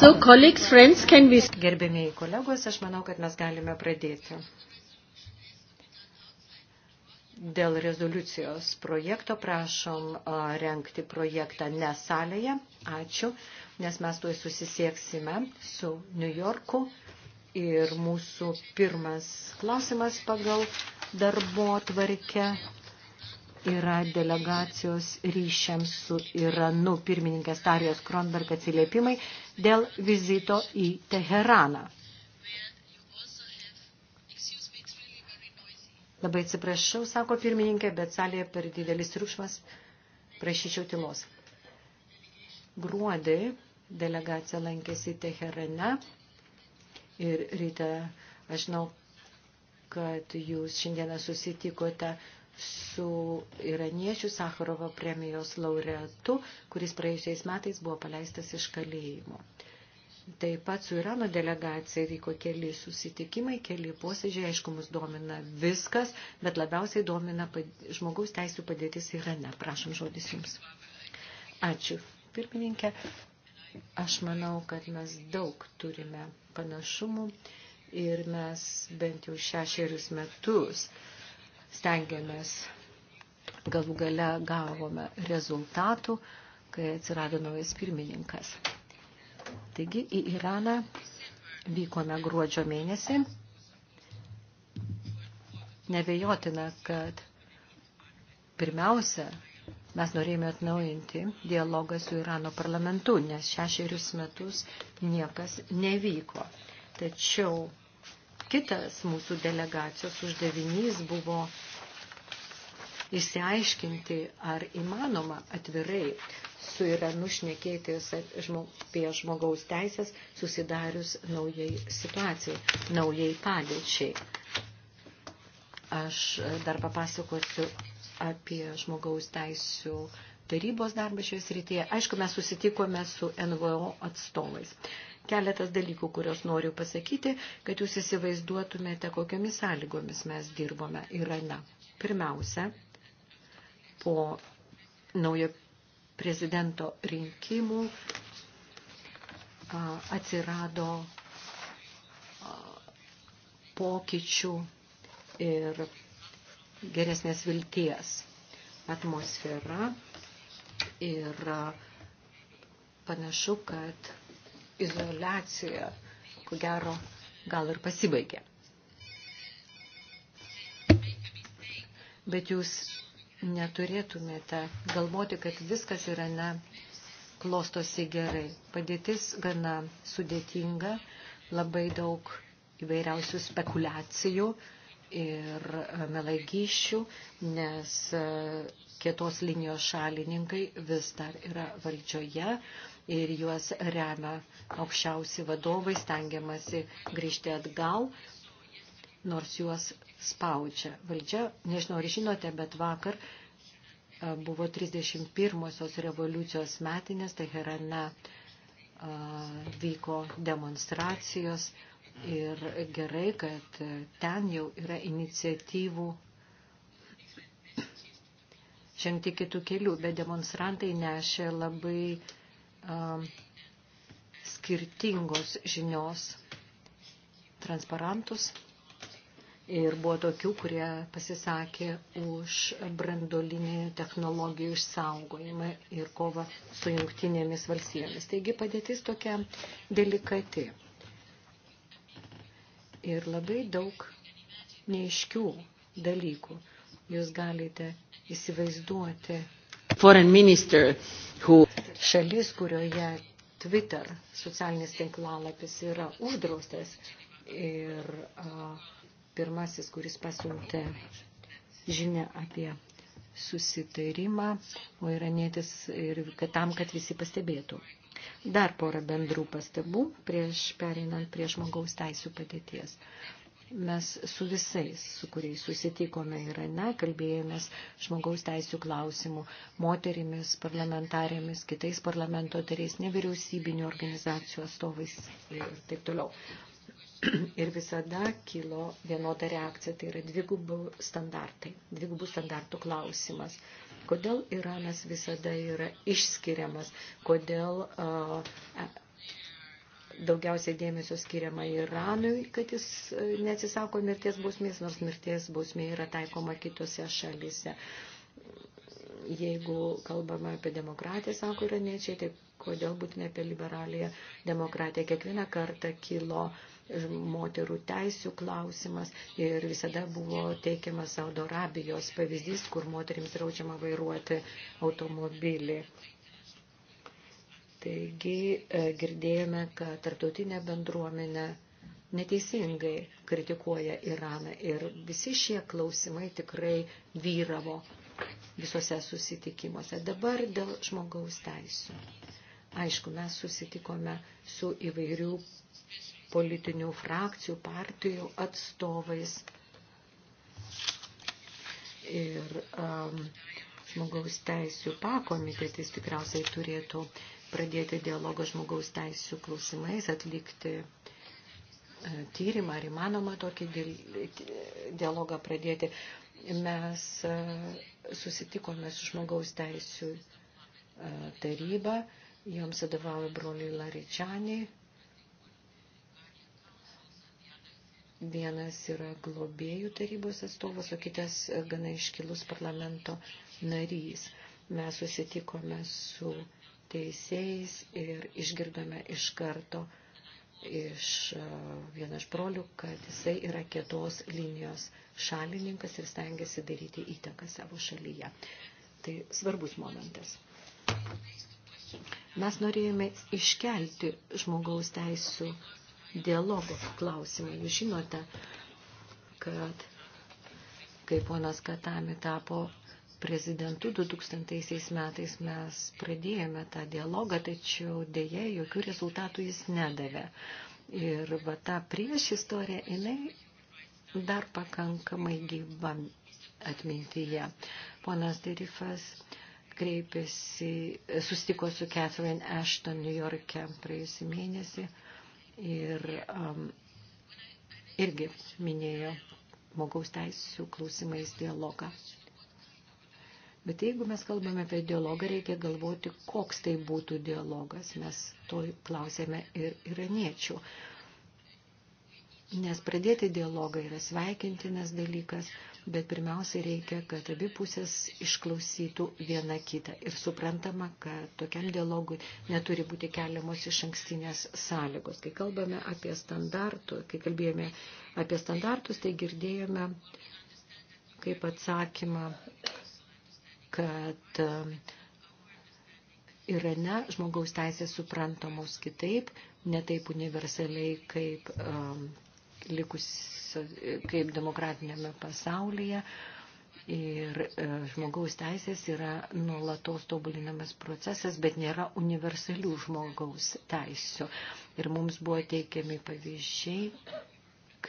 So, colleagues, friends, can we... Gerbėmiai kolegos, aš manau, kad mes galime pradėti. Dėl rezoliucijos projekto prašom renkti projektą ne salėje. Ačiū, nes mes tuoj susisieksime su New Yorku. Ir mūsų pirmas klausimas pagal darbo tvarkę yra delegacijos ryšiams su Iranu pirmininkės Tarijos Kronberg atsiliepimai dėl vizito į Teheraną. Labai atsiprašau, sako pirmininkė, bet salėje per didelis triukšmas. Prašyčiau tylos. Gruodį delegacija lankėsi Teherane ir ryte, aš žinau, kad jūs šiandieną susitikote su iraniečių Sakharovo premijos laureatu, kuris praėjusiais metais buvo paleistas iš kalėjimo. Taip pat su Irano delegacija vyko keli susitikimai, keli posėdžiai, aišku, mus domina viskas, bet labiausiai domina žmogaus teisų padėtis Irane. Prašom žodis Jums. Ačiū, pirmininkė. Aš manau, kad mes daug turime panašumų ir mes bent jau šešerius metus uh, stengiamės, galų gale gavome rezultatų, kai atsirado naujas pirmininkas. Taigi į Iraną vykome gruodžio mėnesį. Nevejotina, kad pirmiausia, mes norėjome atnaujinti dialogą su Irano parlamentu, nes šešerius metus niekas nevyko. Tačiau Kitas mūsų delegacijos uždavinys buvo išsiaiškinti, ar įmanoma atvirai su Iranu šnekėtis apie žmogaus teisės susidarius naujai situacijai, naujai padėčiai. Aš dar papasakosiu apie žmogaus teisų tarybos darbą šioje srityje. Aišku, mes susitikome su NVO atstovais keletas dalykų, kuriuos noriu pasakyti, kad jūs įsivaizduotumėte, kokiomis sąlygomis mes dirbome Irane. Pirmiausia, po naujo prezidento rinkimų atsirado pokyčių ir geresnės vilties atmosfera ir panašu, kad izolacija, ko gero, gal ir pasibaigė. Bet jūs neturėtumėte galvoti, kad viskas yra ne klostosi gerai. Padėtis gana sudėtinga, labai daug įvairiausių spekulacijų ir e, melagyšių, nes e, kietos linijos šalininkai vis dar yra valdžioje, ir juos remia aukščiausi vadovai, stengiamasi grįžti atgal, nors juos spaudžia. Valdžia, nežinau, ar žinote, bet vakar buvo 31-osios revoliucijos metinės, tai Herane vyko demonstracijos ir gerai, kad ten jau yra iniciatyvų žengti kitų kelių, bet demonstrantai nešė labai Um, skirtingos žinios transparantus. Ir buvo tokių, kurie pasisakė už brandolinį technologijų išsaugojimą ir kovą su jungtinėmis valstybėmis. Taigi padėtis tokia delikati. Ir labai daug neiškių dalykų. Jūs galite įsivaizduoti. Foreign minister who šalis, kurioje Twitter socialinis tinklalapis yra uždraustas ir a, pirmasis, kuris pasiuntė žinia apie susitarimą, o iranėtis ir kad tam, kad visi pastebėtų. Dar porą bendrų pastabų prieš pereinant prie žmogaus teisų padėties. Mes su visais, su kuriais susitikome Irane, kalbėjomės žmogaus teisų klausimų, moterimis, parlamentarėmis, kitais parlamento tariais, nevyriausybinių organizacijų atstovais ir taip toliau. Ir visada kilo vienoda reakcija, tai yra dvigubų standartai, dvigubų standartų klausimas kodėl Iranas visada yra išskiriamas, kodėl uh, daugiausiai dėmesio skiriama Iranui, kad jis e, neatsisako mirties bausmės, nors mirties bausmė yra taikoma kitose šalyse. Jeigu kalbama apie demokratiją, sako iraniečiai, tai kodėl būtinai apie liberaliją demokratiją. Kiekvieną kartą kilo moterų teisių klausimas ir visada buvo teikiamas Saudo Arabijos pavyzdys, kur moterims draudžiama vairuoti automobilį. Taigi e, girdėjome, kad tarptautinė bendruomenė neteisingai kritikuoja Iraną ir visi šie klausimai tikrai vyravo visose susitikimuose. Dabar dėl žmogaus teisų. Aišku, mes susitikome su įvairių politinių frakcijų, partijų atstovais ir um, žmogaus teisų pakomitetis tikriausiai turėtų uh, pradėti dialogą žmogaus teisų klausimais, atlikti e, tyrimą, ar įmanoma tokį dialogą pradėti. Mes e, susitikome su žmogaus teisų e, taryba, joms vadovavo broliai Laričianiai. Vienas yra globėjų tarybos atstovas, o kitas gana iškilus parlamento narys. Mes susitikome su uh, teisėjais ir išgirdome iš karto iš e, vieno iš brolių, kad jisai yra kietos linijos šalininkas ir stengiasi daryti įtaką savo šalyje. Tai svarbus momentas. Mes norėjome iškelti žmogaus teisų dialogo klausimą. Jūs žinote, kad kai ponas Katami tapo prezidentu 2000 metais mes pradėjome tą dialogą, tačiau dėje jokių rezultatų jis nedavė. Ir va ta prieš istorija, jinai dar pakankamai gyva atmintyje. Ponas Derifas kreipėsi, sustiko su Catherine Ashton New York'e praėjusį mėnesį ir um, irgi minėjo žmogaus teisų klausimais dialogą Bet jeigu mes kalbame apie dialogą, reikia galvoti, koks tai būtų dialogas. Mes to klausėme ir iraniečių. Nes pradėti dialogą yra sveikintinas dalykas, bet pirmiausia reikia, kad abi pusės išklausytų viena kitą. Ir suprantama, kad tokiam dialogui neturi būti keliamos iš ankstinės sąlygos. Kai kalbame apie standartų, kai kalbėjome apie standartus, tai girdėjome kaip atsakymą kad um, Irane žmogaus teisės suprantamos kitaip, ne taip universaliai kaip um, likus, kaip demokratinėme pasaulyje. Ir uh, žmogaus teisės yra nuolatos tobulinamas procesas, bet nėra universalių žmogaus teisių. Ir mums buvo teikiami pavyzdžiai,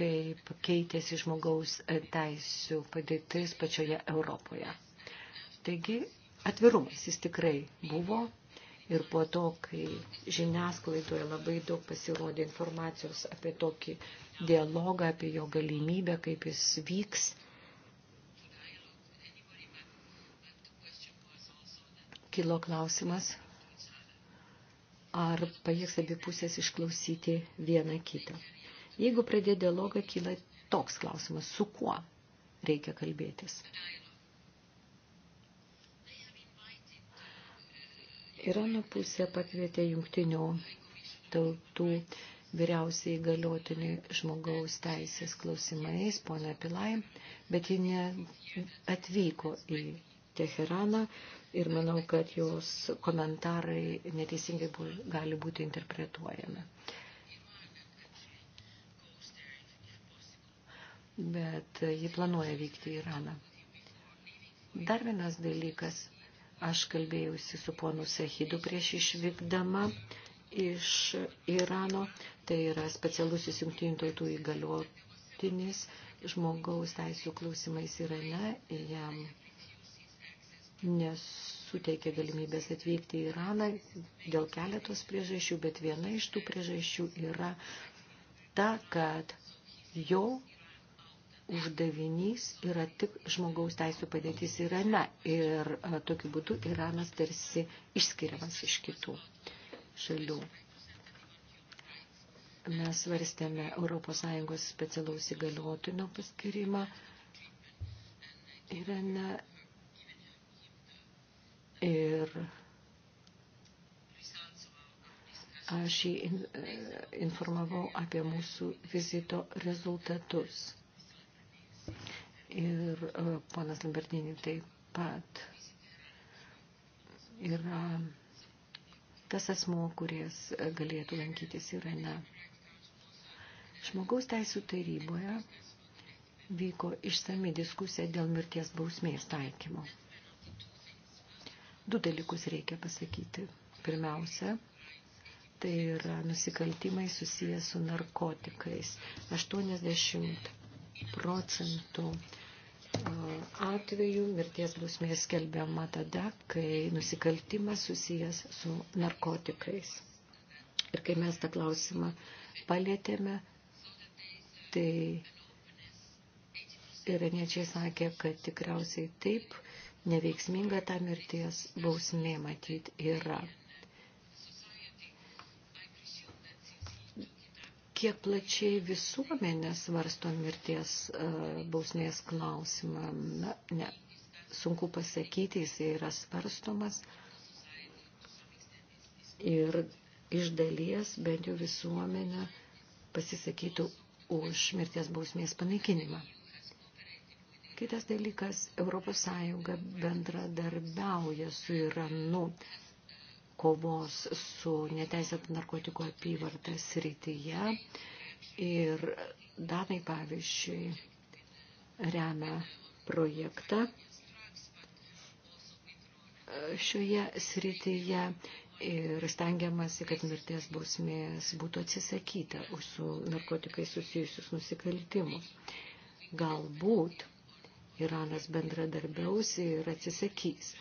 kaip keitėsi žmogaus e, teisių padėtis pačioje Europoje. Taigi atvirumas jis tikrai buvo ir po to, kai žiniasklaidoje labai daug pasirodė informacijos apie tokį dialogą, apie jo galimybę, kaip jis vyks. Kilo klausimas, ar pajėgs abi pusės išklausyti vieną kitą. Jeigu pradė dialogą, kyla toks klausimas, su kuo reikia kalbėtis. Irano pusė pakvietė jungtinių tautų vyriausiai galiotinį žmogaus teisės klausimais, ponia Pilai, bet ji neatvyko į Teheraną ir manau, kad jos komentarai neteisingai bu, gali būti interpretuojami. Bet ji planuoja vykti į Iraną. Dar vienas dalykas – Aš kalbėjausi su ponu Sahidu prieš išvykdama iš Irano, tai yra specialusis jungtinių tautų įgaliotinis žmogaus teisų klausimais Irane, jam nesuteikė galimybės atvykti į Iraną dėl keletos priežasčių, bet viena iš tų priežasčių yra ta, kad jo uždavinys yra tik žmogaus teisų padėtis Irane ir e, tokiu būdu Iranas tarsi išskiriamas iš kitų šalių. Mes svarstėme ES specialaus įgaliotino paskirimą Irane ir aš jį e, informavau apie mūsų vizito rezultatus Ir e, ponas Lambertinį taip pat yra e, tas asmo, kuris e, galėtų lankytis Irane. Žmogaus teisų taryboje vyko išsami diskusija dėl mirties bausmės taikymo. Du dalykus reikia pasakyti. Pirmiausia, tai yra nusikaltimai susijęs su narkotikais. 80 procentų e, atveju mirties bausmė skelbiama tada, kai nusikaltimas susijęs su narkotikais. Ir kai mes tą klausimą palėtėme, tai iraniečiai sakė, kad tikriausiai taip neveiksminga ta mirties bausmė matyti yra. kiek plačiai visuomenė svarsto mirties e, bausmės klausimą. Na, ne, sunku pasakyti, jis yra svarstomas ir iš dalies bent jau visuomenė pasisakytų už mirties bausmės panaikinimą. Kitas dalykas, Europos Sąjunga bendradarbiauja su Iranu kovos su neteisėta narkotikų apyvarta srityje. Ir Danai, pavyzdžiui, remia projektą šioje srityje ir stengiamasi, kad mirties bausmės būtų atsisakyta už su narkotikai susijusius nusikaltimus. Galbūt Iranas bendradarbiaus ir atsisakys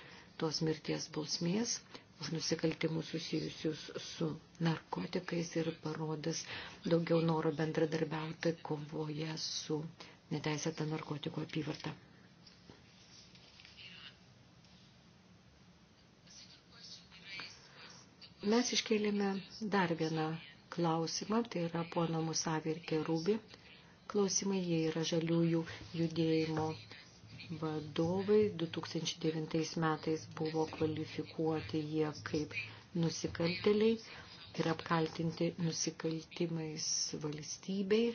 tos mirties bausmės, už nusikaltimus susijusius su narkotikais ir parodys daugiau noro bendradarbiauti kovoje su neteisėta narkotikų apyvarta. Mes iškėlėme dar vieną klausimą, tai yra pono Musavir Kerubi. Klausimai jie yra žaliųjų judėjimo vadovai 2009 metais buvo kvalifikuoti jie kaip nusikalteliai ir apkaltinti nusikaltimais valstybei.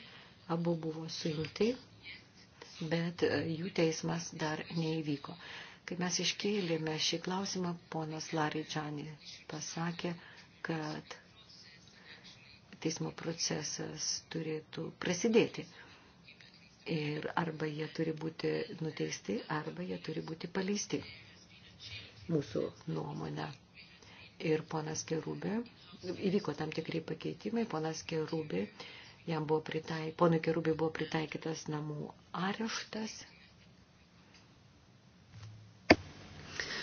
Abu buvo suimti, bet e, jų teismas dar neįvyko. Kai mes iškėlėme šį klausimą, ponas Laridžani pasakė, kad teismo procesas turėtų prasidėti. Ir arba jie turi būti nuteisti, arba jie turi būti paleisti. Mūsų nuomonė. Ir ponas Kerubė, įvyko tam tikrai pakeitimai, ponas Kerubė, jam buvo pritaikytas, ponui Kerubė buvo pritaikytas namų areštas.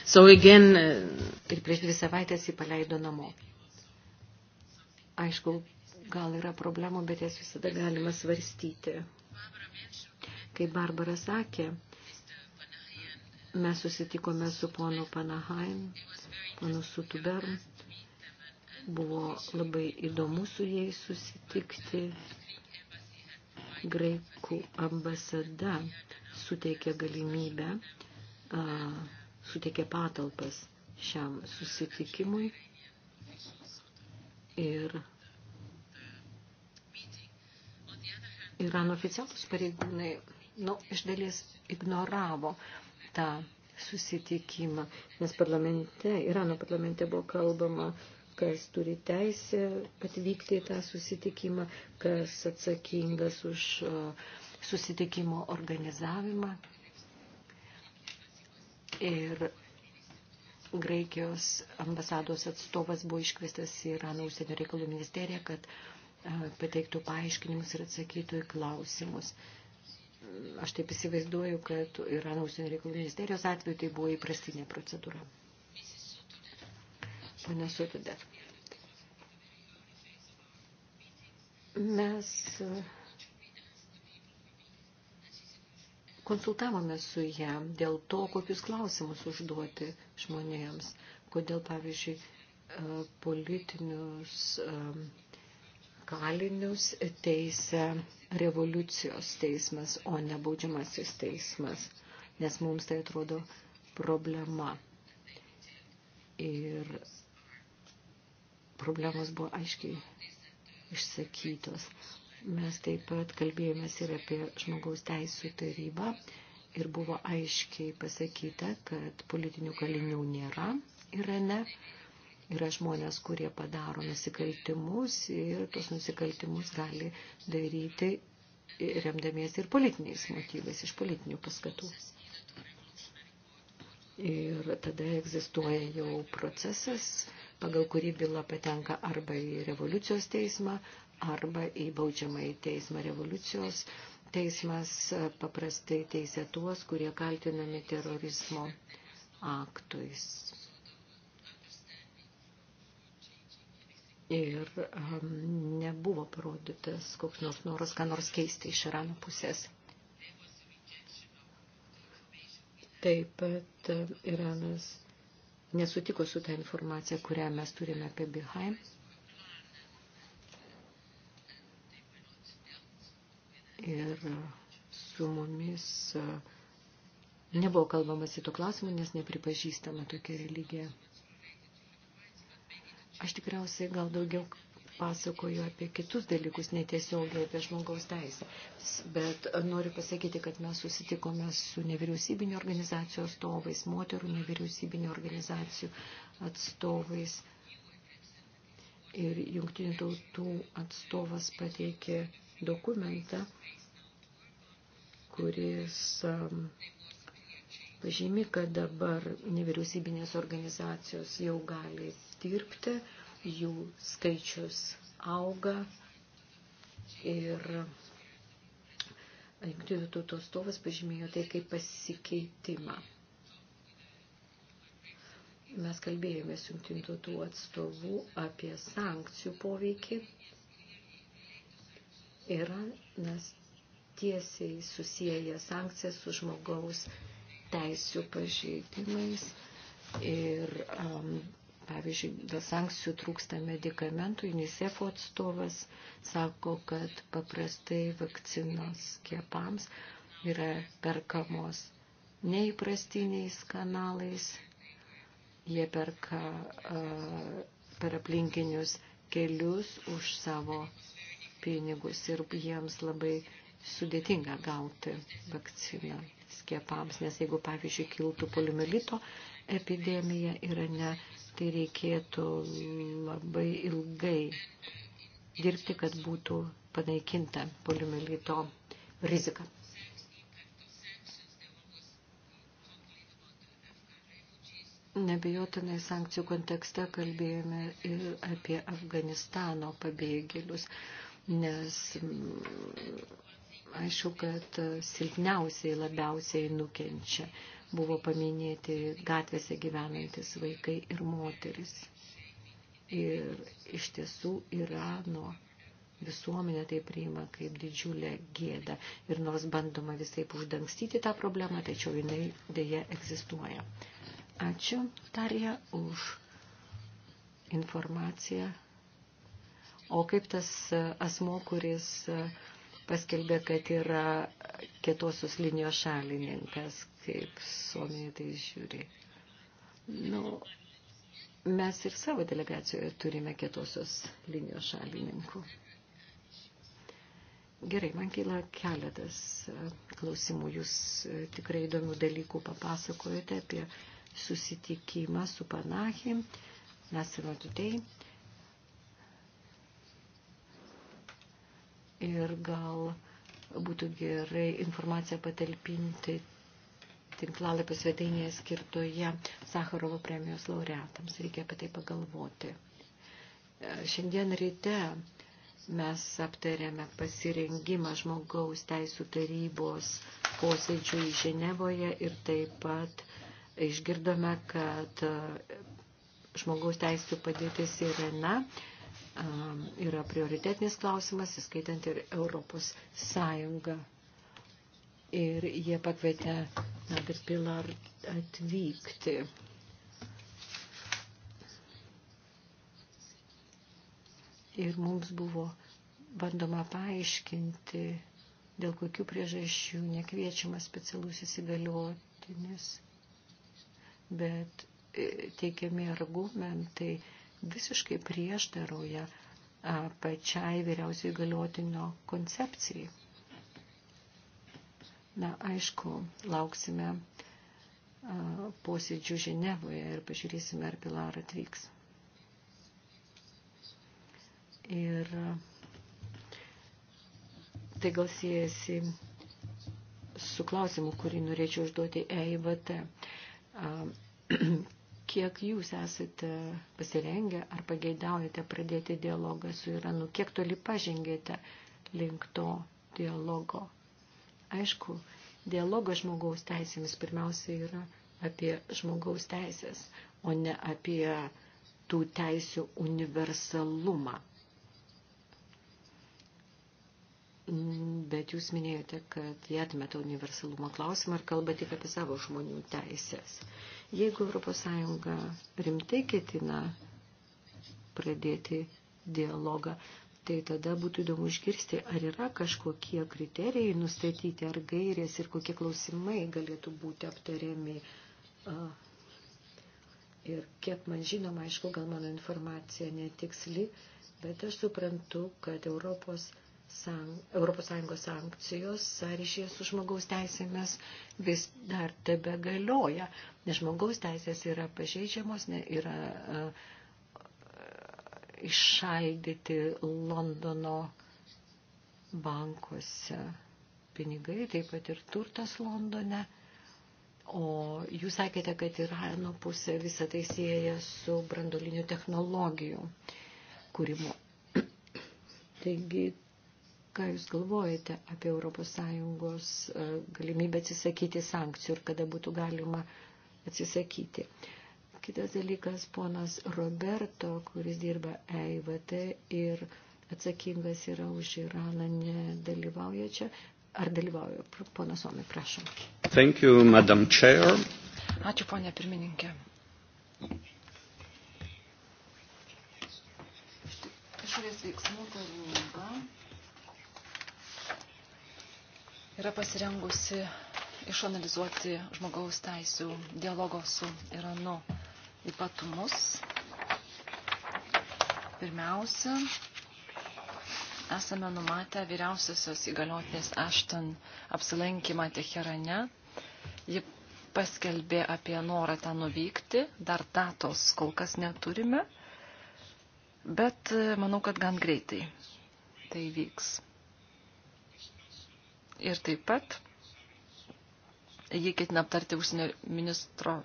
So again, uh, ir prieš dvi savaitės jį paleido namo. Aišku, gal yra problemų, bet jas visada galima svarstyti. Kaip Barbara sakė, mes susitikome su ponu Panahaim, ponu Sutuber. Buvo labai įdomu su jais susitikti. Graikų ambasada suteikė galimybę, a, suteikė patalpas šiam susitikimui ir Irano oficialus pareigūnai nu, iš dalies ignoravo tą susitikimą, nes parlamente, Irano parlamente buvo kalbama kas turi teisę atvykti į tą susitikimą, kas atsakingas už susitikimo organizavimą. Ir Graikijos ambasados atstovas buvo iškvestas į Irano užsienio reikalų ministeriją, kad pateiktų paaiškinimus ir atsakytų į klausimus. Uh, aš taip įsivaizduoju, kad Irano užsienio reikalų ministerijos atveju tai buvo įprastinė procedūra. Pane Sotudė. Mes uh, konsultavome su ją dėl to, kokius klausimus užduoti žmonėms, kodėl, pavyzdžiui, uh, politinius um, kalinius teisė revoliucijos teismas, o ne baudžiamasis teismas, nes mums tai atrodo problema. Ir problemos buvo aiškiai išsakytos. Mes taip pat kalbėjomės ir apie žmogaus teisų tarybą ir buvo aiškiai pasakyta, kad politinių kalinių nėra Irane. Ir Yra žmonės, kurie padaro nusikaltimus ir tos nusikaltimus gali daryti remdamiesi ir politiniais motyvais, iš politinių paskatų. Ir tada egzistuoja jau procesas, pagal kurį byla patenka arba į revoliucijos teismą, arba į baudžiamąjį teismą revoliucijos. Teismas paprastai teisė tuos, kurie kaltinami terorizmo aktais. ir um, nebuvo parodytas koks nors noras, ką nors keisti iš Irano pusės. Taip pat ehm, Iranas nesutiko su tą informacija, kurią mes turime apie Bihaim. Ir ehm, su mumis nebuvo kalbama į to klausimą, nes nepripažįstama tokia religija. Aš tikriausiai gal daugiau pasakoju apie kitus dalykus, netiesiogiai apie žmogaus teisę. Bet noriu pasakyti, kad mes susitikome su nevyriausybinio organizacijų atstovais, moterų nevyriausybinio organizacijų atstovais. Ir jungtinių tautų atstovas pateikė dokumentą, kuris um, pažymi, kad dabar nevyriausybinės organizacijos jau gali dirbti, jų skaičius auga ir Jungtinių tautų atstovas pažymėjo tai kaip pasikeitimą. Mes kalbėjome su Jungtinių tautų atstovu apie sankcijų poveikį. Iranas tiesiai susijęja sankcijas su žmogaus teisių pažeidimais ir um, Pavyzdžiui, dėl sankcijų trūksta medikamentų. UNICEF atstovas sako, kad paprastai vakcinos skiepams yra perkamos neįprastiniais kanalais. Jie perka uh, per aplinkinius kelius už savo pinigus ir jiems labai sudėtinga gauti vakciną skiepams, nes jeigu, pavyzdžiui, kiltų poliomielito epidemija ir ne, tai reikėtų labai ilgai dirbti, kad būtų panaikinta poliomielito rizika. Nebejotinai sankcijų kontekste kalbėjome ir apie Afganistano pabėgėlius, nes mm, aišku, kad silpniausiai labiausiai nukenčia buvo paminėti gatvėse gyvenantis vaikai ir moteris. Ir iš tiesų Irano visuomenė tai priima kaip didžiulę gėdą. Ir nors bandoma visai uždangstyti tą problemą, tačiau jinai dėja egzistuoja. Ačiū, Tarija, už informaciją. O kaip tas asmo, kuris paskelbė, kad yra kietosios linijos šalininkas, kaip Suomija tai žiūri. Nu, mes ir savo delegacijoje turime kietosios linijos šalininkų. Gerai, man kyla keletas e, klausimų. Jūs e, tikrai įdomių dalykų papasakojate apie susitikimą su Panahim, Nasinotutei. Ir gal būtų gerai informaciją patalpinti tinklalapio svetainėje skirtoje Sakarovo premijos laureatams. Reikia apie tai pagalvoti. E, šiandien ryte mes aptarėme pasirengimą žmogaus teisų tarybos posėdžių į Ženevoje ir taip pat išgirdome, kad e, žmogaus teisų padėtis Irena e, yra prioritetinis klausimas, įskaitant ir Europos Sąjungą ir jie pakvietė Nadir Pilar atvykti. Ir mums buvo bandoma paaiškinti, dėl kokių priežasčių nekviečiamas specialus įsigaliotinis, bet e, teikiami argumentai visiškai prieštarauja pačiai vyriausiai galiotinio koncepcijai. Na, aišku, lauksime posėdžių Ženevoje ir pažiūrėsime, ar Pilar atvyks. Ir tai gal siejasi su klausimu, kurį norėčiau užduoti EIVT. Kiek jūs esate pasirengę ar pageidaujate pradėti dialogą su Iranu? Kiek toli pažengėte link to dialogo? Aišku, dialogas žmogaus teisėmis pirmiausia yra apie žmogaus teisės, o ne apie tų teisių universalumą. Bet jūs minėjote, kad jie atmeta universalumo klausimą ir kalba tik apie savo žmonių teisės. Jeigu ES rimtai ketina pradėti dialogą, Tai tada būtų įdomu išgirsti, ar yra kažkokie kriterijai nustatyti, ar gairės ir kokie klausimai galėtų būti aptariami. Ir kiek man žinoma, aišku, gal mano informacija netiksli, bet aš suprantu, kad Europos, sang, Europos Sąjungos sankcijos sąryšyje su žmogaus teisėmis vis dar tebe galioja, nes žmogaus teisės yra pažeidžiamos, ne, yra. Uh, išaldyti Londono bankuose pinigai, taip pat ir turtas Londone. O jūs sakėte, kad Irano pusė visą tai sieja su brandolinių technologijų kūrimu. Taigi, ką jūs galvojate apie ES e, galimybę atsisakyti sankcijų ir kada būtų galima atsisakyti? Kitas dalykas, ponas Roberto, kuris dirba EIVT ir atsakingas yra už Iraną, nedalyvauja čia. Ar dalyvauja? Ponas Omi, prašom. Thank you, Madam Chair. Ačiū, ponė pirmininkė. Išorės veiksmų taryba yra pasirengusi išanalizuoti žmogaus teisų dialogo su Iranu ypatumus. Pirmiausia, esame numatę vyriausiosios įgaliotinės Ashton apsilankymą Teherane. Ji paskelbė apie norą ten nuvykti, dar datos kol kas neturime, bet e, manau, kad gan greitai tai vyks. Ir taip pat jį ketina aptarti užsienio ministro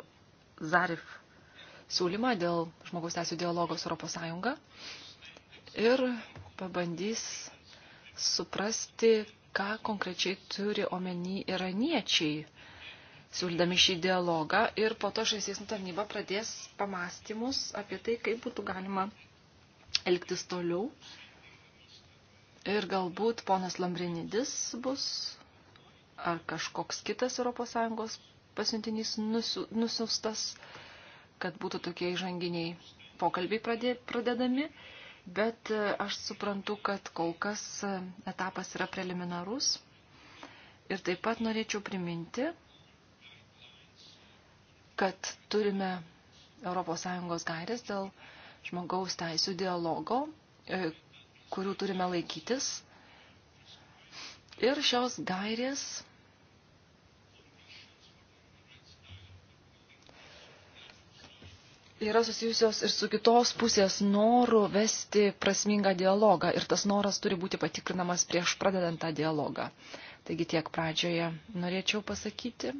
Zarif siūlymą dėl žmogaus teisų dialogo su ES ir pabandys suprasti, ką konkrečiai turi omeny iraniečiai, siūlydami šį dialogą ir po to šiais teismų tarnyba pradės pamastymus apie tai, kaip būtų galima elgtis toliau. Ir galbūt ponas Lambrinidis bus ar kažkoks kitas ES pasiuntinys nusiustas. Nusiu, kad būtų tokie įžanginiai pokalbiai pradė, pradedami, bet e, aš suprantu, kad kol kas e, etapas yra preliminarus. Ir taip pat norėčiau priminti, kad turime ES gairės dėl žmogaus teisų dialogo, e, kurių turime laikytis. Ir šios gairės yra susijusios ir su kitos pusės noru vesti prasmingą dialogą ir tas noras turi būti patikrinamas prieš pradedant tą dialogą. Taigi tiek pradžioje norėčiau pasakyti.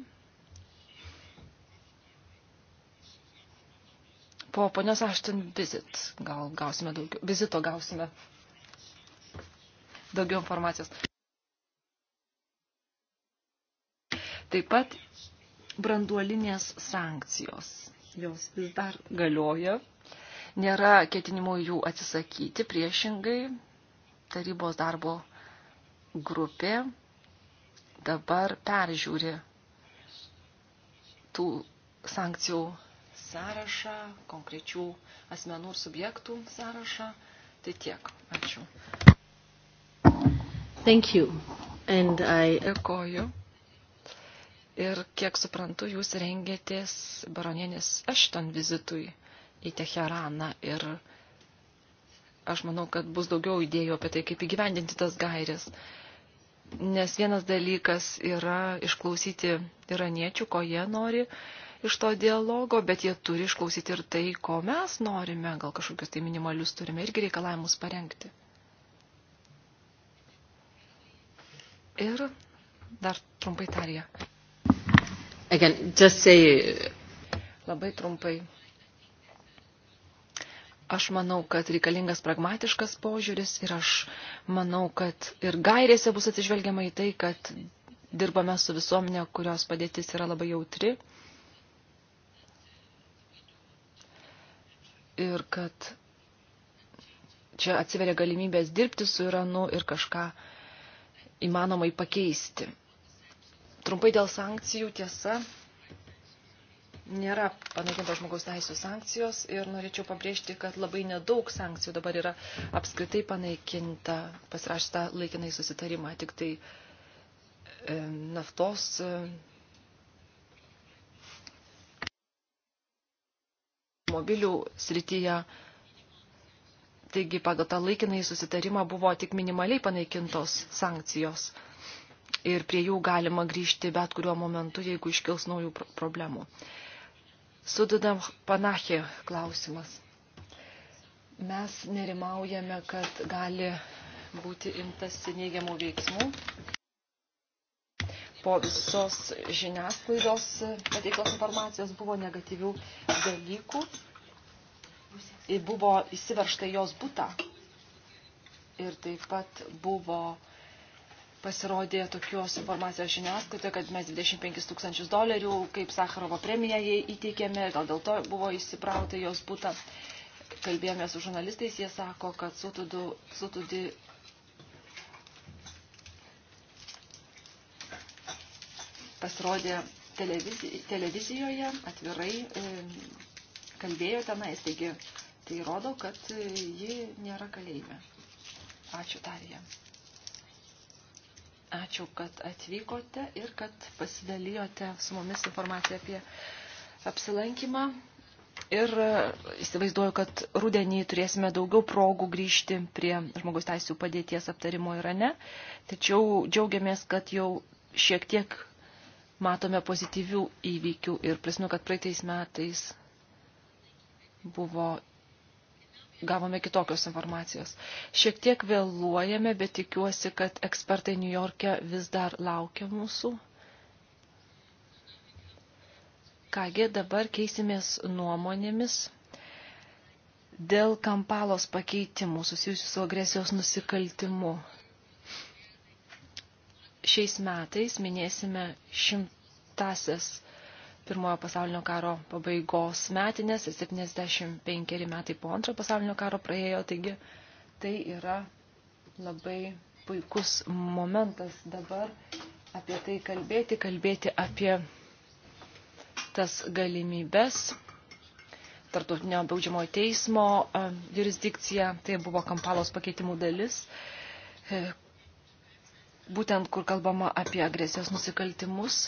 Po ponios Ašten vizit gal gausime daugiau, vizito gausime daugiau informacijos. Taip pat branduolinės sankcijos jos vis dar galioja. Nėra ketinimų jų atsisakyti, priešingai tarybos darbo grupė dabar peržiūri tų sankcijų sąrašą, konkrečių asmenų ir subjektų sąrašą. Tai tiek. Ačiū. Thank you. And I... Dėkoju. Ir kiek suprantu, jūs rengėtės baronienės Ešton vizitui į Teheraną ir aš manau, kad bus daugiau idėjų apie tai, kaip įgyvendinti tas gairės. Nes vienas dalykas yra išklausyti iraniečių, ko jie nori iš to dialogo, bet jie turi išklausyti ir tai, ko mes norime, gal kažkokius tai minimalius turime irgi reikalavimus parengti. Ir dar trumpai tarė. Again, just say... Labai trumpai. Aš manau, kad reikalingas pragmatiškas požiūris ir aš manau, kad ir gairėse bus atsižvelgiama į tai, kad dirbame su visuomenė, kurios padėtis yra labai jautri. Ir kad čia atsiveria galimybės dirbti su Iranu ir kažką įmanomai pakeisti. Trumpai dėl sankcijų tiesa. Nėra panaikintos žmogaus teisų sankcijos ir norėčiau pabrėžti, kad labai nedaug sankcijų dabar yra apskritai panaikinta, pasirašta laikinai susitarimą, tik tai e, naftos. E, mobilių srityje Taigi pagal tą laikinai susitarimą buvo tik minimaliai panaikintos sankcijos ir prie jų galima grįžti bet kuriuo momentu, jeigu iškils naujų problemų. Sududam panachė klausimas. Mes nerimaujame, kad gali būti imtasi neigiamų veiksmų po visos žiniasklaidos pateiktos informacijos buvo negatyvių dalykų. Buvo įsiveršta jos būta. Ir taip pat buvo pasirodė tokios informacijos žiniasklaidoje, kad mes 25 tūkstančius dolerių kaip Sakarovo premiją jai įteikėme, gal dėl to buvo įsiprauta jos būta. Kalbėjome su žurnalistais, jie sako, kad sutudu, sutudi pasirodė televizijoje, televizijoje atvirai e, kalbėjo tenais, taigi tai rodo, kad ji nėra kalėjime. Ačiū dar jiems. Ačiū, kad atvykote ir kad pasidalijote su mumis informaciją apie apsilankymą. Ir e, įsivaizduoju, kad rudenį turėsime daugiau progų grįžti prie žmogus teisų padėties aptarimo Irane. Tačiau džiaugiamės, kad jau šiek tiek matome pozityvių įvykių ir prisimenu, kad praeitais metais buvo gavome kitokios informacijos. Šiek tiek vėluojame, bet tikiuosi, kad ekspertai New York'e vis dar laukia mūsų. Kągi, dabar keisimės nuomonėmis dėl kampalos pakeitimų susijusių su agresijos nusikaltimu. Šiais metais minėsime šimtasias pirmojo pasaulinio karo pabaigos metinės ir 75 metai po antrojo pasaulinio karo praėjo, taigi tai yra labai puikus momentas dabar apie tai kalbėti, kalbėti apie tas galimybės tartutinio baudžiamojo teismo e, jurisdikcija, tai buvo Kampalos pakeitimų dalis, e, būtent kur kalbama apie agresijos nusikaltimus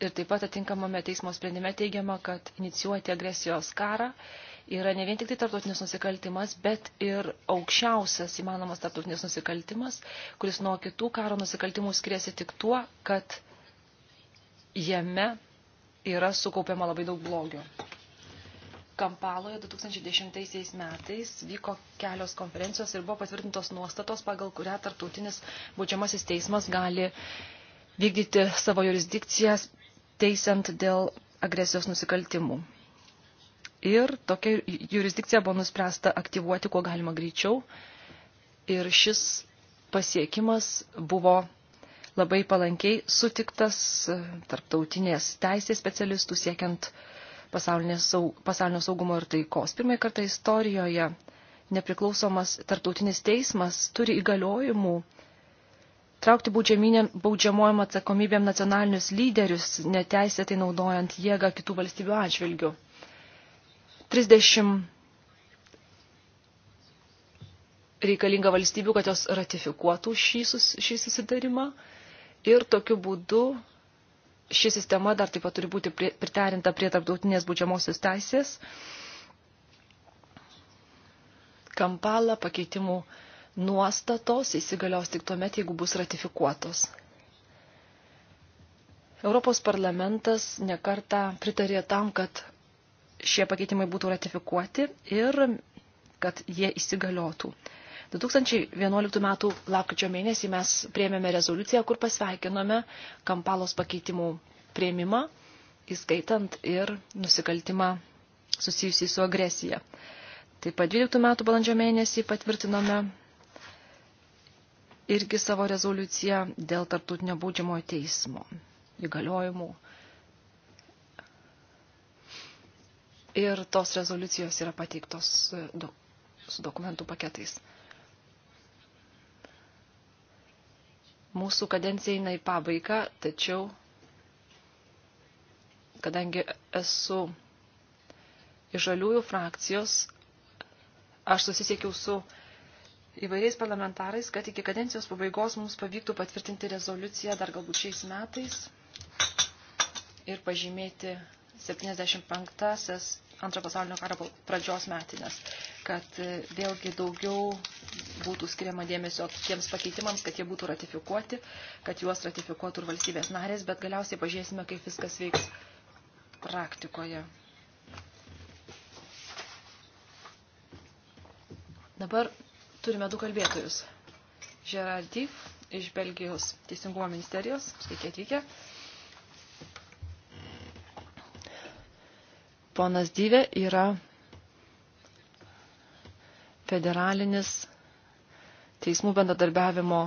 Ir taip pat atinkamame teismo sprendime teigiama, kad inicijuoti agresijos karą yra ne vien tik tai tarptautinis nusikaltimas, bet ir aukščiausias įmanomas tarptautinis nusikaltimas, kuris nuo kitų karo nusikaltimų skiriasi tik tuo, kad jame yra sukaupiama labai daug blogio. Kampaloje 2010 metais vyko kelios konferencijos ir buvo patvirtintos nuostatos, pagal kurią tarptautinis būdžiamasis teismas gali vykdyti savo jurisdikcijas teisiant dėl agresijos nusikaltimų. Ir tokia jurisdikcija buvo nuspręsta aktyvuoti kuo galima greičiau. Ir šis pasiekimas buvo labai palankiai sutiktas e, tarptautinės teisės specialistų siekiant saug, pasaulinio saugumo ir taikos. Pirmąjį kartą istorijoje nepriklausomas tarptautinis teismas turi įgaliojimų traukti baudžiamojom atsakomybėm nacionalinius lyderius, neteisėtai naudojant jėgą kitų valstybių atžvilgių. 30 reikalinga valstybių, kad jos ratifikuotų šį, sus, šį susitarimą ir tokiu būdu ši sistema dar taip pat turi būti priterinta prie tarptautinės būdžiamosios teisės. Kampala pakeitimų nuostatos įsigalios tik tuomet, jeigu bus ratifikuotos. Europos parlamentas nekarta pritarė tam, kad šie pakeitimai būtų ratifikuoti ir kad jie įsigaliotų. 2011 m. lapkričio mėnesį mes priėmėme rezoliuciją, kur pasveikinome Kampalos pakeitimų prieimimą, įskaitant ir nusikaltimą susijusį su agresija. Taip pat 12 metų balandžio mėnesį patvirtinome irgi savo rezoliuciją dėl tarptautinio baudžiamojo teismo įgaliojimų. Ir tos rezoliucijos yra pateiktos su dokumentų paketais. Mūsų kadencija eina į pabaigą, tačiau kadangi esu iš žaliųjų frakcijos, aš susisiekiau su įvairiais parlamentarais, kad iki kadencijos pabaigos mums pavyktų patvirtinti rezoliuciją dar galbūt šiais metais ir pažymėti 75-asias antro pasaulinio karo pradžios metinės, kad e, vėlgi daugiau būtų skiriama dėmesio tiems pakeitimams, kad jie būtų ratifikuoti, kad juos ratifikuotų ir valstybės narės, bet galiausiai pažiūrėsime, kaip viskas veiks praktikoje. Dabar Turime du kalbėtojus. Gerard Dyf iš Belgijos teisingumo ministerijos. Sveiki atvykę. Ponas Dyvė yra federalinis teismų bendradarbiavimo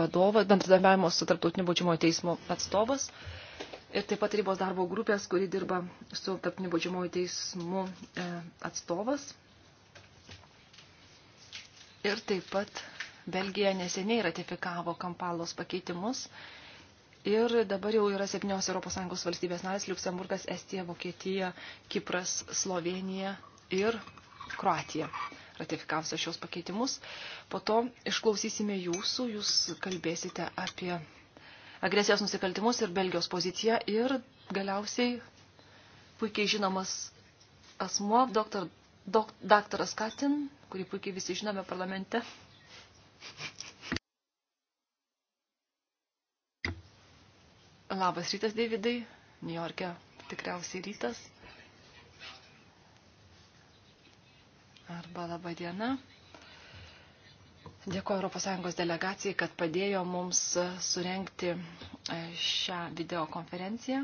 vadovas, bendradarbiavimo su tarptautiniu baudžiamo teismo atstovas ir taip pat rybos darbo grupės, kuri dirba su tarptautiniu baudžiamo teismu e, atstovas Ir taip pat Belgija neseniai ratifikavo Kampalos pakeitimus. Ir dabar jau yra septynios ES valstybės narės - Luksemburgas, Estija, Vokietija, Kipras, Slovenija ir Kroatija ratifikavusios šios pakeitimus. Po to išklausysime jūsų, jūs kalbėsite apie agresijos nusikaltimus ir Belgijos poziciją ir galiausiai puikiai žinomas asmuo, dr. Dok, daktaras Katin, kurį puikiai visi žinome parlamente. Labas rytas, Davidai. New York'e tikriausiai rytas. Arba laba diena. Dėkuoju ES delegacijai, kad padėjo mums surenkti e, šią videokonferenciją.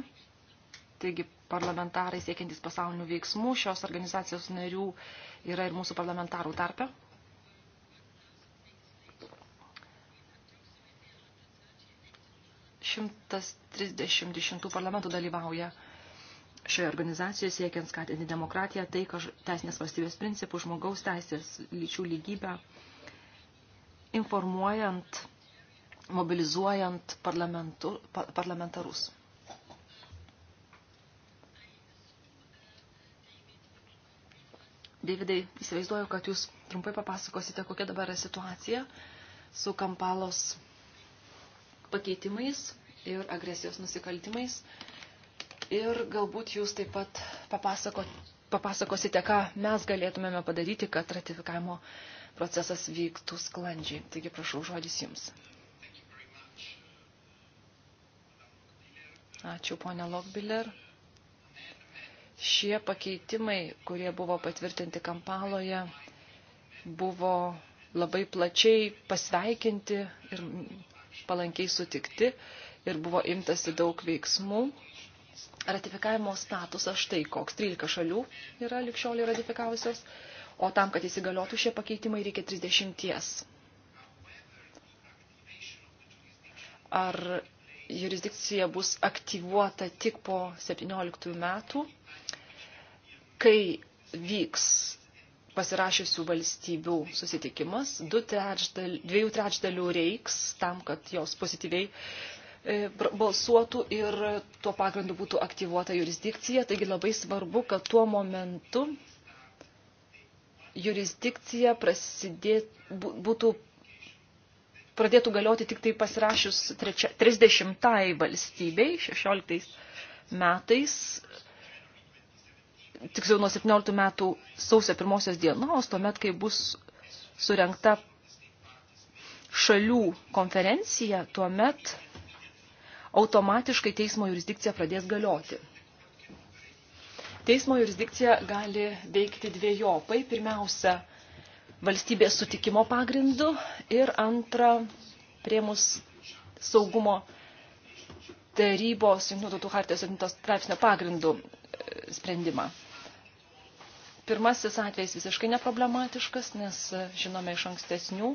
Taigi parlamentarai siekiantis pasaulinių veiksmų. Šios organizacijos narių yra ir mūsų parlamentarų tarpe. Šimtas trisdešimt šimtų parlamentų dalyvauja šioje organizacijoje siekiant skatinti demokratiją, tai, kad teisinės valstybės principų, žmogaus teisės, lyčių lygybę, informuojant, mobilizuojant parlamentarus. Davidai, įsivaizduoju, kad jūs trumpai papasakosite, kokia dabar yra situacija su Kampalos pakeitimais ir agresijos nusikaltimais. Ir galbūt jūs taip pat papasako, papasakosite, ką mes galėtumėme padaryti, kad ratifikavimo procesas vyktų sklandžiai. Taigi prašau, žodis jums. Ačiū, ponia Lokbiller. Šie pakeitimai, kurie buvo patvirtinti Kampaloje, buvo labai plačiai pasveikinti ir palankiai sutikti ir buvo imtasi daug veiksmų. Ratifikavimo statusas štai koks. 13 šalių yra likščioliai ratifikavusios, o tam, kad įsigaliotų šie pakeitimai, reikia 30. Ar jurisdikcija bus aktyvuota tik po 17 metų? kai vyks pasirašysių valstybių susitikimas, trečdal, dviejų trečdalių reiks tam, kad jos pozityviai e, balsuotų ir tuo pagrindu būtų aktyvuota jurisdikcija. Taigi labai svarbu, kad tuo momentu jurisdikcija prasidėt, būtų, pradėtų galioti tik tai pasirašius 30 valstybei 16 metais tiksliau nuo 17 metų sausio pirmosios dienos, tuomet, kai bus surengta šalių konferencija, tuomet automatiškai teismo jurisdikcija pradės galioti. Teismo jurisdikcija gali veikti dviejopai. Pirmiausia, valstybės sutikimo pagrindu ir antra, priemus saugumo tarybos, jungtinių tautų hartijos 7 straipsnio pagrindu e, sprendimą. Pirmasis atvejs visiškai neproblematiškas, nes e, žinome iš ankstesnių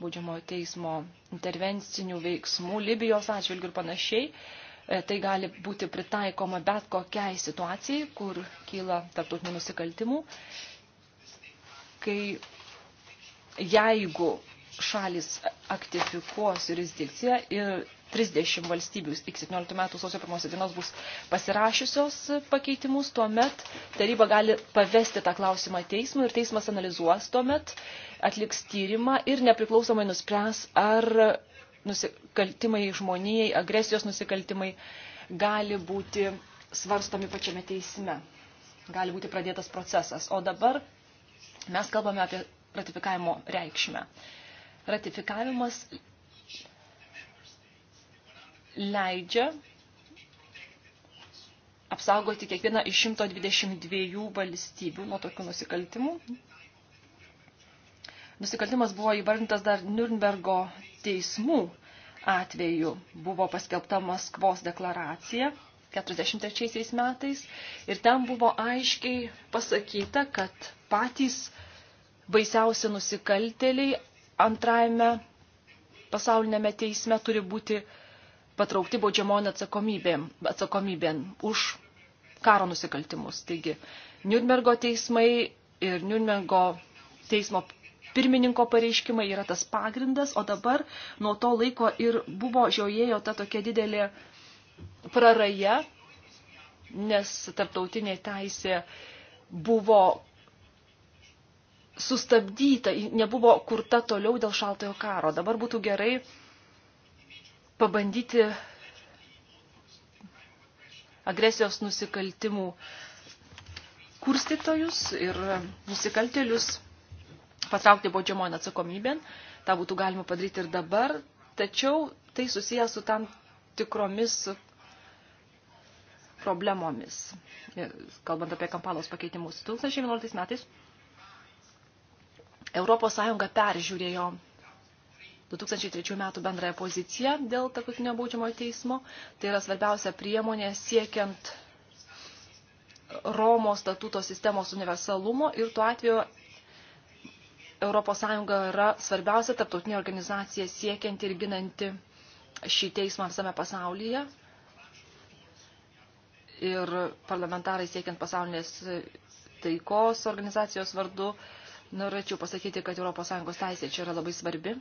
būdžiamojo teismo intervencinių veiksmų Libijos atžvilgių ir panašiai. E, tai gali būti pritaikoma bet kokiai situacijai, kur kyla tarptautinių nusikaltimų, kai jeigu šalis aktifikuos jurisdikciją ir 30 valstybių iki 17 metų sausio pirmos dienos bus pasirašiusios pakeitimus, tuomet taryba gali pavesti tą klausimą teismui ir teismas analizuos tuomet, atliks tyrimą ir nepriklausomai nuspręs, ar nusikaltimai žmonijai, agresijos nusikaltimai gali būti svarstomi pačiame teisme. Gali būti pradėtas procesas. O dabar mes kalbame apie ratifikavimo reikšmę. Ratifikavimas leidžia apsaugoti kiekvieną iš 122 valstybių nuo tokių nusikaltimų. Nusikaltimas buvo įvardintas dar Nürnbergo teismų atveju. Buvo paskelbta Maskvos deklaracija 43 metais ir ten buvo aiškiai pasakyta, kad patys baisiausi nusikaltėliai antrajame pasaulinėme teisme turi būti patraukti baudžiamonė atsakomybė, atsakomybė už karo nusikaltimus. Taigi, Nürnbergo teismai ir Nürnbergo teismo pirmininko pareiškimai yra tas pagrindas, o dabar nuo to laiko ir buvo žiojėjo ta tokia didelė praraja, nes tarptautinė teisė buvo sustabdyta, nebuvo kurta toliau dėl šaltojo karo. Dabar būtų gerai pabandyti agresijos nusikaltimų kurstytojus ir nusikaltelius patraukti baudžiamon atsakomybėn. Ta būtų galima padaryti ir dabar, tačiau tai susijęs su tam tikromis problemomis, kalbant apie kampalos pakeitimus. 2011 metais Europos Sąjunga peržiūrėjo 2003 metų bendrąją poziciją dėl tarptautinio baudžiamojo teismo. Tai yra svarbiausia priemonė siekiant Romos statuto sistemos universalumo ir tuo atveju ES yra svarbiausia tarptautinė organizacija siekianti ir ginanti šį teismą visame pasaulyje. Ir parlamentarai siekiant pasaulinės taikos organizacijos vardu norėčiau pasakyti, kad ES teisė čia yra labai svarbi.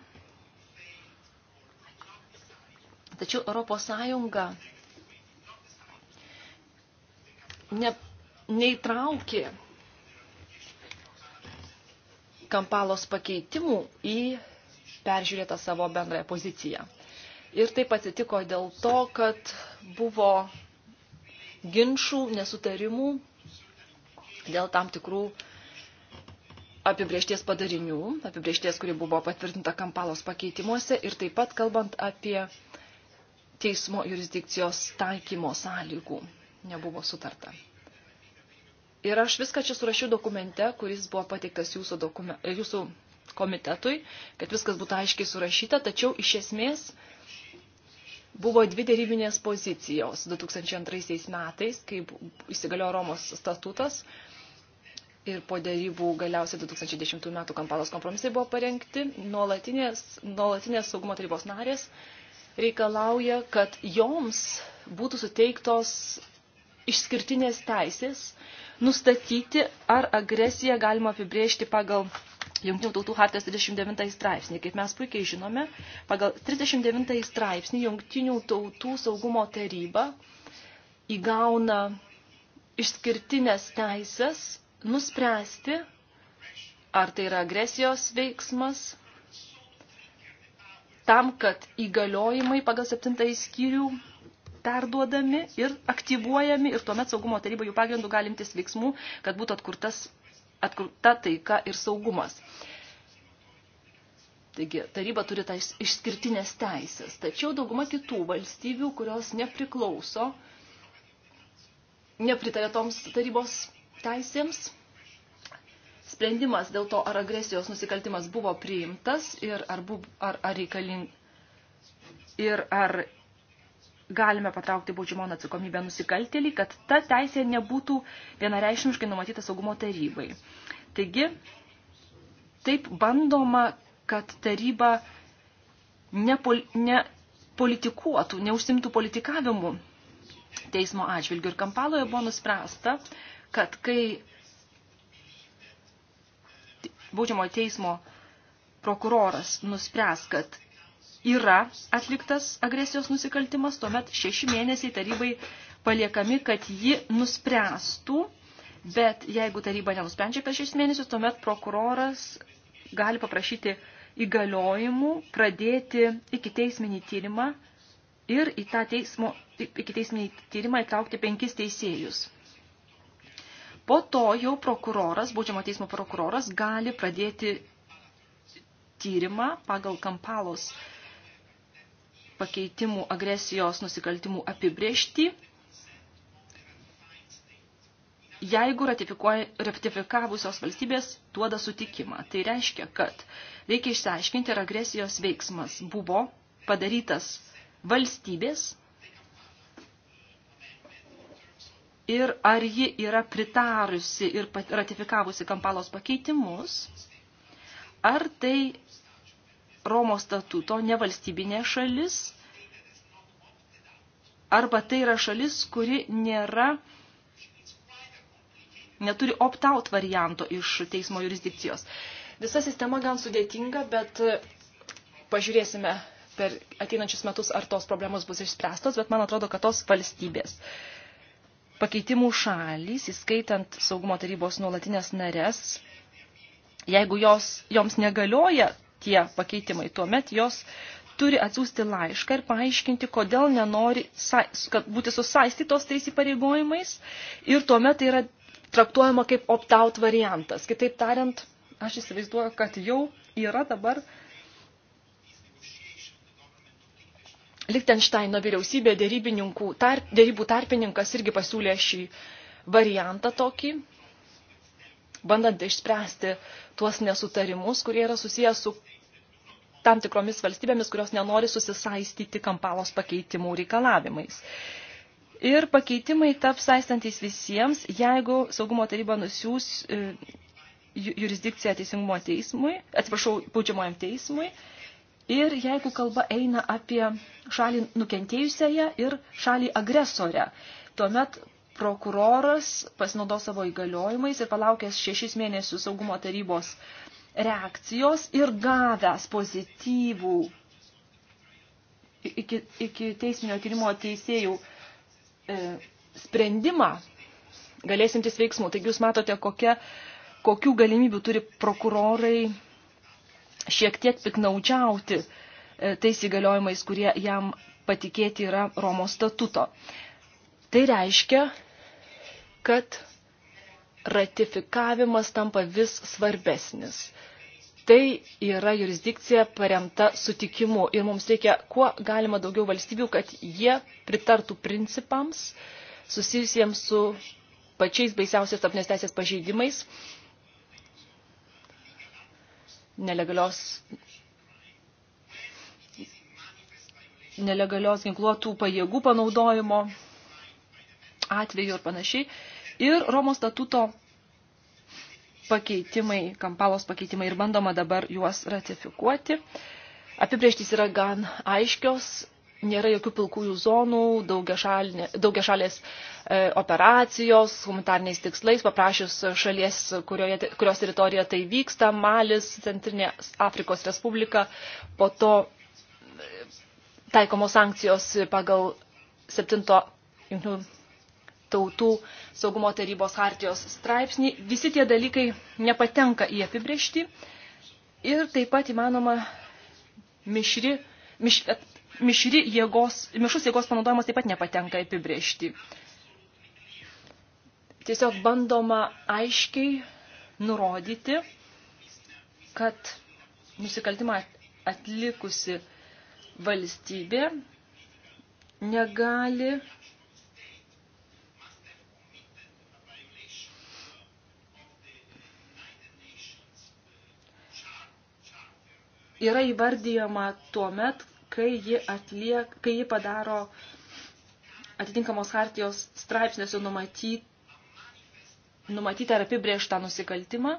Tačiau Europos Sąjunga ne, neįtraukė kampalos pakeitimų į peržiūrėtą savo bendrąją poziciją. Ir taip atsitiko dėl to, kad buvo ginčių, nesutarimų dėl tam tikrų apibriešties padarinių, apibriešties, kuri buvo patvirtinta kampalos pakeitimuose ir taip pat kalbant apie teismo jurisdikcijos taikymo sąlygų nebuvo sutarta. Ir aš viską čia surašiau dokumente, kuris buvo pateiktas jūsų, dokume, jūsų komitetui, kad viskas būtų aiškiai surašyta, tačiau iš esmės buvo dvi dėrybinės pozicijos 2002 metais, kai įsigaliojo Romos statutas ir po dėrybų galiausiai 2010 metų kampalos kompromisai buvo parengti, nuolatinės, nuolatinės saugumo tarybos narės reikalauja, kad joms būtų suteiktos išskirtinės teisės nustatyti, ar agresiją galima apibrėžti pagal Junktinių tautų hartijos 39 straipsnį. Kaip mes puikiai žinome, pagal 39 straipsnį Junktinių tautų saugumo taryba įgauna išskirtinės teisės nuspręsti, ar tai yra agresijos veiksmas, tam, kad įgaliojimai pagal septintąjį skyrių perduodami ir aktyvuojami ir tuomet saugumo taryba jų pagrindų galimtis veiksmų, kad būtų atkurtas, atkurta taika ir saugumas. Taigi taryba turi tą išskirtinės teisės, tačiau dauguma kitų valstybių, kurios nepriklauso, nepritarė toms tarybos teisėms sprendimas dėl to, ar agresijos nusikaltimas buvo priimtas ir ar, bu, ar, ar reikaling ir ar galime patraukti baudžimon atsakomybę nusikaltėlį, kad ta teisė nebūtų vienareišmiškai numatyta saugumo tarybai. Taigi, taip bandoma, kad taryba nepolitikuotų, ne neužsimtų politikavimu teismo atžvilgiu. Ir Kampaloje buvo nuspręsta, kad kai baudžiamo teismo prokuroras nuspręs, kad yra atliktas agresijos nusikaltimas, tuomet šeši mėnesiai tarybai paliekami, kad ji nuspręstų, bet jeigu taryba nenusprendžia per šešis mėnesius, tuomet prokuroras gali paprašyti įgaliojimų pradėti iki teisminį tyrimą ir į tą teismo, iki teisminį tyrimą įtraukti penkis teisėjus. Po to jau prokuroras, baudžiamo teismo prokuroras, gali pradėti tyrimą pagal Kampalos pakeitimų agresijos nusikaltimų apibriežtį, jeigu ratifikavusios valstybės duoda sutikimą. Tai reiškia, kad reikia išsiaiškinti, ar agresijos veiksmas buvo padarytas valstybės ir ar ji yra pritarusi ir ratifikavusi Kampalos pakeitimus, ar tai Romos statuto nevalstybinė šalis, arba tai yra šalis, kuri nėra, neturi opt-out varianto iš teismo jurisdikcijos. Visa sistema gan sudėtinga, bet e, pažiūrėsime per ateinančius metus, ar tos problemos bus išspręstos, bet man atrodo, kad tos valstybės pakeitimų šalys, įskaitant saugumo tarybos nuolatinės nares, jeigu jos, joms negalioja tie pakeitimai, tuomet jos turi atsiųsti laišką ir paaiškinti, kodėl nenori kad būti susaistytos tais įpareigojimais ir tuomet tai yra traktuojama kaip opt-out variantas. Kitaip tariant, aš įsivaizduoju, kad jau yra dabar uh, Lichtensteino vyriausybė tarp, dėrybų tarpininkas irgi pasiūlė šį variantą tokį, bandant išspręsti tuos nesutarimus, kurie yra susijęs su tam tikromis valstybėmis, kurios nenori susisaistyti kampalos pakeitimų reikalavimais. Ir pakeitimai taps saistantis visiems, jeigu saugumo taryba nusiūs e, jurisdikciją teisingumo teismui, atsiprašau, baudžiamojam teismui Ir jeigu kalba eina apie šalį nukentėjusiąją ir šalį agresorę, tuomet prokuroras pasinaudo savo įgaliojimais ir palaukęs šešis mėnesius saugumo tarybos reakcijos ir gavęs pozityvų iki, iki teisminio tyrimo teisėjų e, sprendimą galėsimtis veiksmų. Taigi jūs matote, kokia, kokių galimybių turi prokurorai šiek tiek piknaudžiauti e, tais įgaliojimais, kurie jam patikėti yra Romos statuto. Tai reiškia, kad ratifikavimas tampa vis svarbesnis. Tai yra jurisdikcija paremta sutikimu ir mums reikia kuo galima daugiau valstybių, kad jie pritartų principams susijusiems su pačiais baisiausiais apnės teisės pažeidimais nelegalios, nelegalios ginkluotų pajėgų panaudojimo atveju ir panašiai. Ir Romos statuto pakeitimai, kampalos pakeitimai ir bandoma dabar juos ratifikuoti. Apibrieštys yra gan aiškios nėra jokių pilkųjų zonų, daugiašalės e, operacijos, humanitarniais tikslais, paprašius šalies, kurioje, kurios teritorija tai vyksta, Malis, Centrinė Afrikos Respublika, po to e, taikomos sankcijos pagal 7 jungtinių tautų saugumo tarybos hartijos straipsnį. Visi tie dalykai nepatenka į apibrėžtį ir taip pat įmanoma mišri miš, mišri jėgos, mišus jėgos panaudojimas taip pat nepatenka apibriežti. Tiesiog bandoma aiškiai nurodyti, kad nusikaltimą atlikusi valstybė negali yra įvardyjama tuo met, kai ji, atliek, kai ji padaro atitinkamos hartijos straipsniuose numatytą numatytą ar apibrieštą nusikaltimą.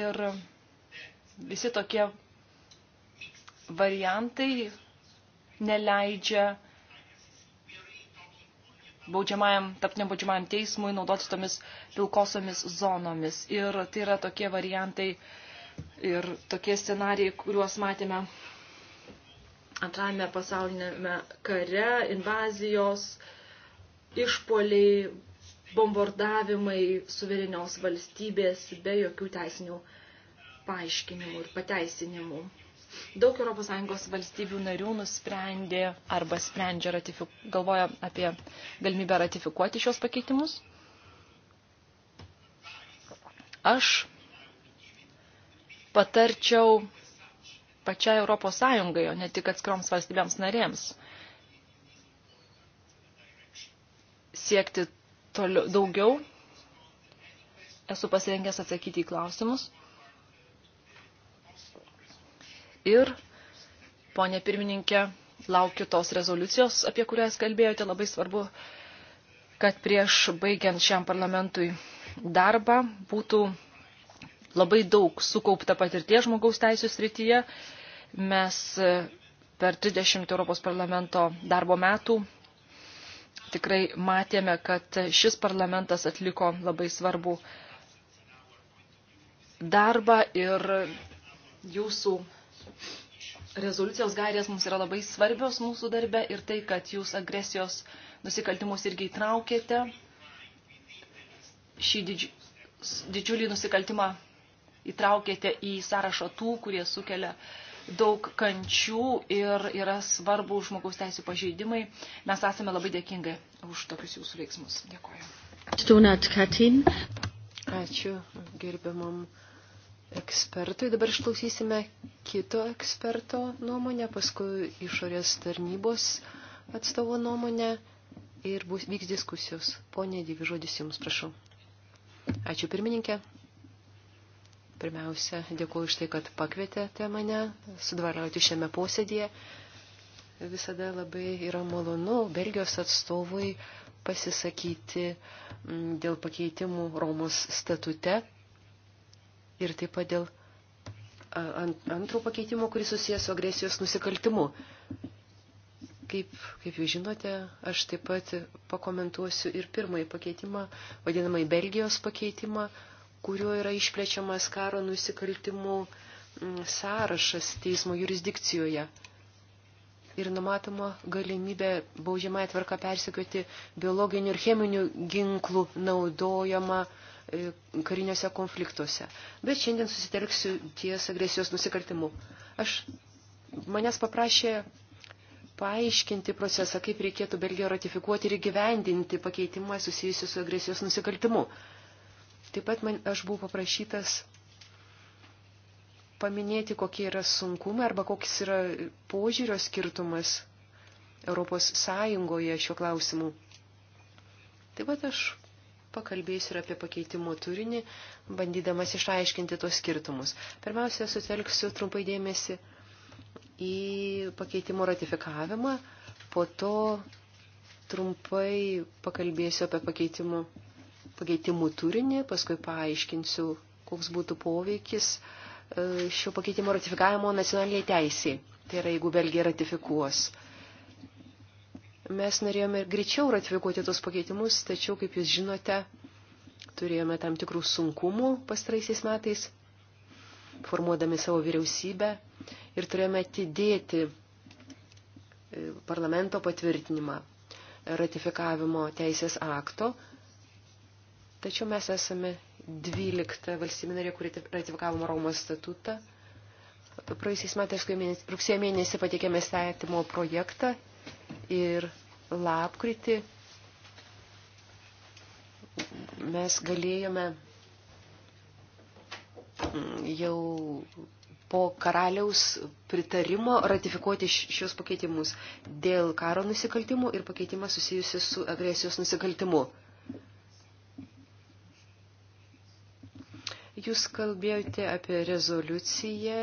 Ir visi tokie variantai neleidžia baudžiamajam, taptiniam baudžiamajam teismui naudotis tomis pilkosomis zonomis. Ir tai yra tokie variantai, uh, Ir tokie scenarijai, kuriuos matėme antrajame pasaulinėme kare, invazijos, išpoliai, bombardavimai suverenios valstybės be jokių teisinių paaiškinimų ir pateisinimų. Daug ES valstybių narių nusprendė arba sprendžia, ratifiku, galvoja apie galimybę ratifikuoti šios pakeitimus. Aš patarčiau pačiai Europos Sąjungai, o ne tik atskiroms valstybėms narėms siekti toliau, daugiau. Esu pasirengęs atsakyti į klausimus. Ir, ponė pirmininkė, laukiu tos rezoliucijos, apie kurią jūs kalbėjote. Labai svarbu, kad prieš baigiant šiam parlamentui darbą būtų labai daug sukaupta patirties žmogaus teisų srityje. Mes e, per 30 Europos parlamento darbo metų tikrai matėme, kad šis parlamentas atliko labai svarbų darbą ir jūsų rezoliucijos gairės mums yra labai svarbios mūsų darbe ir tai, kad jūs agresijos nusikaltimus irgi įtraukėte šį didžiulį nusikaltimą įtraukėte į sąrašą tų, kurie sukelia daug kančių ir yra svarbu žmogaus teisų pažeidimai. Mes esame labai dėkingi už tokius jūsų veiksmus. Dėkuoju. Stunat Katin. Ačiū gerbiamam ekspertui. Dabar išklausysime kito eksperto nuomonę, paskui išorės tarnybos atstovo nuomonę ir bus, vyks diskusijos. Pone Dievi, žodis Jums, prašau. Ačiū pirmininkė. Pirmiausia, dėkuoju už tai, kad pakvietėte mane sudalyvauti šiame posėdėje. Visada labai yra malonu Belgijos atstovui pasisakyti mm, dėl pakeitimų Romos statute ir taip pat dėl antro pakeitimo, kuris susijęs su agresijos nusikaltimu. Kaip, kaip jūs žinote, aš taip pat pakomentuosiu ir pirmąjį pakeitimą, vadinamąjį Belgijos pakeitimą, kuriuo yra išplečiamas karo nusikaltimų mm, sąrašas teismo jurisdikcijoje. Ir numatoma galimybė baudžiamąją tvarką persekioti biologinių ir cheminių ginklų naudojama e, kariniuose konfliktuose. Bet šiandien susitelksiu ties agresijos nusikaltimu. Aš manęs paprašė paaiškinti procesą, kaip reikėtų Belgijoje ratifikuoti ir įgyvendinti pakeitimą susijusiu su agresijos nusikaltimu. Taip pat man, aš buvau paprašytas paminėti, kokie yra sunkumai arba koks yra požiūrio skirtumas Europos Sąjungoje šiuo klausimu. Taip pat aš pakalbėsiu ir apie pakeitimo turinį, bandydamas išaiškinti tos skirtumus. Pirmiausia, sutelksiu trumpai dėmesį į pakeitimo ratifikavimą, po to trumpai pakalbėsiu apie pakeitimo pakeitimų turinį, paskui paaiškinsiu, koks būtų poveikis e, šio pakeitimo ratifikavimo nacionaliniai teisiai. Tai yra, jeigu Belgija ratifikuos. Mes norėjome ir greičiau ratifikuoti tos pakeitimus, tačiau, kaip jūs žinote, turėjome tam tikrų sunkumų pastaraisiais metais, formuodami savo vyriausybę ir turėjome atidėti e, parlamento patvirtinimą ratifikavimo teisės akto, Tačiau mes esame 12 valstybė narė, kuri ratifikavome Romos statutą. Praėjusiais metais rugsėjo mėnesį patikėme įstatymo projektą ir lapkritį mes galėjome mm, jau po karaliaus pritarimo ratifikuoti šios pakeitimus dėl karo nusikaltimų ir pakeitimą susijusi su agresijos nusikaltimu. Jūs kalbėjote apie rezoliuciją,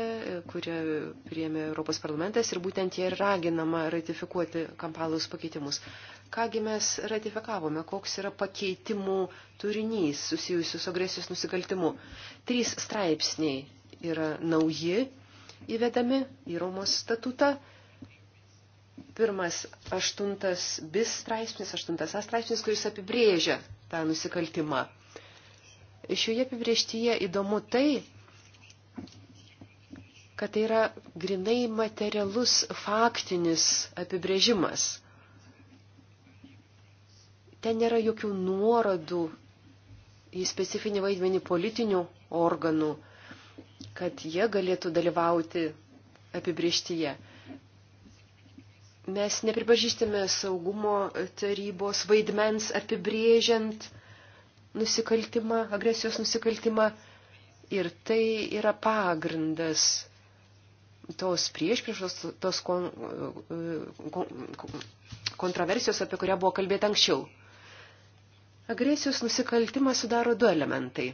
kurią priėmė Europos parlamentas ir būtent jie ir raginama ratifikuoti kampalos pakeitimus. Kągi mes ratifikavome, koks yra pakeitimų turinys susijusius su agresijos nusikaltimu. Trys straipsniai yra nauji įvedami į Romos statutą. Pirmas aštuntas bis straipsnis, aštuntas A straipsnis, kuris apibrėžia tą nusikaltimą. Šioje apibrieštyje įdomu tai, kad tai yra grinai materialus faktinis apibrėžimas. Ten nėra jokių nuorodų į specifinį vaidmenį politinių organų, kad jie galėtų dalyvauti apibrieštyje. Mes nepripažįstame saugumo tarybos vaidmens apibrėžiant nusikaltimą, agresijos nusikaltimą ir tai yra pagrindas tos priešpriešos, tos kon, kon, kontroversijos, apie kurią buvo kalbėta anksčiau. Agresijos nusikaltimą sudaro du elementai.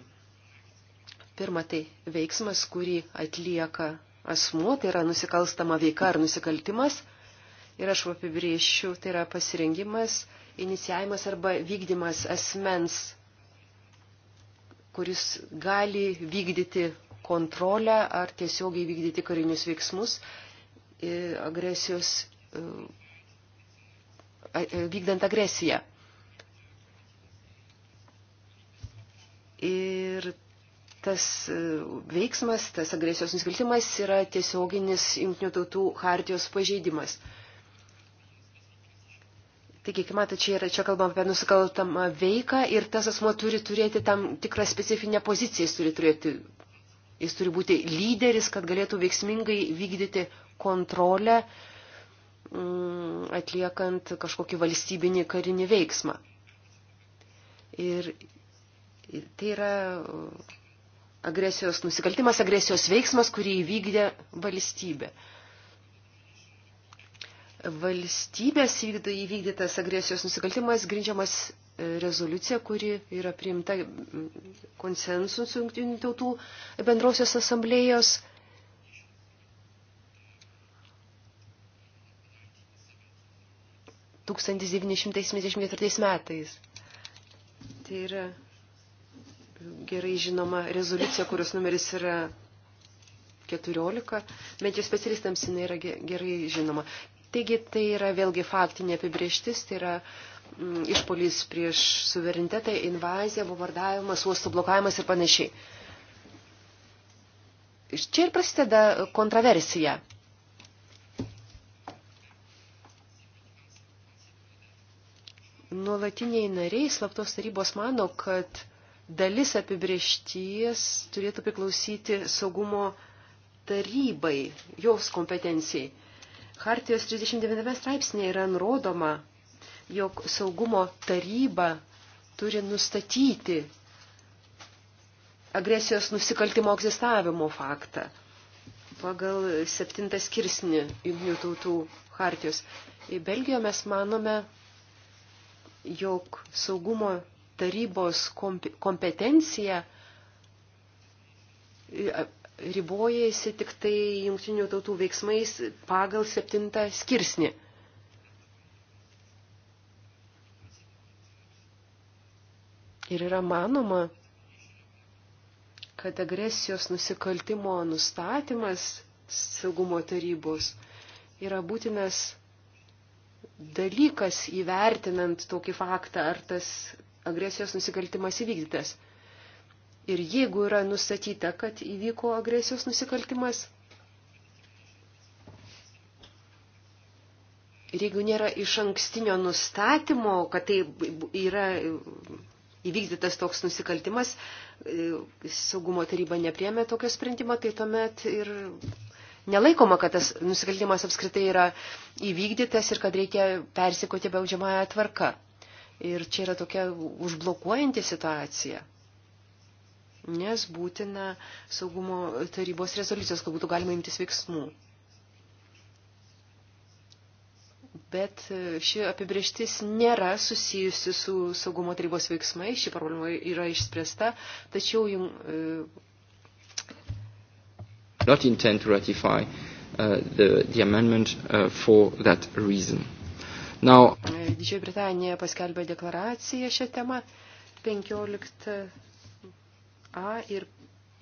Pirma, tai veiksmas, kurį atlieka asmuo, tai yra nusikalstama veika ar nusikaltimas. Ir aš apibriešiu, tai yra pasirengimas, inicijavimas arba vykdymas asmens kuris gali vykdyti kontrolę ar tiesiogiai vykdyti karinius veiksmus e, agresijos, e, e, vykdant agresiją. Ir tas veiksmas, tas agresijos nusikaltimas yra tiesioginis jungtinių tautų hartijos pažeidimas. Taigi, kaip matote, čia, yra, čia kalbam apie nusikaltamą veiką ir tas asmo turi turėti tam tikrą specifinę poziciją, jis turi, turėti, jis turi būti lyderis, kad galėtų veiksmingai vykdyti kontrolę, mm, atliekant kažkokį valstybinį karinį veiksmą. Ir tai yra agresijos nusikaltimas, agresijos veiksmas, kurį įvykdė valstybė. Uh, valstybės įvykdytas agresijos nusikaltimas grindžiamas e, rezoliucija, kuri yra priimta konsensus jungtinių tautų bendrosios asamblėjos. Tūkstantis metais. Tai yra gerai žinoma rezoliucija, kurios numeris yra 14, bent jau specialistams jinai yra gerai žinoma. Taigi tai yra vėlgi faktinė apibrieštis, tai yra mm, išpolis prieš suverenitetą, invazija, bombardavimas, uostų blokavimas ir panašiai. Čia ir prasideda kontroversija. Nuolatiniai nariai slaptos tarybos mano, kad dalis apibriešties turėtų priklausyti saugumo tarybai, jos kompetencijai. Hartijos 39 straipsnėje yra nurodoma, jog saugumo taryba turi nustatyti agresijos nusikaltimo egzistavimo faktą pagal septintą skirsnį jungtinių tautų hartijos. Į Belgiją mes manome, jog saugumo tarybos kompetencija ribojasi tik tai jungtinių tautų veiksmais pagal septintą skirsnį. Ir yra manoma, kad agresijos nusikaltimo nustatymas saugumo tarybos yra būtinas dalykas įvertinant tokį faktą, ar tas agresijos nusikaltimas įvykdytas. Ir jeigu yra nustatyta, kad įvyko agresijos nusikaltimas, ir jeigu nėra iš ankstinio nustatymo, kad tai yra įvykdytas toks nusikaltimas, e, saugumo taryba nepriemė tokio sprendimo, tai tuomet ir nelaikoma, kad tas nusikaltimas apskritai yra įvykdytas ir kad reikia persikoti baudžiamąją tvarką. Ir čia yra tokia užblokuojanti situacija nes būtina saugumo tarybos rezoliucijos, kad būtų galima imtis veiksmų. Bet e, ši apibrieštis nėra susijusi su saugumo tarybos veiksmai, ši problema yra išspręsta, tačiau jums. E, Not intend to ratify uh, the, the amendment uh, for that reason. Now, Didžioji Britanija paskelbė deklaraciją šią temą 15 A ir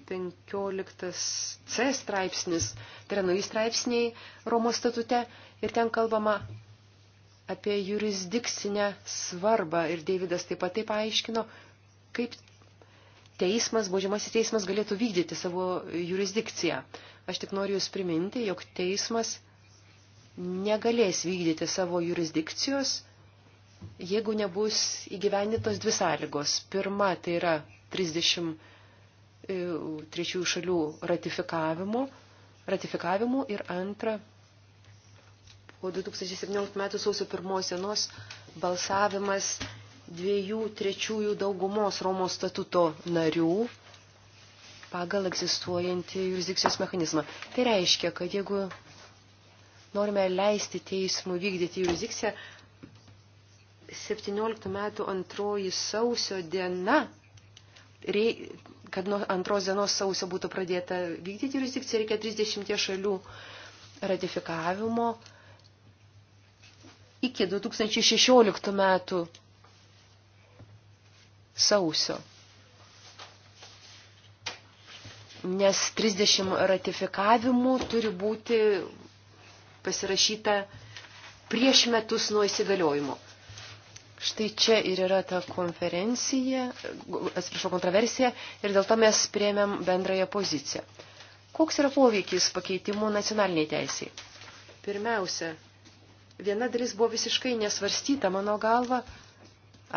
15C straipsnis, tai yra nauji straipsniai Romos statute ir ten kalbama apie jurisdikcinę svarbą ir Deividas taip pat taip aiškino, kaip teismas, baudžiamasis teismas galėtų vykdyti savo jurisdikciją. Aš tik noriu Jūs priminti, jog teismas negalės vykdyti savo jurisdikcijos, jeigu nebus įgyvendintos dvi sąlygos. Pirma, tai yra 30 E, trečiųjų šalių ratifikavimu, ratifikavimu ir antra, po 2017 metų sausio pirmos dienos balsavimas dviejų trečiųjų daugumos Romos statuto narių pagal egzistuojantį jurisdikcijos mechanizmą. Tai reiškia, kad jeigu norime leisti teismų vykdyti jurisdikciją, 17 metų antroji sausio diena rei, kad nuo antros dienos sausio būtų pradėta vykdyti jurisdikciją, reikia 30 šalių ratifikavimo iki 2016 metų sausio. Nes 30 ratifikavimų turi būti pasirašyta prieš metus nuo įsigaliojimo. Štai čia ir yra ta konferencija, atsiprašau, kontroversija ir dėl to mes priemėm bendrąją poziciją. Koks yra poveikis pakeitimų nacionaliniai teisiai? Pirmiausia, viena dalis buvo visiškai nesvarstyta, mano galva,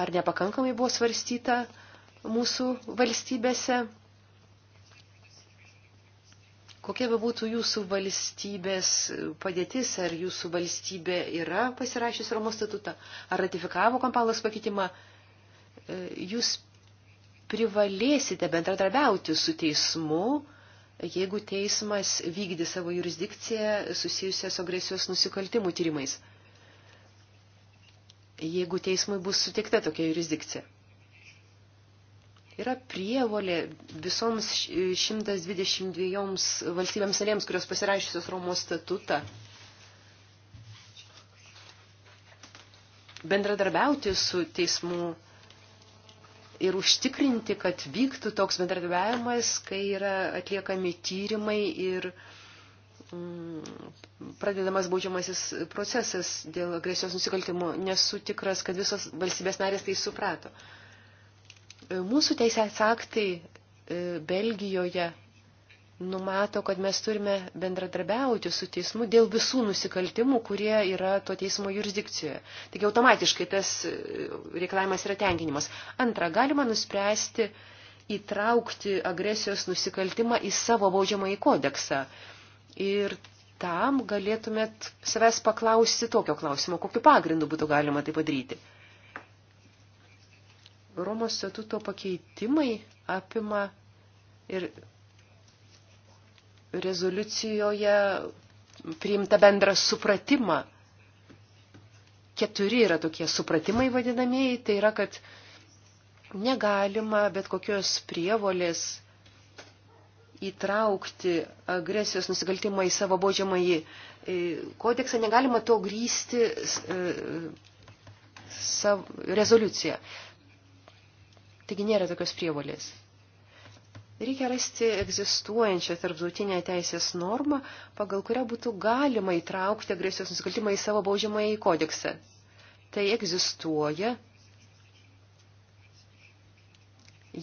ar nepakankamai buvo svarstyta mūsų valstybėse, kokia be būtų jūsų valstybės padėtis, ar jūsų valstybė yra pasirašęs Romos statutą, ar ratifikavo kompalos pakeitimą, e, jūs privalėsite bendradarbiauti su teismu, jeigu teismas vykdė savo jurisdikciją susijusią su agresijos nusikaltimų tyrimais. Jeigu teismui bus sutikta tokia jurisdikcija. Yra prievolė visoms 122 valstybėms narėms, kurios pasirašysios Romos statutą, bendradarbiauti su teismu ir užtikrinti, kad vyktų toks bendradarbiavimas, kai yra atliekami tyrimai ir mm, pradedamas baudžiamasis procesas dėl agresijos nusikaltimo. Nesu tikras, kad visos valstybės narės tai suprato. Mūsų teisės aktai e, Belgijoje numato, kad mes turime bendradarbiauti su teismu dėl visų nusikaltimų, kurie yra to teismo jurisdikcijoje. Taigi automatiškai tas e, reikalavimas yra tenkinimas. Antra, galima nuspręsti įtraukti agresijos nusikaltimą į savo baudžiamąjį kodeksą. Ir tam galėtumėt savęs paklausti tokio klausimo, kokiu pagrindu būtų galima tai padaryti. Romos statuto pakeitimai apima ir rezoliucijoje priimta bendrą supratimą. Keturi yra tokie supratimai vadinamieji, tai yra, kad negalima bet kokios prievolės įtraukti agresijos nusikaltimą į savo baudžiamąjį kodeksą, negalima to grįsti e, savo rezoliuciją. Taigi nėra tokios prievolės. Reikia rasti egzistuojančią tarptautinę teisės normą, pagal kurią būtų galima įtraukti agresijos nusikaltimą į savo baudžiamąjį kodeksą. Tai egzistuoja.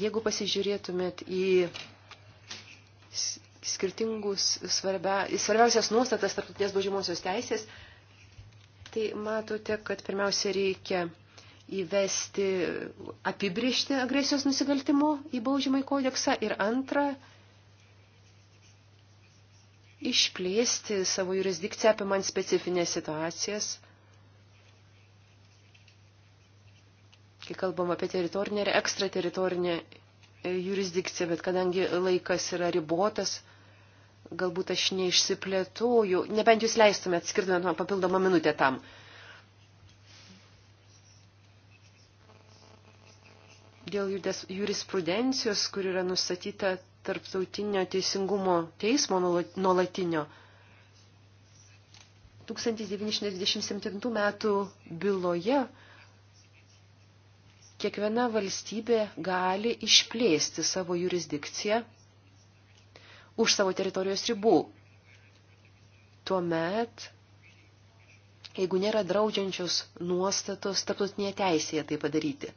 Jeigu pasižiūrėtumėt į skirtingus svarbia, svarbiausias nuostatas tarptautinės baudžiamosios teisės, tai matote, kad pirmiausia reikia įvesti apibriežti agresijos nusikaltimų į baudžiamąjį kodeksą ir antra, išplėsti savo jurisdikciją apimant specifines situacijas, kai kalbam apie teritorinę ir ekstrateritorinę e, jurisdikciją, bet kadangi laikas yra ribotas, galbūt aš neišsiplėtoju, nebent jūs leistumėt skirtumėt man papildomą minutę tam. dėl jurisprudencijos, kur yra nustatyta tarptautinio teisingumo teismo nuolatinio. 1927 metų byloje kiekviena valstybė gali išplėsti savo jurisdikciją už savo teritorijos ribų. Tuomet, jeigu nėra draudžiančios nuostatos, tarptautinėje teisėje tai padaryti.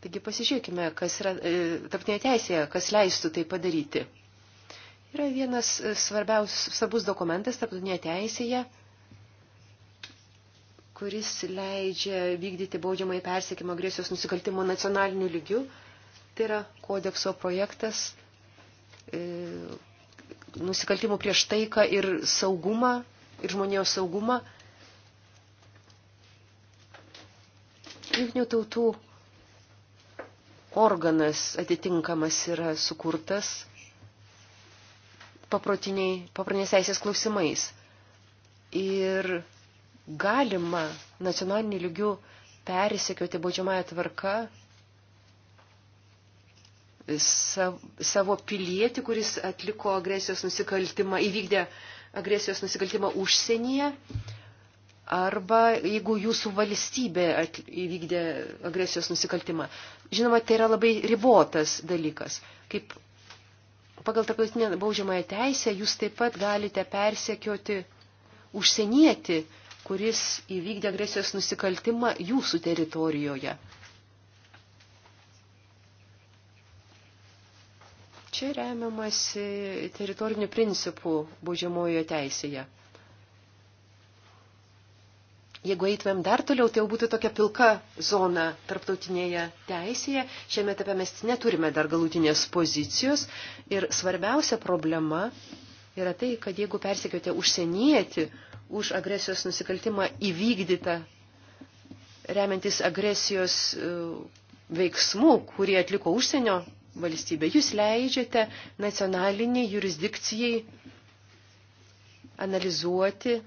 Taigi pasižiūrėkime, kas yra e, tarptinė teisė, kas leistų tai padaryti. Yra vienas e, svarbiausias, svarbus dokumentas tarptautinėje teisėje, kuris leidžia vykdyti baudžiamąjį persiekimą agresijos nusikaltimo nacionaliniu lygiu. Tai yra kodekso projektas e, nusikaltimų prieš taiką ir saugumą, ir žmonijos saugumą. Jungtinių tautų organas atitinkamas yra sukurtas paprotinės teisės klausimais. Ir galima nacionaliniu lygiu persekioti baudžiamąją tvarką savo pilietį, kuris atliko agresijos nusikaltimą, įvykdė agresijos nusikaltimą užsienyje arba jeigu jūsų valstybė įvykdė agresijos nusikaltimą. Žinoma, tai yra labai ribotas dalykas. Kaip pagal tarptautinę baudžiamąją teisę jūs taip pat galite persekioti užsienietį, kuris įvykdė agresijos nusikaltimą jūsų teritorijoje. Čia remiamasi teritorinių principų baudžiamojoje teisėje. Jeigu eitumėm dar toliau, tai jau būtų tokia pilka zona tarptautinėje teisėje. Šiame etape mes neturime dar galutinės pozicijos. Ir svarbiausia problema yra tai, kad jeigu persekiote užsienietį už agresijos nusikaltimą įvykdytą, remiantis agresijos e, veiksmų, kurį atliko užsienio valstybė, jūs leidžiate nacionaliniai jurisdikcijai analizuoti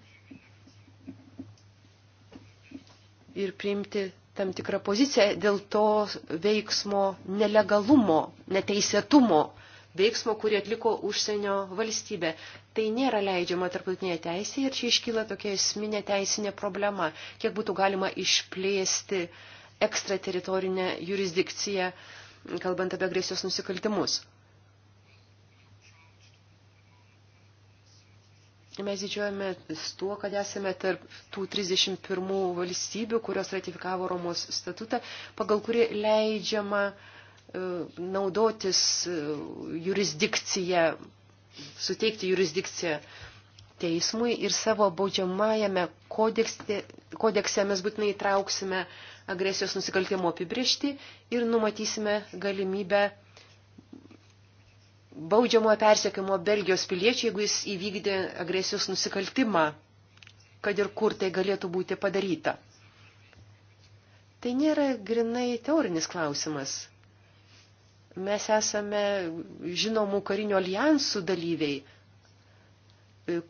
ir priimti tam tikrą poziciją dėl to veiksmo nelegalumo, neteisėtumo, veiksmo, kurį atliko užsienio valstybė. Tai nėra leidžiama tarptautinėje teisėje ir čia iškyla tokia esminė teisinė problema, kiek būtų galima išplėsti ekstrateritorinę jurisdikciją, kalbant apie agresijos nusikaltimus. Mes didžiuojame tuo, kad esame tarp tų 31 valstybių, kurios ratifikavo Romos statutą, pagal kurį leidžiama e, naudotis e, jurisdikciją, suteikti jurisdikciją teismui ir savo baudžiamajame kodekse, kodekse mes būtinai įtrauksime agresijos nusikaltimo apibriešti ir numatysime galimybę baudžiamojo persiekimo Belgijos piliečiai, jeigu jis įvykdė agresijos nusikaltimą, kad ir kur tai galėtų būti padaryta. Tai nėra grinai teorinis klausimas. Mes esame žinomų karinių alijansų dalyviai,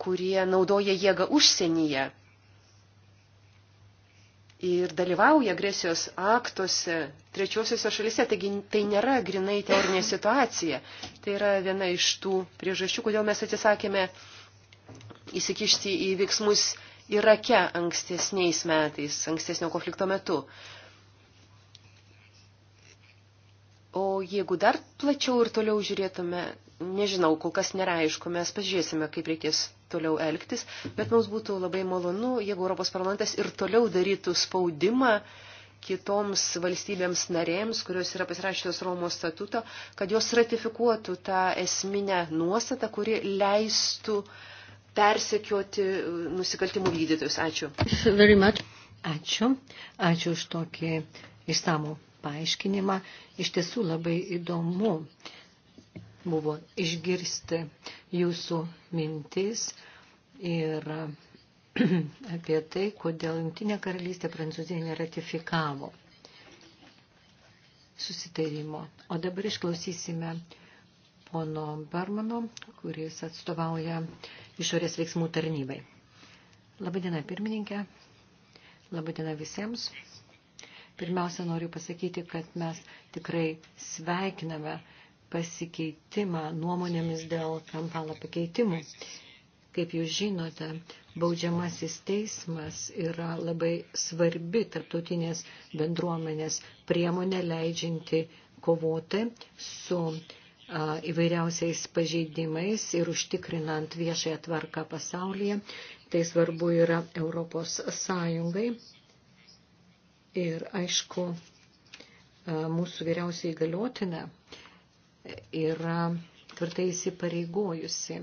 kurie naudoja jėgą užsienyje ir dalyvauja agresijos aktuose trečiosiuose šalise, taigi tai nėra grinai teorinė situacija. Tai yra viena iš tų priežasčių, kodėl mes atsisakėme įsikišti į veiksmus Irake ankstesniais metais, ankstesnio konflikto metu. O jeigu dar plačiau ir toliau žiūrėtume, Nežinau, kol kas nėra aišku, mes pažiūrėsime, kaip reikės toliau elgtis, bet mums būtų labai malonu, jeigu Europos parlamentas ir toliau darytų spaudimą kitoms valstybėms narėms, kurios yra pasirašytos Romos statuto, kad jos ratifikuotų tą esminę nuostatą, kuri leistų persekioti nusikaltimų vykdytojus. Ačiū. Ačiū. Ačiū už tokį išsamų paaiškinimą. Iš tiesų labai įdomu buvo išgirsti jūsų mintis ir apie tai, kodėl Jungtinė karalystė Prancūzija neratifikavo susitarimo. O dabar išklausysime pono Barmano, kuris atstovauja išorės veiksmų tarnybai. Labadiena pirmininkė, labadiena visiems. Pirmiausia, noriu pasakyti, kad mes tikrai sveikiname uh, pasikeitimą nuomonėmis dėl Kampala pakeitimų. Kaip jūs žinote, baudžiamasis teismas yra labai svarbi tarptautinės bendruomenės priemonė leidžianti kovoti su a, įvairiausiais pažeidimais ir užtikrinant viešąją tvarką pasaulyje. Tai svarbu yra Europos Sąjungai. Ir aišku, a, mūsų vyriausiai galiotinė yra tvirtai įsipareigojusi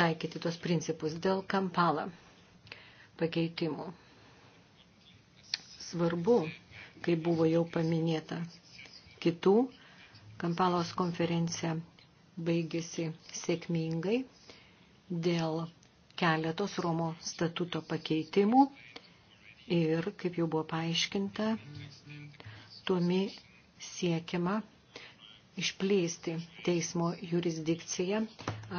taikyti tuos principus dėl kampalą pakeitimų. Svarbu, kaip buvo jau paminėta, kitų kampalos konferencija baigėsi sėkmingai dėl keletos Romo statuto pakeitimų ir, kaip jau buvo paaiškinta, tuomi siekiama išplėsti teismo jurisdikciją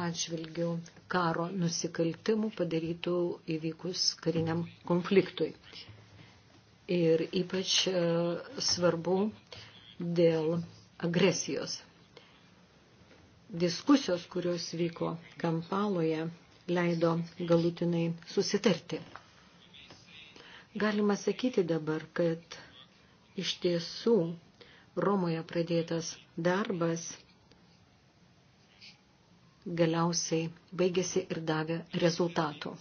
atžvilgių karo nusikaltimų padarytų įvykus kariniam konfliktui. Ir ypač e, svarbu dėl agresijos. Diskusijos, kurios vyko Kampaloje, leido galutinai susitarti. Galima sakyti dabar, kad iš tiesų Romoje pradėtas darbas galiausiai baigėsi ir davė rezultatų.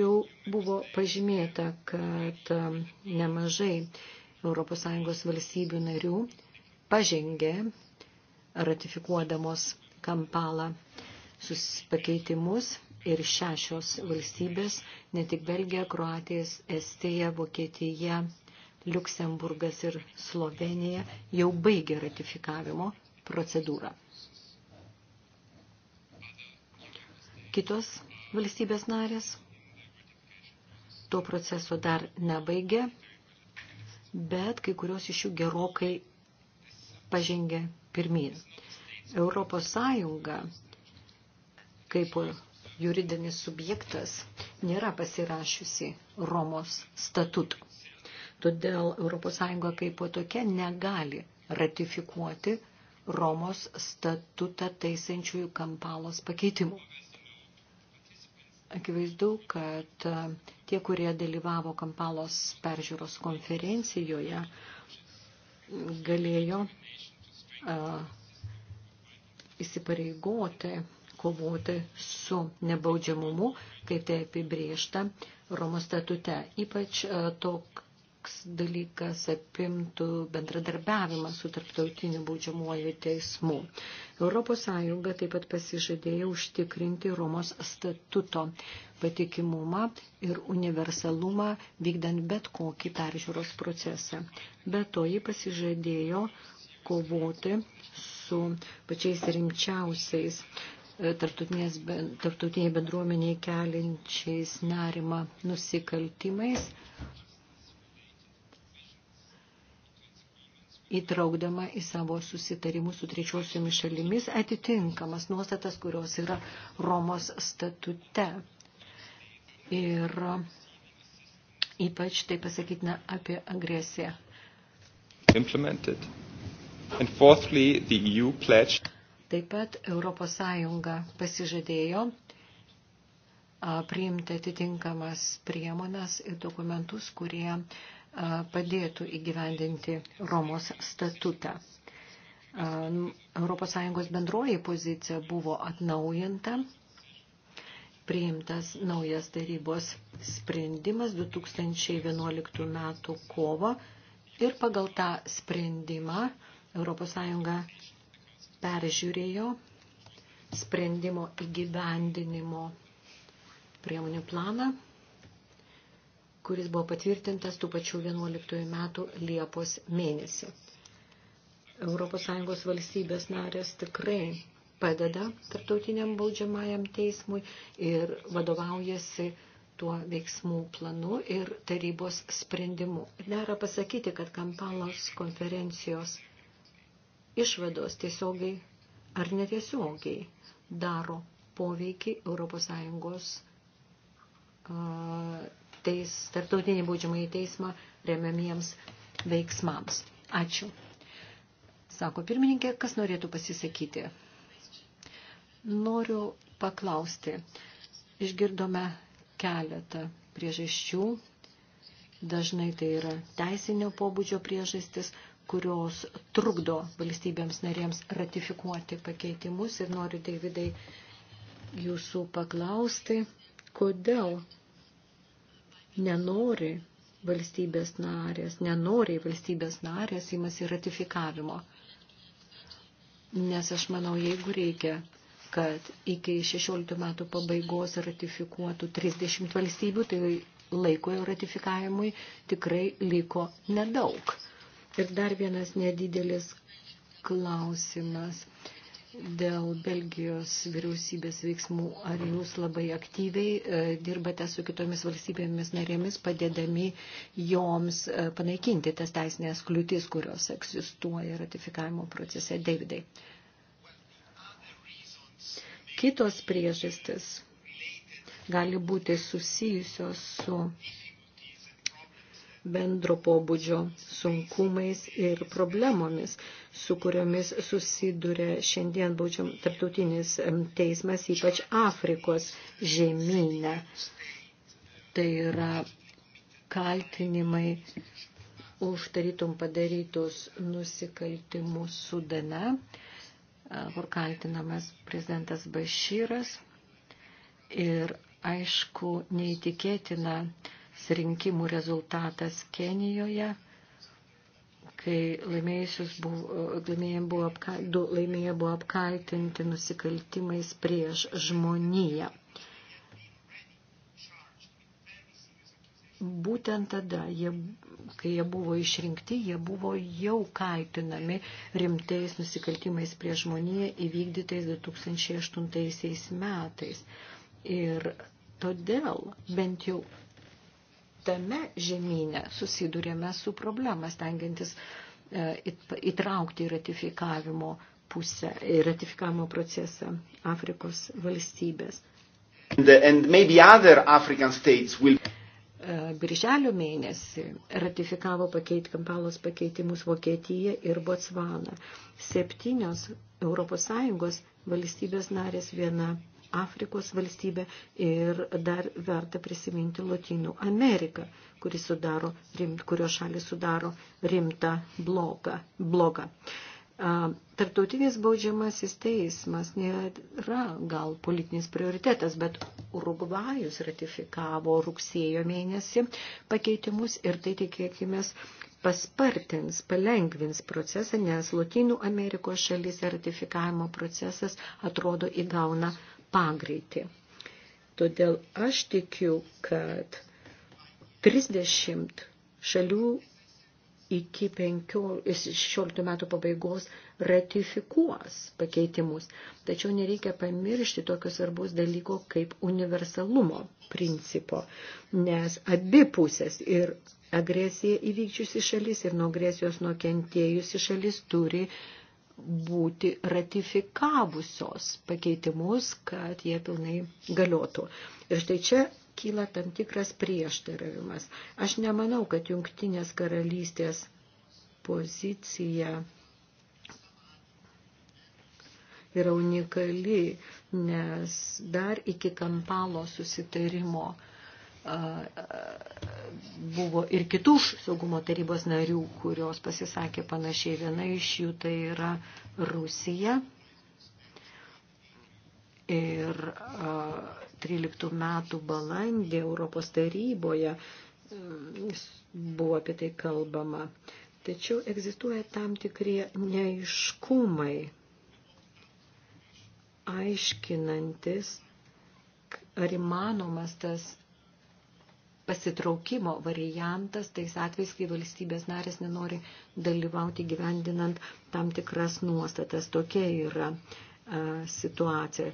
Jau buvo pažymėta, kad um, nemažai ES valstybių narių pažengė ratifikuodamos Kampalą suspakeitimus ir šešios valstybės, ne tik Belgija, Kroatijas, Estija, Vokietija, Luksemburgas ir Slovenija jau baigė ratifikavimo procedūrą. Kitos valstybės narės to proceso dar nebaigė, bet kai kurios iš jų gerokai pažengė pirmyn. Europos Sąjunga kaip juridinis subjektas nėra pasirašiusi Romos statutų. Todėl ES kaip po tokia negali ratifikuoti Romos statutą taisančiųjų kampalos pakeitimų. Akivaizdu, kad e, tie, kurie dalyvavo kampalos peržiūros konferencijoje, galėjo a, e, įsipareigoti kovoti su nebaudžiamumu, kaip tai apibriešta Romos statute. Ypač a, e, tok, toks dalykas apimtų bendradarbiavimą su tarptautiniu baudžiamuoju teismu. Europos Sąjunga taip pat pasižadėjo užtikrinti Romos statuto patikimumą ir universalumą vykdant bet kokį peržiūros procesą. Be to ji pasižadėjo kovoti su pačiais rimčiausiais e, tarptautinėje bendruomenėje keliančiais nerima nusikaltimais įtraukdama į savo susitarimus su trečiosiomis šalimis atitinkamas nuostatas, kurios yra Romos statute. Ir ypač tai pasakytina apie agresiją. Implemented. And fourthly, the EU pledged. Taip pat Europos Sąjunga pasižadėjo priimti atitinkamas priemonas ir dokumentus, kurie uh, padėtų įgyvendinti Romos statutą. ES bendroji pozicija buvo atnaujinta, priimtas naujas darybos sprendimas 2011 m. kovo ir pagal tą sprendimą ES peržiūrėjo sprendimo įgyvendinimo priemonių planą kuris buvo patvirtintas tų pačių 11 metų Liepos mėnesį. ES valstybės narės tikrai padeda tarptautiniam baudžiamajam teismui ir vadovaujasi tuo veiksmų planu ir tarybos sprendimu. Nėra pasakyti, kad Kampalos konferencijos išvados tiesiogiai ar netiesiogiai daro poveikį ES teis, tarptautinį baudžiamąjį teismą remiamiems veiksmams. Ačiū. Sako pirmininkė, kas norėtų pasisakyti? Noriu paklausti. Išgirdome keletą priežasčių. Dažnai tai yra teisinio pobūdžio priežastis, kurios trukdo valstybėms narėms ratifikuoti pakeitimus. Ir noriu, Davidai, jūsų paklausti, kodėl nenori valstybės narės, nenoriai valstybės narės imasi ratifikavimo. Nes aš manau, jeigu reikia, kad iki 16 metų pabaigos ratifikuotų 30 valstybių, tai laiko jau ratifikavimui tikrai liko nedaug. Ir dar vienas nedidelis klausimas dėl Belgijos vyriausybės veiksmų, ar jūs labai aktyviai e, dirbate su kitomis valstybėmis narėmis, padėdami joms e, panaikinti tas teisinės kliūtis, kurios egzistuoja ratifikavimo procese, Davidai? Kitos priežastis gali būti susijusios su bendro pobūdžio sunkumais ir problemomis, su kuriomis susiduria šiandien baudžiam tarptautinis teismas, ypač Afrikos žemynę. Tai yra kaltinimai už tarytum padarytus nusikaltimus Sudane, kur kaltinamas prezidentas Bašyras. Ir aišku, neįtikėtina, rinkimų rezultatas Kenijoje, kai buvo, laimėję, buvo apka, du laimėję buvo apkaltinti nusikaltimais prieš žmoniją. Būtent tada, jie, kai jie buvo išrinkti, jie buvo jau kaltinami rimtais nusikaltimais prieš žmoniją įvykdytais 2008 metais. Ir todėl bent jau tame žemynė susidurėme su problemas, tengiantis e, įtraukti ratifikavimo pusę, ratifikavimo procesą Afrikos valstybės. And, and maybe other African states will... E, birželio mėnesį ratifikavo pakeit, Kampalos pakeitimus Vokietija ir Botsvana. Septynios ES valstybės narės viena Afrikos valstybė ir dar verta prisiminti Latinų Ameriką, kuri sudaro, rimt, kurio šalis sudaro rimtą blogą. blogą. Tartautinis baudžiamasis teismas nėra gal politinis prioritetas, bet Urugvajus ratifikavo rugsėjo mėnesį pakeitimus ir tai tikėkime paspartins, palengvins procesą, nes Latinų Amerikos šalyse ratifikavimo procesas atrodo įgauna pagreitį. Todėl aš tikiu, kad 30 šalių iki 16 metų pabaigos ratifikuos pakeitimus. Tačiau nereikia pamiršti tokio svarbus dalyko kaip universalumo principo, nes abi pusės ir agresiją įvykčiusi šalis ir nuo agresijos nukentėjusi šalis turi būti ratifikavusios pakeitimus, kad jie pilnai galiotų. Ir štai čia kyla tam tikras prieštaravimas. Aš nemanau, kad jungtinės karalystės pozicija yra unikali, nes dar iki kampalo susitarimo uh, buvo ir kitų saugumo tarybos narių, kurios pasisakė panašiai. Viena iš jų tai yra Rusija. Ir 13 metų balandį Europos taryboje buvo apie tai kalbama. Tačiau egzistuoja tam tikrie neaiškumai, aiškinantis, ar įmanomas tas pasitraukimo variantas tais atvejais, kai valstybės narės nenori dalyvauti gyvendinant tam tikras nuostatas. Tokia yra a, situacija,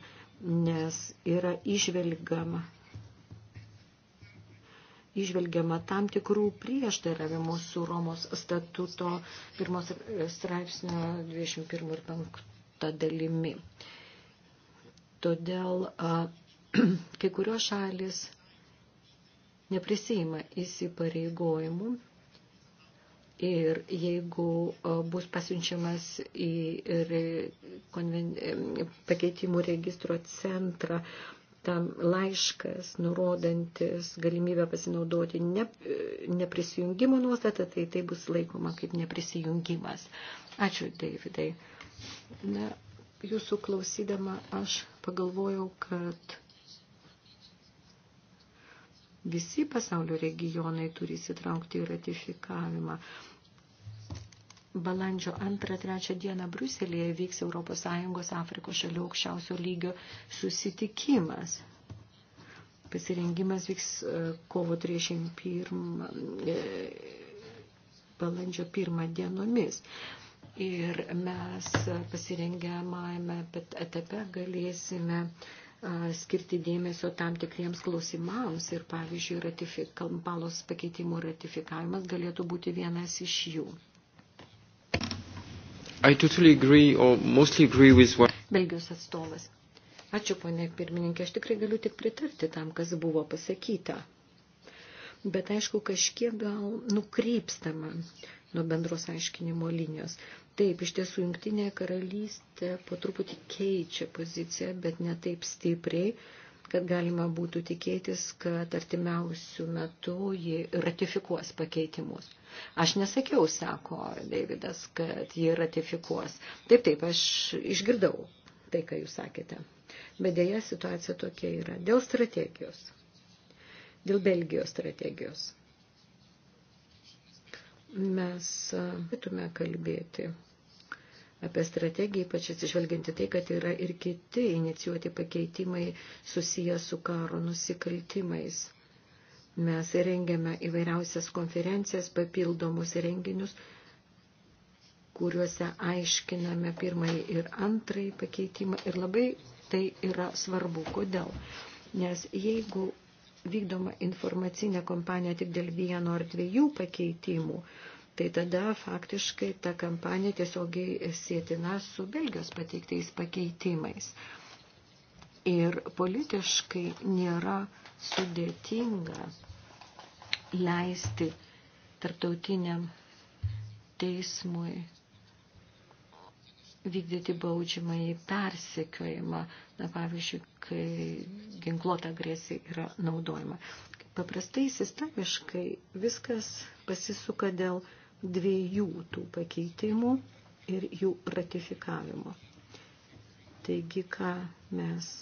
nes yra išvelgama išvelgiama tam tikrų prieštaravimų su Romos statuto pirmos straipsnio 21 ir 5 dalimi. Todėl a, kai kurios šalis neprisima įsipareigojimų ir jeigu bus pasiunčiamas į pakeitimų registro centrą tam laiškas, nurodantis galimybę pasinaudoti ne, e, neprisijungimo nuostatą, tai tai bus laikoma kaip neprisijungimas. Ačiū, Davidai. Na, jūsų klausydama aš pagalvojau, kad Visi pasaulio regionai turi įsitraukti į ratifikavimą. Balandžio 2-3 dieną Bruselėje vyks ES Afrikos šalių aukščiausio lygio susitikimas. Pasirengimas vyks e, kovo 31 e, balandžio 1 dienomis. Ir mes pasirengiamame etape galėsime uh, skirti dėmesio tam tikriems klausimams ir, pavyzdžiui, ratifik, kampalos pakeitimų ratifikavimas galėtų būti vienas iš jų. I totally agree, or mostly agree with what... Belgijos atstovas. Ačiū, ponė pirmininkė, aš tikrai galiu tik pritarti tam, kas buvo pasakyta. Bet aišku, kažkiek gal nukrypstama nuo bendros aiškinimo linijos. Taip, iš tiesų, jungtinė karalystė po truputį keičia poziciją, bet ne taip stipriai, kad galima būtų tikėtis, kad artimiausių metų ji ratifikuos pakeitimus. Aš nesakiau, sako Davidas, kad ji ratifikuos. Taip, taip, aš išgirdau tai, ką jūs sakėte. Bet dėja situacija tokia yra. Dėl strategijos. Dėl Belgijos strategijos mes turėtume kalbėti apie strategiją, ypač atsižvelginti tai, kad yra ir kiti inicijuoti pakeitimai susiję su karo nusikaltimais. Mes rengiame įvairiausias konferencijas, papildomus renginius, kuriuose aiškiname pirmąjį ir antrąjį pakeitimą. Ir labai tai yra svarbu. Kodėl? Nes jeigu vykdoma informacinė kampanija tik dėl vieno ar dviejų pakeitimų, tai tada faktiškai ta kampanija tiesiogiai sėtina su Belgijos pateiktais pakeitimais. Ir politiškai nėra sudėtinga leisti tarptautiniam teismui vykdyti baudžiamąjį persekiojimą, na, pavyzdžiui, kai ginkluota agresija yra naudojama. Paprastai sistemiškai viskas pasisuka dėl dviejų tų pakeitimų ir jų ratifikavimo. Taigi, ką mes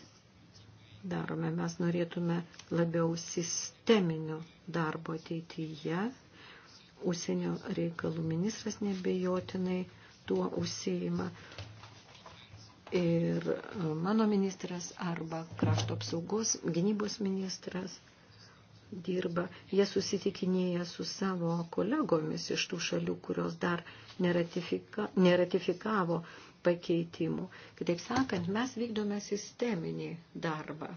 darome? Mes norėtume labiau sisteminio darbo ateityje. Užsienio reikalų ministras nebejotinai tuo užsieima ir e, mano ministras arba krašto apsaugos gynybos ministras dirba. Jie susitikinėja su savo kolegomis iš tų šalių, kurios dar neratifika, neratifikavo pakeitimų. Kitaip sakant, mes vykdome sisteminį darbą.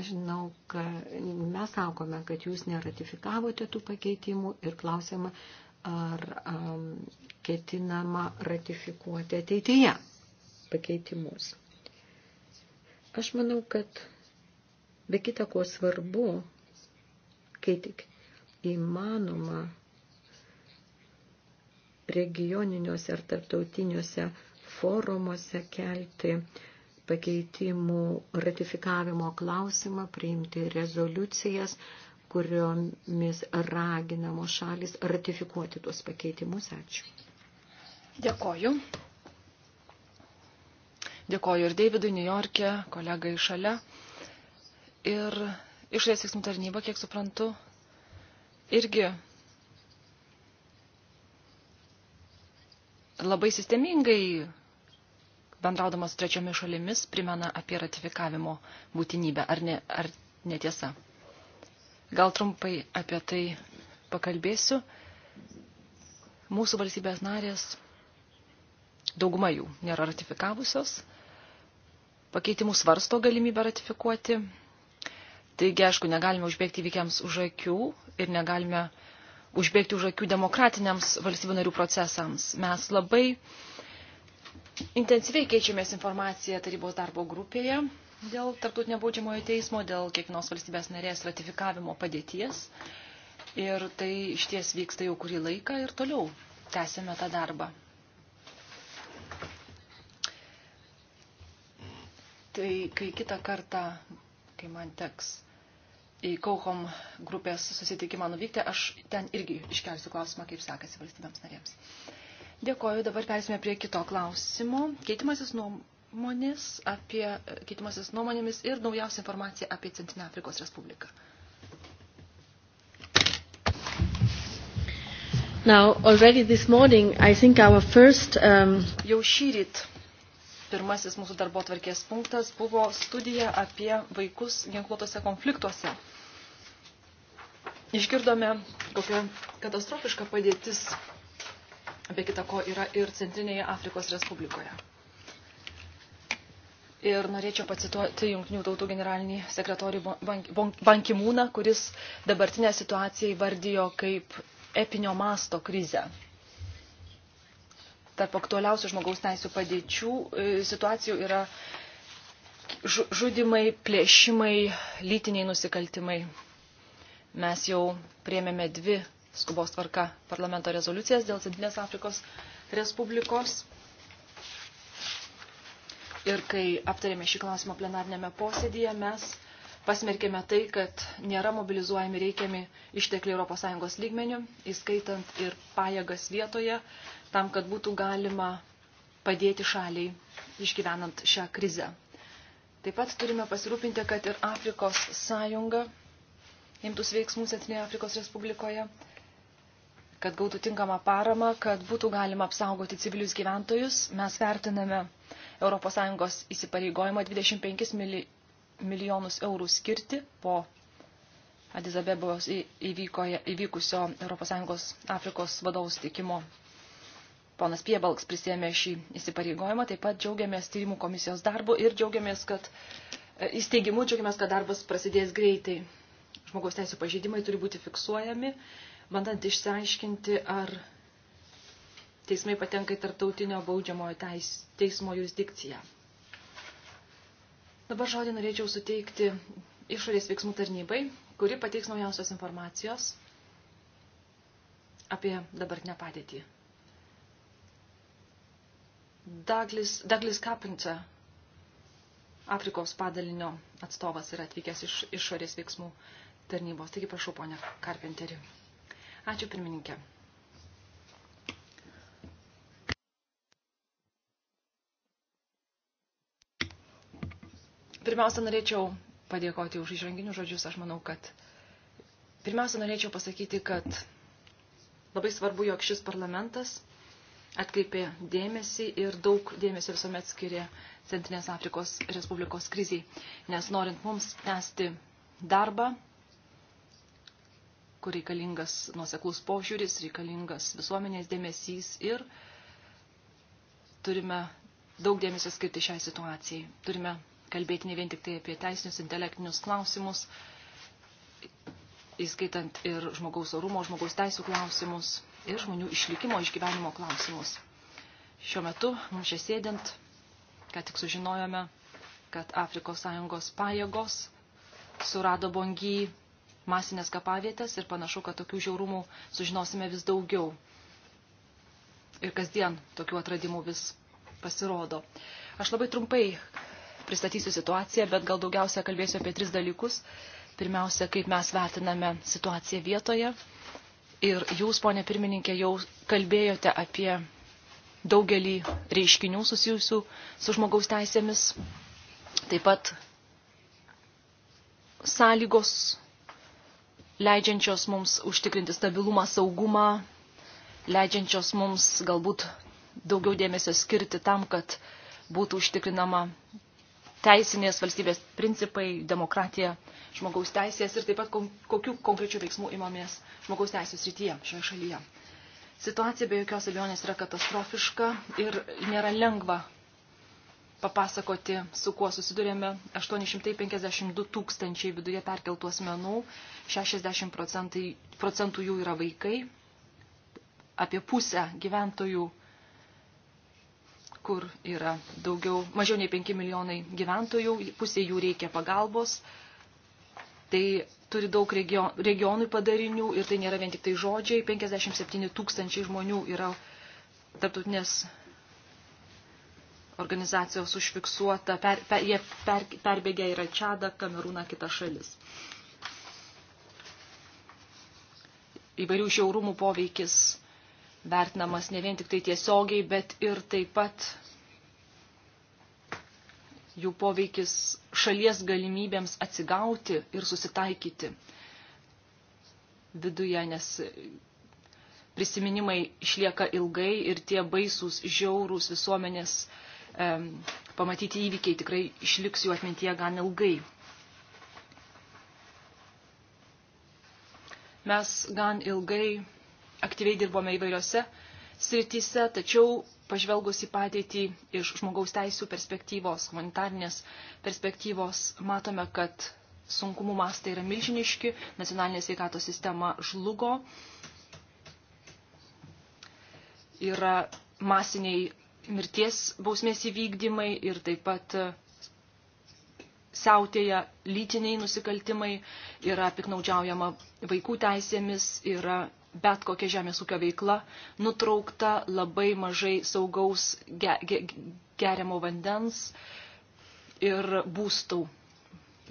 Aš žinau, kad mes sakome, kad jūs neratifikavote tų pakeitimų ir klausėme, ar um, ketinama ratifikuoti ateityje pakeitimus. Aš manau, kad be kita ko svarbu, kai tik įmanoma regioniniuose ar tarptautiniuose forumuose kelti pakeitimų ratifikavimo klausimą, priimti rezoliucijas, kuriomis raginamos šalis ratifikuoti tuos pakeitimus. Ačiū. Dėkoju. Dėkoju ir Davidui New York'e, kolegai šalia. Ir išorės veiksmų tarnyba, kiek suprantu, irgi labai sistemingai bendraudamas trečiomis šalimis primena apie ratifikavimo būtinybę. Ar, ne, ar netiesa? Gal trumpai apie tai pakalbėsiu. Mūsų valstybės narės, dauguma jų nėra ratifikavusios, pakeitimų svarsto galimybę ratifikuoti. Taigi, aišku, negalime užbėgti įvykiams už akių ir negalime užbėgti už akių demokratiniams valstybių narių procesams. Mes labai intensyviai keičiamės informaciją tarybos darbo grupėje dėl tarptautinio baudžiamojo teismo, dėl kiekvienos valstybės narės ratifikavimo padėties. Ir tai iš ties vyksta jau kurį laiką ir toliau tęsime tą darbą. Tai kai kitą kartą, kai man teks į Kaukom grupės susitikimą nuvykti, aš ten irgi iškelsiu klausimą, kaip sekasi valstybėms narėms. Dėkoju, dabar persime prie kito klausimo. Keitimasis nuom nuomonės apie e, keitimasis nuomonėmis ir naujausią informaciją apie Centrinę Afrikos Respubliką. Now, already this morning, I think our first... Um... Jau šyryt pirmasis mūsų darbo tvarkės punktas buvo studija apie vaikus ginkluotose konfliktuose. Išgirdome, kokia katastrofiška padėtis, be kita ko, yra ir Centrinėje Afrikos Respublikoje. Ir norėčiau pacituoti Junktinių tautų generalinį sekretorių Bankimūną, kuris dabartinę situaciją įvardijo kaip epinio masto krizę. Tarp aktualiausių žmogaus teisų padėčių e, situacijų yra žudimai, plėšimai, lytiniai nusikaltimai. Mes jau priemėme dvi skubos tvarka parlamento rezoliucijas dėl Centrinės Afrikos Respublikos Ir kai aptarėme šį klausimą plenarnėme posėdėje, mes pasmerkėme tai, kad nėra mobilizuojami reikiami ištekliai ES lygmenių, įskaitant ir pajėgas vietoje, tam, kad būtų galima padėti šaliai išgyvenant šią krizę. Taip pat turime pasirūpinti, kad ir Afrikos sąjunga imtus veiksmų Centrinėje Afrikos Respublikoje, kad gautų tinkamą paramą, kad būtų galima apsaugoti civilius gyventojus. Mes vertiname ES įsipareigojimą 25 milijonus eurų skirti po Adizabebos įvykusio ES Afrikos vadovų stikimo. Ponas Piebalks prisėmė šį įsipareigojimą, taip pat džiaugiamės tyrimų komisijos darbu ir džiaugiamės, kad įsteigimu e, džiaugiamės, kad darbas prasidės greitai. Žmogaus teisų pažeidimai turi būti fiksuojami, bandant išsiaiškinti, ar teismai patenka į tartautinio baudžiamojo teis, teismo jurisdikciją. Dabar žodį norėčiau suteikti išorės veiksmų tarnybai, kuri pateiks naujausios informacijos apie dabartinę padėtį. Douglas, Douglas Carpenter, Afrikos padalinio atstovas, yra atvykęs iš išorės veiksmų tarnybos. Taigi prašau, ponia Carpenteri. Ačiū pirmininkė. Pirmiausia, norėčiau padėkoti už išranginių žodžius. Aš manau, kad pirmiausia, norėčiau pasakyti, kad labai svarbu, jog šis parlamentas atkreipė dėmesį ir daug dėmesio visuomet skiria Centrinės Afrikos Respublikos kriziai, nes norint mums tęsti darbą, kur reikalingas nuoseklus požiūris, reikalingas visuomenės dėmesys ir turime daug dėmesio skirti šiai situacijai. Turime kalbėti ne vien tik tai apie teisinius intelektinius klausimus, įskaitant ir žmogaus orumo, žmogaus teisų klausimus ir žmonių išlikimo, išgyvenimo klausimus. Šiuo metu mums čia sėdint, ką tik sužinojome, kad Afrikos Sąjungos pajėgos surado bongy masinės kapavietės ir panašu, kad tokių žiaurumų sužinosime vis daugiau. Ir kasdien tokių atradimų vis pasirodo. Aš labai trumpai pristatysiu situaciją, bet gal daugiausia kalbėsiu apie tris dalykus. Pirmiausia, kaip mes vertiname situaciją vietoje. Ir jūs, ponė pirmininkė, jau kalbėjote apie daugelį reiškinių susijusių su žmogaus teisėmis. Taip pat sąlygos leidžiančios mums užtikrinti stabilumą, saugumą, leidžiančios mums galbūt daugiau dėmesio skirti tam, kad būtų užtikrinama teisinės valstybės principai, demokratija, žmogaus teisės ir taip pat kokių konkrečių veiksmų imamės žmogaus teisų srityje šioje šalyje. Situacija be jokios abejonės yra katastrofiška ir nėra lengva papasakoti, su kuo susidurėme. 852 tūkstančiai viduje perkeltų asmenų, 60 procentai, procentų jų yra vaikai, apie pusę gyventojų kur yra daugiau, mažiau nei 5 milijonai gyventojų, pusė jų reikia pagalbos. Tai turi daug regionų padarinių ir tai nėra vien tik tai žodžiai. 57 tūkstančiai žmonių yra tarptautinės organizacijos užfiksuota, per, per, jie per, perbėgia yra Čadą, Kamerūną, kitą šalis. Įvairių šiaurumų poveikis vertinamas ne vien tik tai tiesiogiai, bet ir taip pat jų poveikis šalies galimybėms atsigauti ir susitaikyti viduje, nes prisiminimai išlieka ilgai ir tie baisūs, žiaurūs visuomenės e, pamatyti įvykiai tikrai išliks jų atmintyje gan ilgai. Mes gan ilgai aktyviai dirbome įvairiose srityse, tačiau pažvelgus į padėtį iš žmogaus teisų perspektyvos, humanitarnės perspektyvos, matome, kad sunkumų mastai yra milžiniški, nacionalinė sveikatos sistema žlugo, yra masiniai mirties bausmės įvykdymai ir taip pat siautėja lytiniai nusikaltimai, yra piknaudžiaujama vaikų teisėmis, yra bet kokia žemės ūkio veikla nutraukta, labai mažai saugaus ge, ge, geriamo vandens ir būstų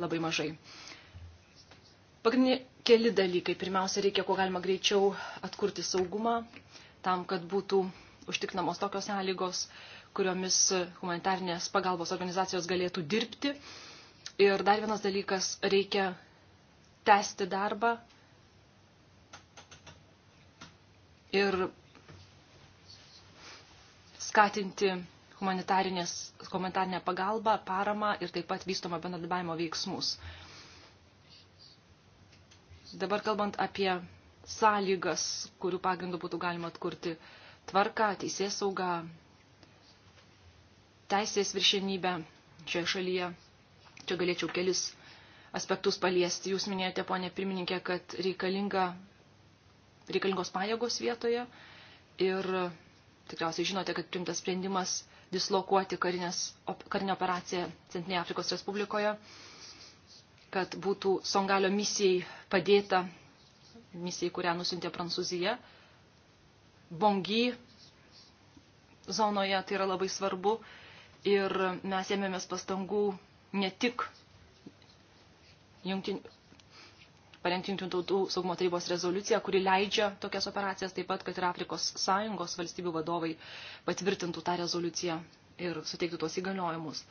labai mažai. Pagrindiniai keli dalykai. Pirmiausia, reikia kuo galima greičiau atkurti saugumą, tam, kad būtų užtiknamos tokios sąlygos, kuriomis humanitarnės pagalbos organizacijos galėtų dirbti. Ir dar vienas dalykas, reikia tęsti darbą, ir skatinti humanitarinę pagalbą, paramą ir taip pat vystomą bendradarbiavimo veiksmus. Dabar kalbant apie sąlygas, kurių pagrindų būtų galima atkurti tvarką, teisės saugą, teisės viršenybę šioje šalyje. Čia galėčiau kelis aspektus paliesti. Jūs minėjote, ponė pirmininkė, kad reikalinga reikalingos pajėgos vietoje ir tikriausiai žinote, kad primtas sprendimas dislokuoti karinės, op, karinę operaciją Centrinėje Afrikos Respublikoje, kad būtų Songalio misijai padėta, misijai, kurią nusintė Prancūzija. Bongi zonoje tai yra labai svarbu ir mes ėmėmės pastangų ne tik jungtinių parengti Junktinių tautų saugumo tarybos rezoliuciją, kuri leidžia tokias operacijas, taip pat, kad ir Afrikos sąjungos valstybių vadovai patvirtintų tą rezoliuciją ir suteiktų tuos įgaliojimus.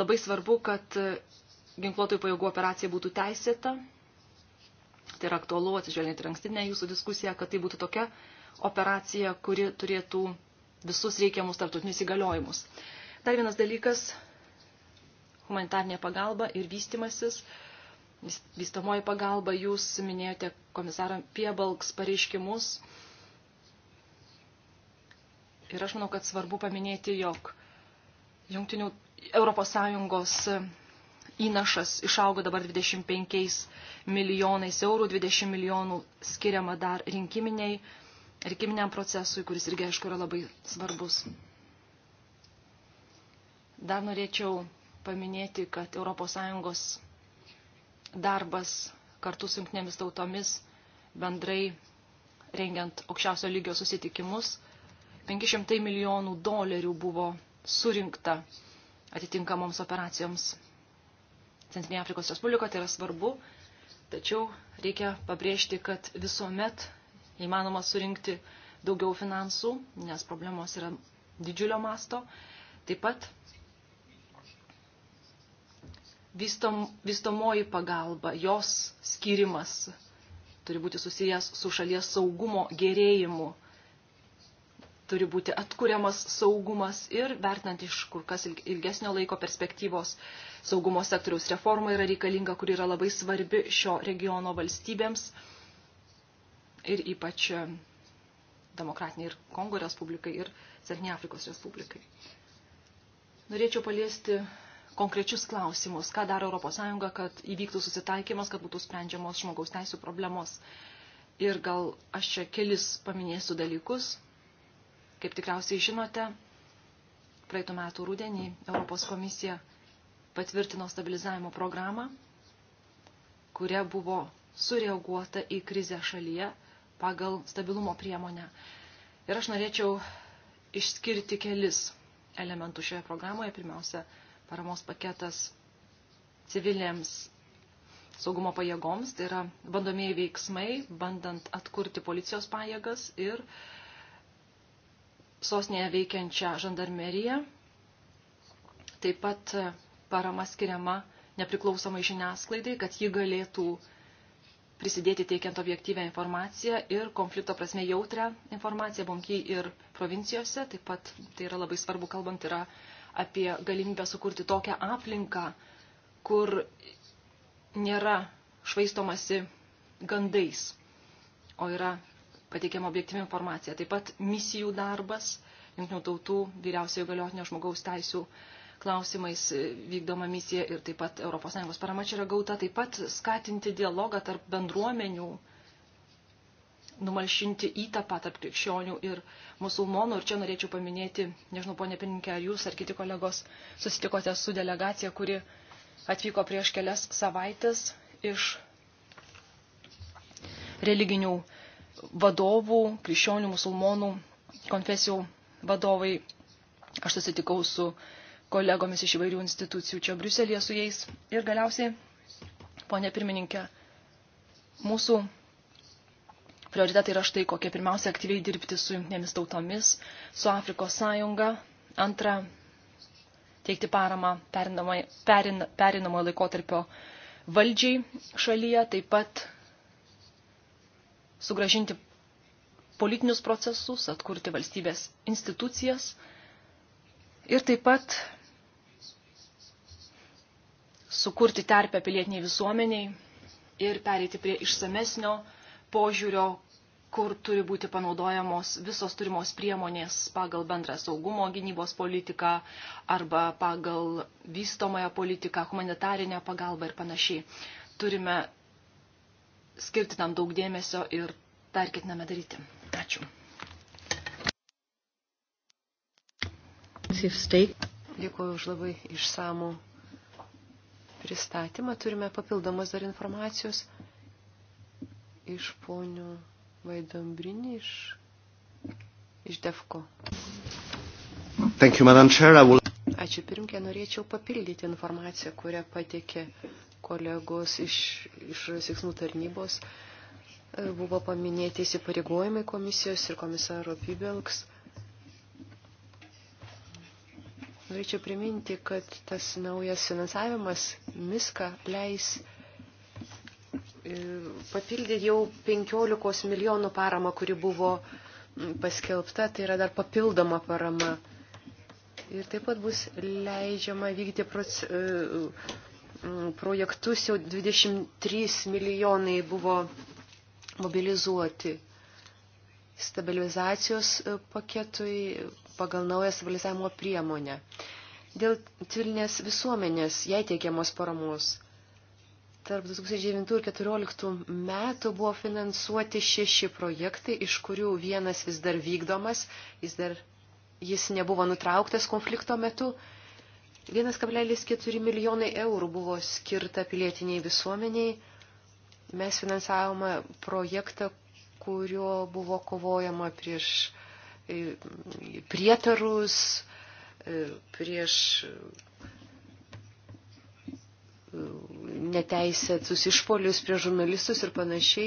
Labai svarbu, kad ginkluotojų pajėgų operacija būtų teisėta. Tai yra aktualu, atsižvelgiant ir ankstinę jūsų diskusiją, kad tai būtų tokia operacija, kuri turėtų visus reikiamus tartutinius įgaliojimus. Dar vienas dalykas humanitarnė pagalba ir vystimasis vystomoji pagalba, jūs minėjote komisarą Piebalks pareiškimus. Ir aš manau, kad svarbu paminėti, jog jungtinių Europos Sąjungos įnašas išaugo dabar 25 milijonais eurų, 20 milijonų skiriama dar rinkiminiai, rinkiminiam procesui, kuris irgi, aišku, yra labai svarbus. Dar norėčiau paminėti, kad ES darbas kartu su jungtinėmis tautomis bendrai rengiant aukščiausio lygio susitikimus. 500 milijonų dolerių buvo surinkta atitinkamoms operacijoms Centrinėje Afrikos Respublikoje, tai yra svarbu, tačiau reikia pabrėžti, kad visuomet įmanoma surinkti daugiau finansų, nes problemos yra didžiulio masto. Taip pat vystom, vystomoji pagalba, jos skirimas turi būti susijęs su šalies saugumo gerėjimu, turi būti atkuriamas saugumas ir vertinant iš kur kas ilgesnio laiko perspektyvos saugumo sektoriaus reforma yra reikalinga, kuri yra labai svarbi šio regiono valstybėms ir ypač demokratiniai ir Kongo Respublikai ir Centrinė Afrikos Respublikai. Norėčiau paliesti konkrečius klausimus, ką daro ES, kad įvyktų susitaikymas, kad būtų sprendžiamos žmogaus teisų problemos. Ir gal aš čia kelis paminėsiu dalykus. Kaip tikriausiai žinote, praeitų metų rūdienį Europos komisija patvirtino stabilizavimo programą, kuria buvo sureaguota į krizę šalyje pagal stabilumo priemonę. Ir aš norėčiau išskirti kelis elementus šioje programoje. Pirmiausia, paramos paketas civilėms saugumo pajėgoms, tai yra bandomieji veiksmai, bandant atkurti policijos pajėgas ir sosnėje veikiančią žandarmeriją. Taip pat parama skiriama nepriklausomai žiniasklaidai, kad ji galėtų prisidėti teikiant objektyvę informaciją ir konflikto prasme jautrę informaciją Bonkiai ir provincijose. Taip pat tai yra labai svarbu, kalbant yra apie galimybę sukurti tokią aplinką, kur nėra švaistomasi gandais, o yra pateikiama objektyvi informacija. Taip pat misijų darbas, jungtinių tautų vyriausiojo galiotinio žmogaus teisų klausimais vykdoma misija ir taip pat ES parama čia yra gauta, taip pat skatinti dialogą tarp bendruomenių, numalšinti įtapą tarp krikščionių ir musulmonų. Ir čia norėčiau paminėti, nežinau, ponė Pininkė, ar jūs ar kiti kolegos susitikote su delegacija, kuri atvyko prieš kelias savaitės iš religinių vadovų, krikščionių, musulmonų, konfesijų vadovai. Aš susitikau su kolegomis iš įvairių institucijų čia Briuselėje su jais. Ir galiausiai, ponė pirmininkė, mūsų prioritetai yra štai kokie. Pirmiausia, aktyviai dirbti su jungtinėmis tautomis, su Afrikos sąjunga. Antra, teikti paramą perin, perinamojo laikotarpio valdžiai šalyje. Taip pat sugražinti politinius procesus, atkurti valstybės institucijas. Ir taip pat sukurti terpę pilietiniai visuomeniai ir pereiti prie išsamesnio požiūrio, kur turi būti panaudojamos visos turimos priemonės pagal bendrą saugumo gynybos politiką arba pagal vystomąją politiką, humanitarinę pagalbą ir panašiai. Turime skirti tam daug dėmesio ir tą ir ketiname daryti. Ačiū. Dėkuoju už labai išsamų pristatymą. Turime papildomos dar informacijos iš ponių Vaidambrinį iš, iš DEFCO. Thank you, Madam Chair. I will... Ačiū pirmkė, norėčiau papildyti informaciją, kurią patikė kolegos iš, iš Siksmų tarnybos. E, buvo paminėti įsipareigojimai komisijos ir komisaro Pibelks. Norėčiau priminti, kad tas naujas finansavimas miską leis E, papildė jau 15 milijonų paramą, kuri buvo paskelbta, tai yra dar papildoma parama. Ir taip pat bus leidžiama vykdyti proce, e, projektus, jau 23 milijonai buvo mobilizuoti stabilizacijos e, paketui pagal naują stabilizavimo priemonę. Dėl civilinės visuomenės jai teikiamos paramos Tarp 2009 ir 2014 metų buvo finansuoti šeši projektai, iš kurių vienas vis dar vykdomas, jis, dar, jis nebuvo nutrauktas konflikto metu. 1,4 milijonai eurų buvo skirta pilietiniai visuomeniai. Mes finansavome projektą, kurio buvo kovojama prieš e, prietarus, e, prieš e, neteisėtus išpolius prie žurnalistus ir panašiai,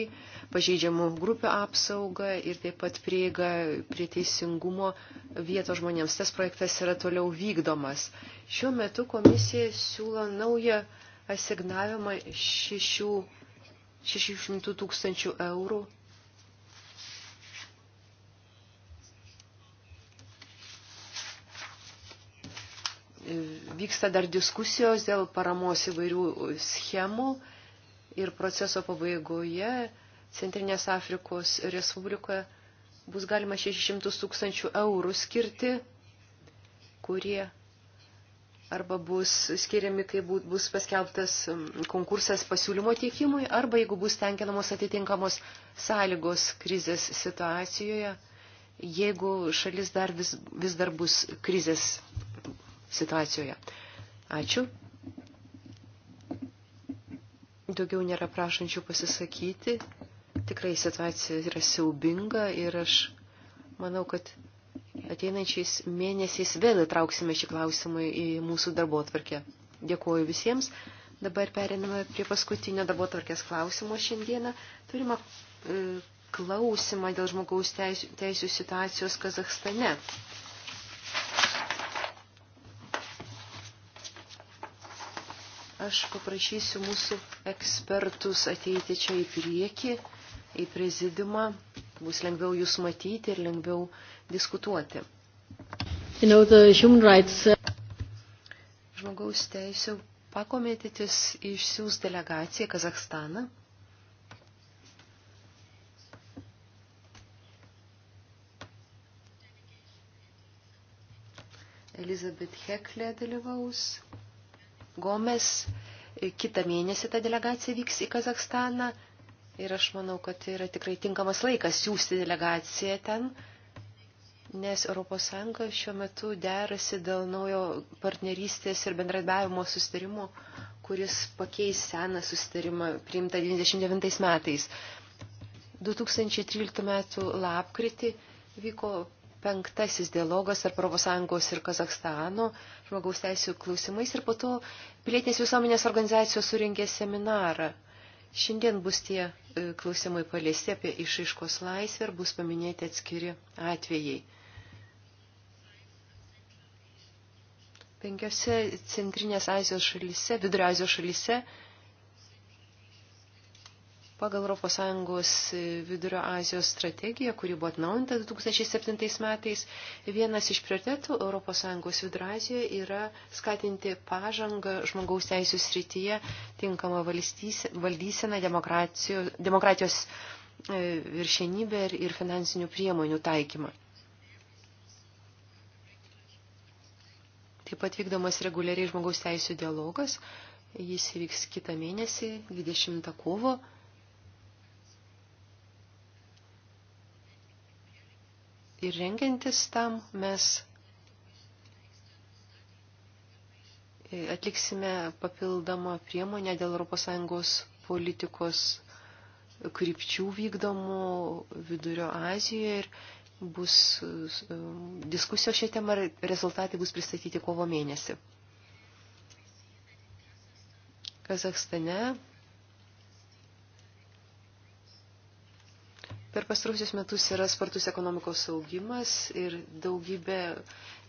pažeidžiamų grupių apsaugą ir taip pat prieiga prie teisingumo vietos žmonėms. Tas projektas yra toliau vykdomas. Šiuo metu komisija siūlo naują asignavimą 600 tūkstančių eurų vyksta dar diskusijos dėl paramos įvairių schemų ir proceso pabaigoje Centrinės Afrikos Respublikoje bus galima 600 tūkstančių eurų skirti, kurie arba bus skiriami, kai bus paskelbtas konkursas pasiūlymo tiekimui, arba jeigu bus tenkinamos atitinkamos sąlygos krizės situacijoje, jeigu šalis dar vis, vis dar bus krizės situacijoje. Ačiū. Daugiau nėra prašančių pasisakyti. Tikrai situacija yra siaubinga ir aš manau, kad ateinančiais mėnesiais vėl įtrauksime šį klausimą į mūsų darbo atvarkę. Dėkuoju visiems. Dabar periname prie paskutinio darbo atvarkės klausimo šiandieną. Turime e, klausimą dėl žmogaus teisų, teisų situacijos Kazahstane. Aš paprašysiu mūsų ekspertus ateiti čia į priekį, į prezidimą. Bus lengviau jūs matyti ir lengviau diskutuoti. You know, rights... Uh, Žmogaus teisų pakomėtytis išsiūs delegaciją Kazakstaną. Elizabeth Hekle dalyvaus. Gomes. Kita mėnesį ta delegacija vyks į Kazakstaną ir aš manau, kad tai yra tikrai tinkamas laikas siūsti delegaciją ten, nes ES šiuo metu derasi dėl naujo partnerystės ir bendradarbiavimo sustarimo, kuris pakeis seną sustarimą priimtą 99 metais. 2013 m. lapkritį vyko penktasis dialogas ar ES ir Kazakstano žmogaus teisų klausimais ir po to pilietinės visuomenės organizacijos surinkė seminarą. Šiandien bus tie e, klausimai paliesti apie išaiškos laisvę ir bus paminėti atskiri atvejai. Penkiose Centrinės Azijos šalyse, Vidurio Azijos šalyse Pagal ES e, Vidurio Azijos strategiją, kuri buvo atnaujinta 2007 metais, vienas iš prioritetų ES Vidurio Azijoje yra skatinti pažangą žmogaus teisų srityje, tinkamą valdyseną, demokratijos e, viršenybę ir finansinių priemonių taikymą. Taip pat vykdomas reguliariai žmogaus teisų dialogas. Jis įvyks kitą mėnesį, 20 kovo. ir rengiantis tam mes atliksime papildomą priemonę dėl ES politikos krypčių vykdomų Vidurio Azijoje ir bus diskusijos šią temą ir rezultatai bus pristatyti kovo mėnesį. Kazakstane Per pastarusius metus yra spartus ekonomikos augimas ir daugybė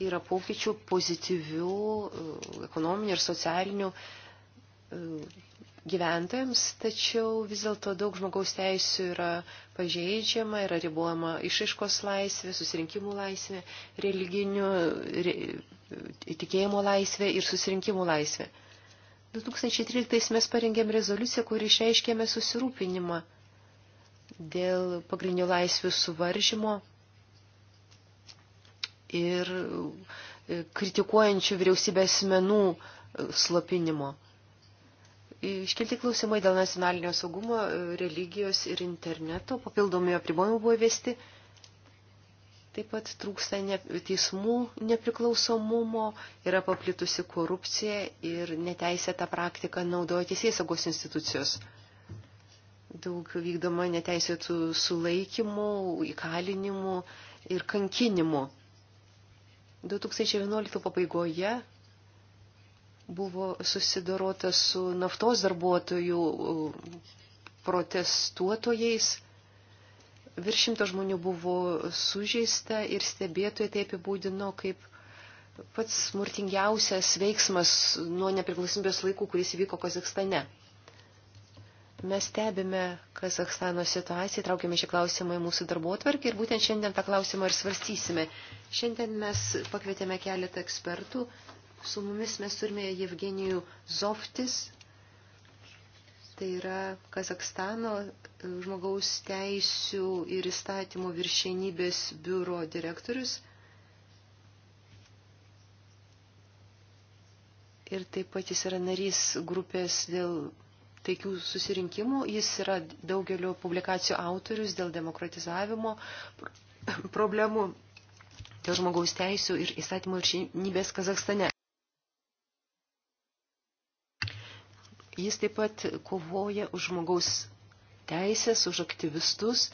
yra pokyčių pozityvių e, ekonominių ir socialinių e, gyventojams, tačiau vis dėlto daug žmogaus teisų yra pažeidžiama, yra ribojama išaiškos laisvė, susirinkimų laisvė, religinių, re, tikėjimo laisvė ir susirinkimų laisvė. 2013 mes parengėm rezoliuciją, kur išreiškėme susirūpinimą dėl pagrindinių laisvių suvaržymo ir e, kritikuojančių vyriausybės menų e, slopinimo. Iškelti klausimai dėl nacionalinio saugumo, e, religijos ir interneto papildomi apribojimai buvo vesti. Taip pat trūksta ne, teismų nepriklausomumo, yra paplitusi korupcija ir neteisėta praktika naudoja teisėsaugos institucijos daug vykdoma neteisėtų sulaikymų, įkalinimų ir kankinimų. 2011 pabaigoje buvo susidorota su naftos darbuotojų protestuotojais. Virš šimto žmonių buvo sužeista ir stebėtojai tai apibūdino kaip pats smurtingiausias veiksmas nuo nepriklausomybės laikų, kuris įvyko Kazakstane. Mes stebime Kazakstano situaciją, traukiame šį klausimą į mūsų darbo atvarkį ir būtent šiandien tą klausimą ir svarstysime. Šiandien mes pakvietėme keletą ekspertų. Su mumis mes turime Evgenijų Zoftis, tai yra Kazakstano žmogaus teisių ir įstatymų viršienybės biuro direktorius. Ir taip pat jis yra narys grupės dėl taikių susirinkimų. Jis yra daugelio publikacijų autorius dėl demokratizavimo problemų, dėl žmogaus teisų ir įstatymo viršinybės Kazakstane. Jis taip pat kovoja už žmogaus teisės, už aktyvistus.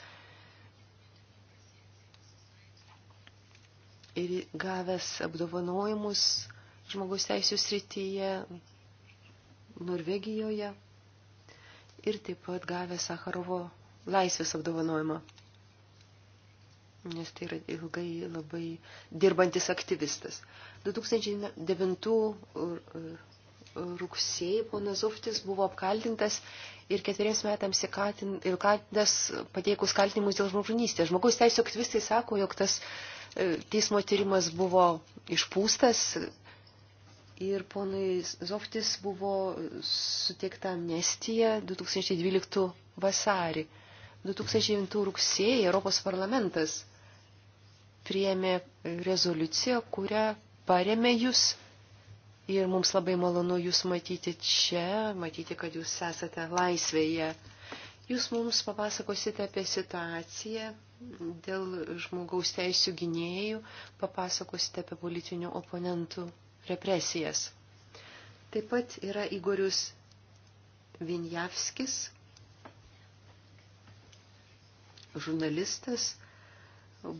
Ir gavęs apdovanojimus žmogaus teisų srityje Norvegijoje, ir taip pat gavę Sakarovo laisvės apdovanojimą. Nes tai yra ilgai labai dirbantis aktyvistas. 2009 rugsėjai ponas Zuftis buvo apkaltintas ir ketveriems metams įkaltintas pateikus kaltinimus dėl žmogžudystės. Žmogaus teisų aktyvistai sako, jog tas e, teismo tyrimas buvo išpūstas, ir ponui Zoftis buvo suteikta amnestija 2012 vasarį. 2009 rugsėjai Europos parlamentas priėmė rezoliuciją, kurią paremė jūs. Ir mums labai malonu jūs matyti čia, matyti, kad jūs esate laisvėje. Jūs mums papasakosite apie situaciją dėl žmogaus teisų gynėjų, papasakosite apie politinių oponentų represijas. Taip pat yra Igorius Vinjavskis, žurnalistas,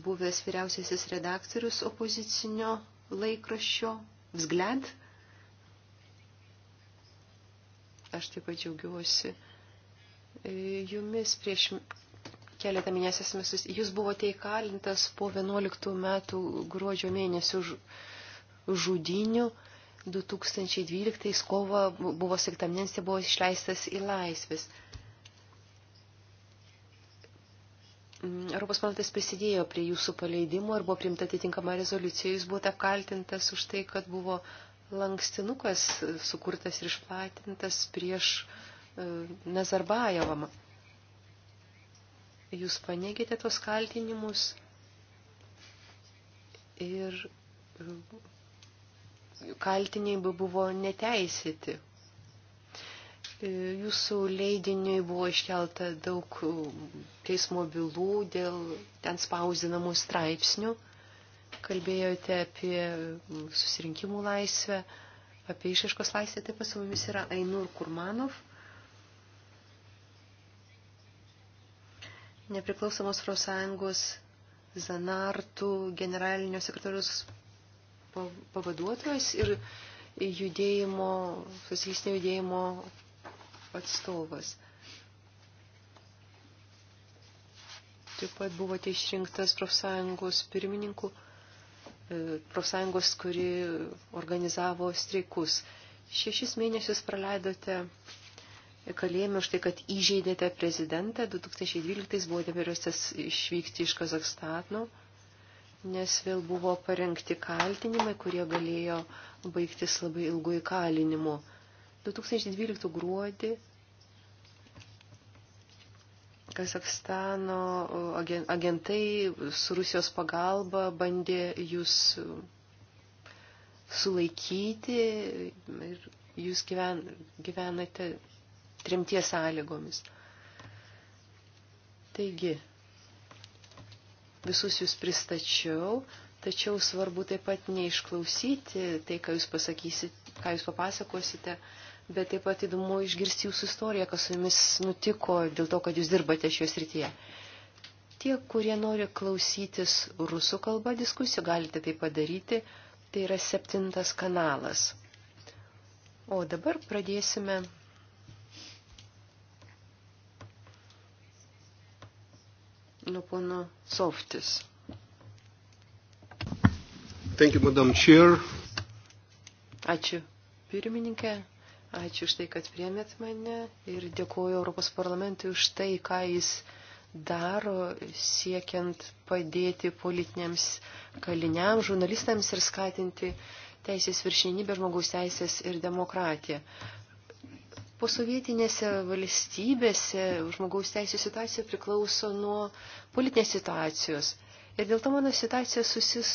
buvęs vyriausiasis redaktorius opozicinio laikraščio Vzgled. Aš taip pat džiaugiuosi e, jumis prieš keletą mėnesės mesus. Jūs buvote įkalintas po 11 metų gruodžio mėnesio už žudinių 2012 kovo buvo sektamnensė, buvo išleistas į laisvės. Mm, Europos parlamentas prisidėjo prie jūsų paleidimo ir buvo priimta atitinkama rezoliucija. Jūs buvote apkaltintas už tai, kad buvo lankstinukas sukurtas ir išplatintas prieš e, Nazarbajevamą. Jūs paneigėte tos kaltinimus ir kaltiniai buvo neteisėti. E, jūsų leidiniui buvo iškelta daug e, teismo bylų dėl ten spausdinamų straipsnių. Kalbėjote apie susirinkimų laisvę, apie išaiškos laisvę. Taip pas mumis yra Ainur Kurmanov. Nepriklausomos profsąjungos Zanartų generalinio sekretorius pavaduotojas ir judėjimo, socialistinio judėjimo atstovas. Taip pat buvote išrinktas profsąjungos pirmininku, e, profsąjungos, kuri organizavo streikus. Šešis mėnesius praleidote kalėjime už tai, kad įžeidėte prezidentą. 2012 buvote priverstas išvykti iš Kazakstano nes vėl buvo parengti kaltinimai, kurie galėjo baigtis labai ilgu įkalinimu. 2012 gruodį Kazakstano agentai su Rusijos pagalba bandė jūs e, sulaikyti ir jūs gyven, gyvenate trimties sąlygomis. Taigi, visus jūs pristačiau, tačiau svarbu taip pat neišklausyti tai, ką jūs pasakysite, ką jūs papasakosite, bet taip pat įdomu išgirsti jūsų istoriją, kas su jumis nutiko dėl to, kad jūs dirbate šioje srityje. Tie, kurie nori klausytis rusų kalba diskusijų, galite tai padaryti. Tai yra septintas kanalas. O dabar pradėsime nuo pono Softis. Thank you, Madam Chair. Ačiū, pirmininkė. Ačiū už tai, kad priemėt mane ir dėkuoju Europos parlamentui už tai, ką jis daro siekiant padėti politiniams kaliniams, žurnalistams ir skatinti teisės viršinybę, žmogaus teisės ir demokratiją. Posovietinėse valstybėse žmogaus teisų situacija priklauso nuo politinės situacijos. Ir dėl to mano situacija susis,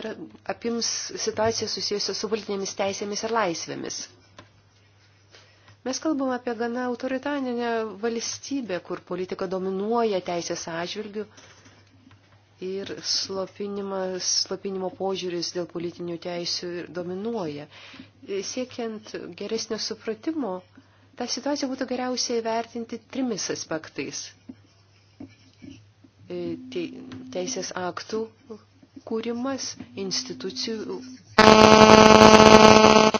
yra, apims situaciją susijusią su politinėmis teisėmis ir laisvėmis. Mes kalbam apie gana autoritarinę valstybę, kur politika dominuoja teisės atžvilgių ir slopinimo požiūris dėl politinių teisių dominuoja. Siekiant geresnio supratimo, tą situaciją būtų geriausiai vertinti trimis aspektais. E, teisės aktų kūrimas, institucijų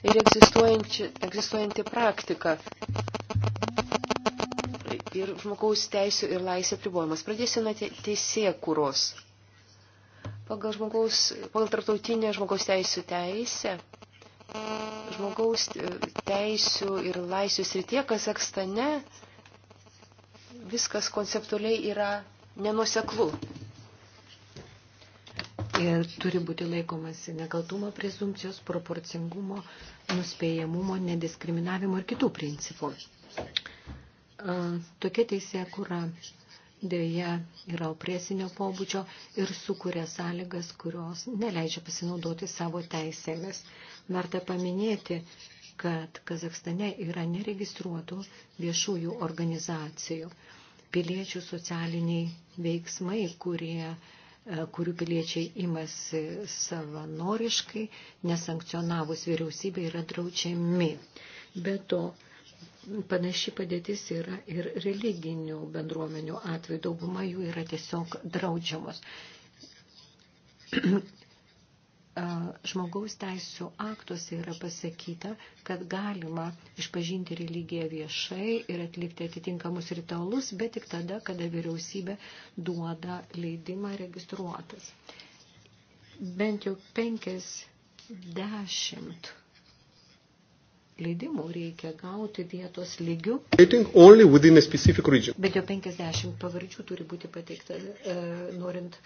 ir egzistuojanti praktika ir žmogaus teisų ir laisvė pribojimas. Pradėsiu nuo teisė kūros. Pagal, žmogaus, pagal tarptautinę žmogaus teisų teisę žmogaus e, teisų ir laisvių srityje Kazakstane viskas konceptualiai yra nenuseklu. Ir turi būti laikomasi nekaltumo prezumcijos, proporcingumo, nuspėjamumo, nediskriminavimo ir kitų principų. Tokia teisė, kura dėja yra opresinio pobūdžio ir sukuria sąlygas, kurios neleidžia pasinaudoti savo teisėmis. Verta paminėti, kad Kazakstane yra neregistruotų viešųjų organizacijų. Piliečių socialiniai veiksmai, kurie, e, kurių piliečiai imasi savanoriškai, nesankcionavus vyriausybė, yra draučiami. Be to, panaši padėtis yra ir religinių bendruomenių atveju. Dauguma jų yra tiesiog draudžiamos žmogaus teisų aktuose yra pasakyta, kad galima išpažinti religiją viešai ir atlikti atitinkamus ritualus, bet tik tada, kada vyriausybė duoda leidimą registruotas. Bent jau 50 leidimų reikia gauti vietos lygių. Bet jau 50 pavardžių turi būti pateikta, e, norint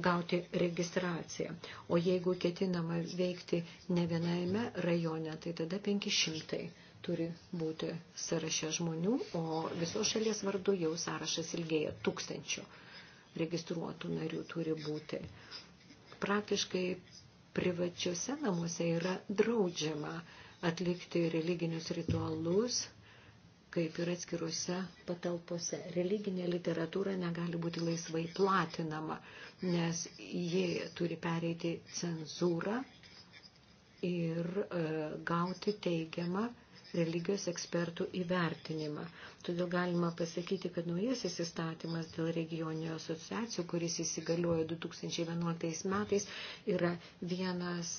gauti registraciją. O jeigu ketinama veikti ne viename rajone, tai tada 500 turi būti sąraše žmonių, o visos šalies vardu jau sąrašas ilgėja tūkstančių registruotų narių turi būti. Praktiškai privačiuose namuose yra draudžiama atlikti religinius ritualus kaip ir atskiruose patalpose. Religinė literatūra negali būti laisvai platinama, nes ji turi pereiti cenzūrą ir e, gauti teigiamą religijos ekspertų įvertinimą. Todėl galima pasakyti, kad naujasis įstatymas dėl regioninio asociacijų, kuris įsigaliojo 2011 metais, yra vienas.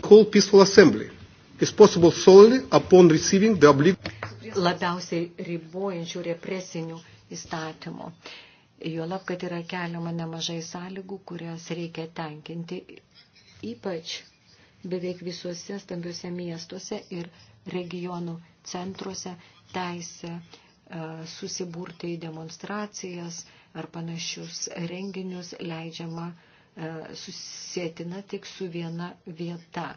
Call Peaceful Assembly is possible solely upon receiving the obligatory. Labiausiai ribojančių represinių įstatymų. Juolab, kad yra keliama nemažai sąlygų, kurias reikia tenkinti, ypač beveik visuose stambiuose miestuose ir regionų centruose teisę e, susiburti į demonstracijas ar panašius renginius leidžiama e, susėtina tik su viena vieta.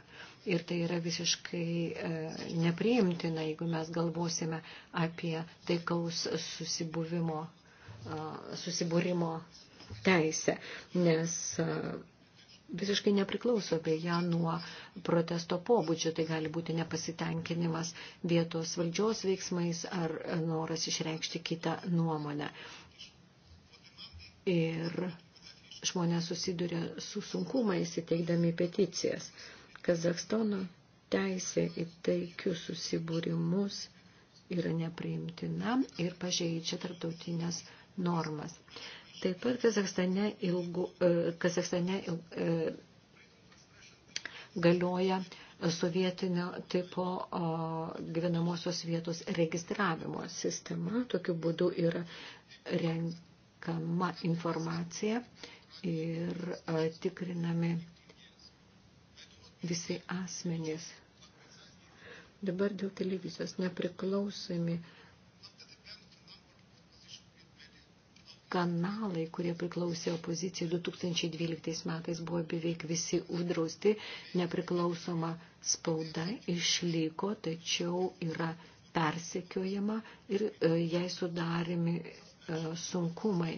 Ir tai yra visiškai e, nepriimtina, jeigu mes galvosime apie taikaus susibuvimo, e, susibūrimo teisę, nes e, visiškai nepriklauso beje nuo protesto pobūdžio. Tai gali būti nepasitenkinimas vietos valdžios veiksmais ar noras išreikšti kitą nuomonę. Ir žmonės susiduria su sunkumais įteikdami peticijas. Kazakstano teisė į taikius susibūrimus yra nepriimtina ir pažeidžia tarptautinės normas. Taip pat Kazakstane, ilgu, e, Kazakstane il, e, galioja sovietinio tipo gyvenamosios vietos registravimo sistema. Tokiu būdu yra renkama informacija ir e, tikrinami visi asmenys. Dabar dėl televizijos nepriklausomi kanalai, kurie priklausė opozicijai 2012 metais, buvo beveik visi uždrausti, nepriklausoma spauda išliko, tačiau yra persekiojama ir e, jai sudarimi e, sunkumai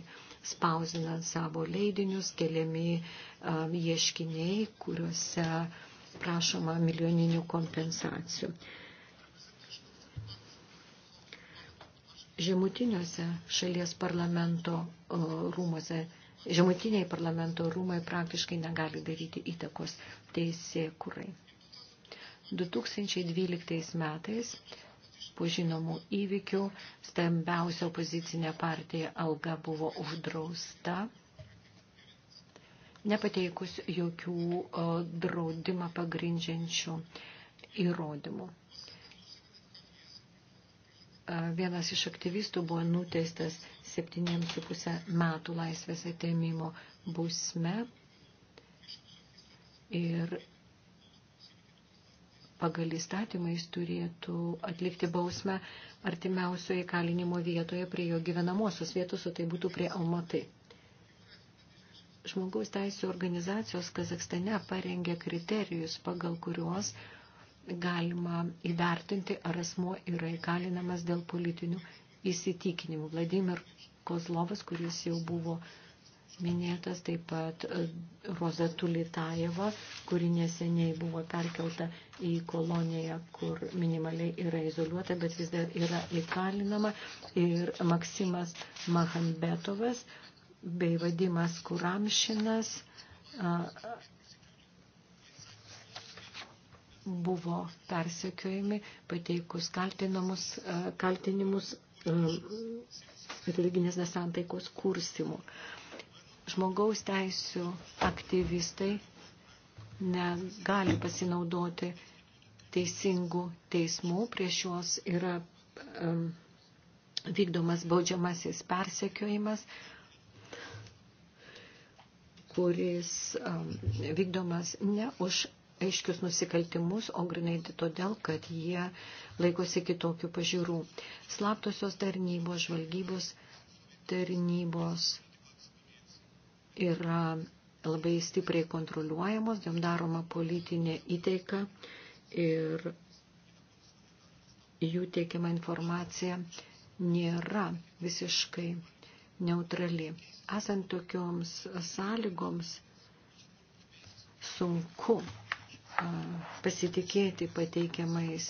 spausinant savo leidinius, keliami e, ieškiniai, kuriuose prašoma milijoninių kompensacijų. Žemutiniuose šalies parlamento rūmose, žemutiniai parlamento rūmai praktiškai negali daryti įtakos teisė kurai. 2012 metais po žinomų įvykių stambiausia opozicinė partija Alga buvo uždrausta nepateikus jokių e, draudimą pagrindžiančių įrodymų. E, vienas iš aktyvistų buvo nuteistas 7,5 metų laisvės atėmimo bausme ir pagal įstatymais turėtų atlikti bausmę artimiausioje kalinimo vietoje prie jo gyvenamosios vietos, o tai būtų prie Almatai žmogaus teisų organizacijos Kazakstane parengė kriterijus, pagal kuriuos galima įvertinti, ar asmo yra įkalinamas dėl politinių įsitikinimų. Vladimir Kozlovas, kuris jau buvo minėtas, taip pat e, Roza Tulitajeva, kuri neseniai buvo perkelta į koloniją, kur minimaliai yra izoliuota, bet vis dar yra įkalinama. Ir Maksimas Mahanbetovas, bei Vadimas Kuramšinas buvo persekiojami, pateikus kaltinamus, kaltinimus religinės nesantaikos kursimų. Žmogaus teisų aktyvistai negali pasinaudoti teisingų teismų, prieš juos yra um, vykdomas baudžiamasis persekiojimas, uh, kuris um, vykdomas ne už aiškius nusikaltimus, o grinai todėl, kad jie laikosi kitokių pažiūrų. Slaptosios tarnybos, žvalgybos tarnybos yra labai stipriai kontroliuojamos, jom daroma politinė įteika ir jų teikiama informacija nėra visiškai neutrali esant tokioms sąlygoms sunku pasitikėti pateikiamais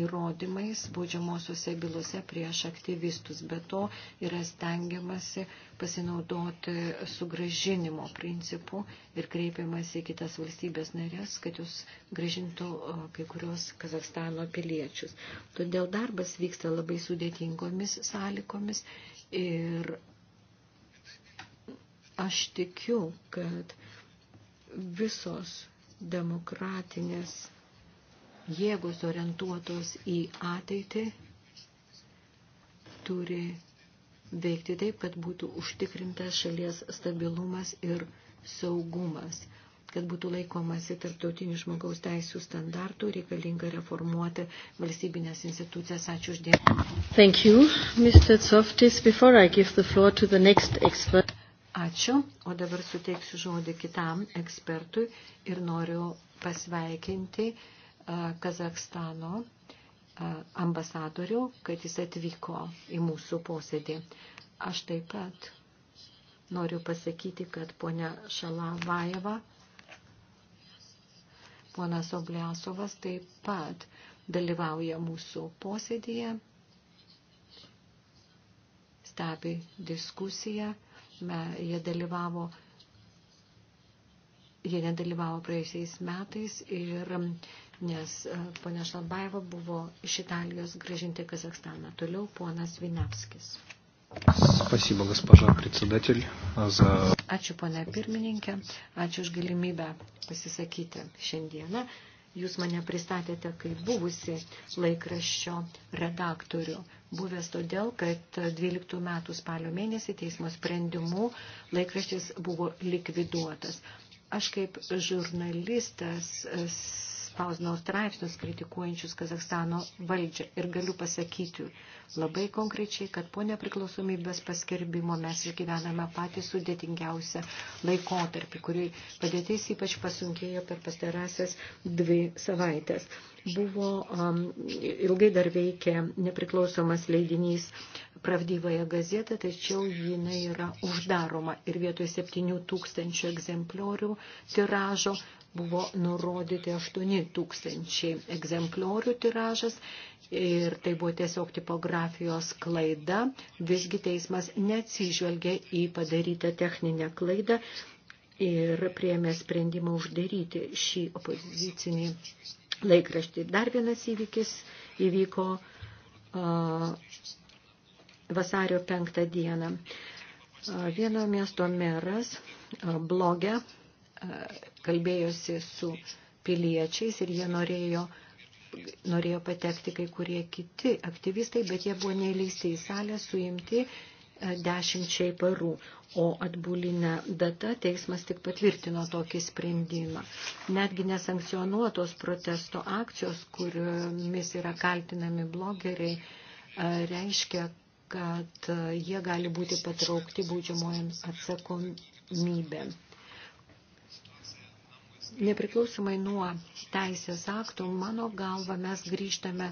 įrodymais baudžiamosiuose bylose prieš aktyvistus. Be to yra stengiamasi pasinaudoti sugražinimo principu ir kreipiamasi į kitas valstybės narės, kad jūs gražintų kai kurios Kazakstano piliečius. Todėl darbas vyksta labai sudėtingomis sąlygomis Ir aš tikiu, kad visos demokratinės jėgos orientuotos į ateitį turi veikti taip, kad būtų užtikrintas šalies stabilumas ir saugumas kad būtų laikomasi tarptautinių žmogaus teisų standartų, reikalinga reformuoti valstybinės institucijas. Ačiū uždėmesi. Thank you, Mr. Tsoftis. Before I give the floor to the next expert. Ačiū, o dabar suteiksiu žodį kitam ekspertui ir noriu pasveikinti uh, Kazakstano uh, ambasadorių, kad jis atvyko į mūsų posėdį. Aš taip pat noriu pasakyti, kad ponia Šalavajeva Ponas Obliasovas taip pat dalyvauja mūsų posėdėje, stebi diskusiją, jie dalyvavo, jie nedalyvavo praėjusiais metais ir nes e, ponia Šalbaiva buvo iš Italijos gražinti Kazakstaną. Toliau ponas Vinapskis. Спасибо, госпожа председатель, за... Ačiū, ponia pirmininkė, ačiū už galimybę pasisakyti šiandieną. Jūs mane pristatėte kaip buvusi laikraščio redaktorių, buvęs todėl, kad 12 metų spalio mėnesį teismo sprendimu laikraštis buvo likviduotas. Aš kaip žurnalistas spausdinau straipsnius kritikuojančius Kazakstano valdžią ir galiu pasakyti labai konkrečiai, kad po nepriklausomybės paskerbimo mes išgyvename patį sudėtingiausią laikotarpį, kurį padėtis ypač pasunkėjo per pastarąsias dvi savaitės buvo um, ilgai dar veikė nepriklausomas leidinys Pravdyvaja gazeta, tačiau jinai yra uždaroma ir vietoj 7 tūkstančių egzempliorių tiražo buvo nurodyti 8 tūkstančiai egzempliorių tiražas ir tai buvo tiesiog tipografijos klaida. Visgi teismas neatsižvelgė į padarytą techninę klaidą ir priėmė sprendimą uždaryti šį opozicinį laikraštį. Dar vienas įvykis įvyko a, vasario penktą dieną. A, vieno miesto meras a, bloge a, kalbėjosi su piliečiais ir jie norėjo norėjo patekti kai kurie kiti aktyvistai, bet jie buvo neįleisti į salę, suimti dešimčiai parų, o atbulinė data teismas tik patvirtino tokį sprendimą. Netgi nesankcionuotos protesto akcijos, kuriomis yra kaltinami blogeriai, reiškia, kad jie gali būti patraukti būdžiamojams atsakomybėm nepriklausomai nuo teisės aktų, mano galva mes grįžtame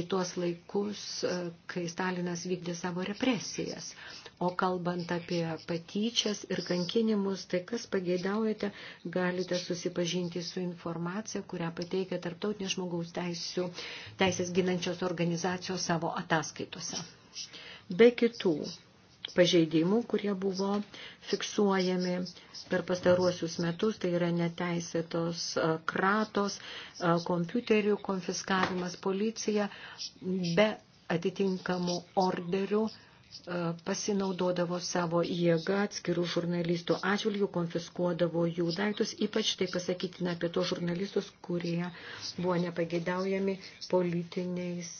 į tuos laikus, e, kai Stalinas vykdė savo represijas. O kalbant apie patyčias ir kankinimus, tai kas pageidaujate, galite susipažinti su informacija, kurią pateikia Tarptautinė žmogaus teisų, teisės ginančios organizacijos savo ataskaitose. Be kitų pažeidimų, kurie buvo fiksuojami per pastaruosius metus, tai yra neteisėtos kratos, kompiuterių konfiskavimas policija be atitinkamų orderių pasinaudodavo savo jėgą atskirų žurnalistų atžvilgių, konfiskuodavo jų daiktus, ypač tai pasakytina apie tos žurnalistus, kurie buvo nepageidaujami politiniais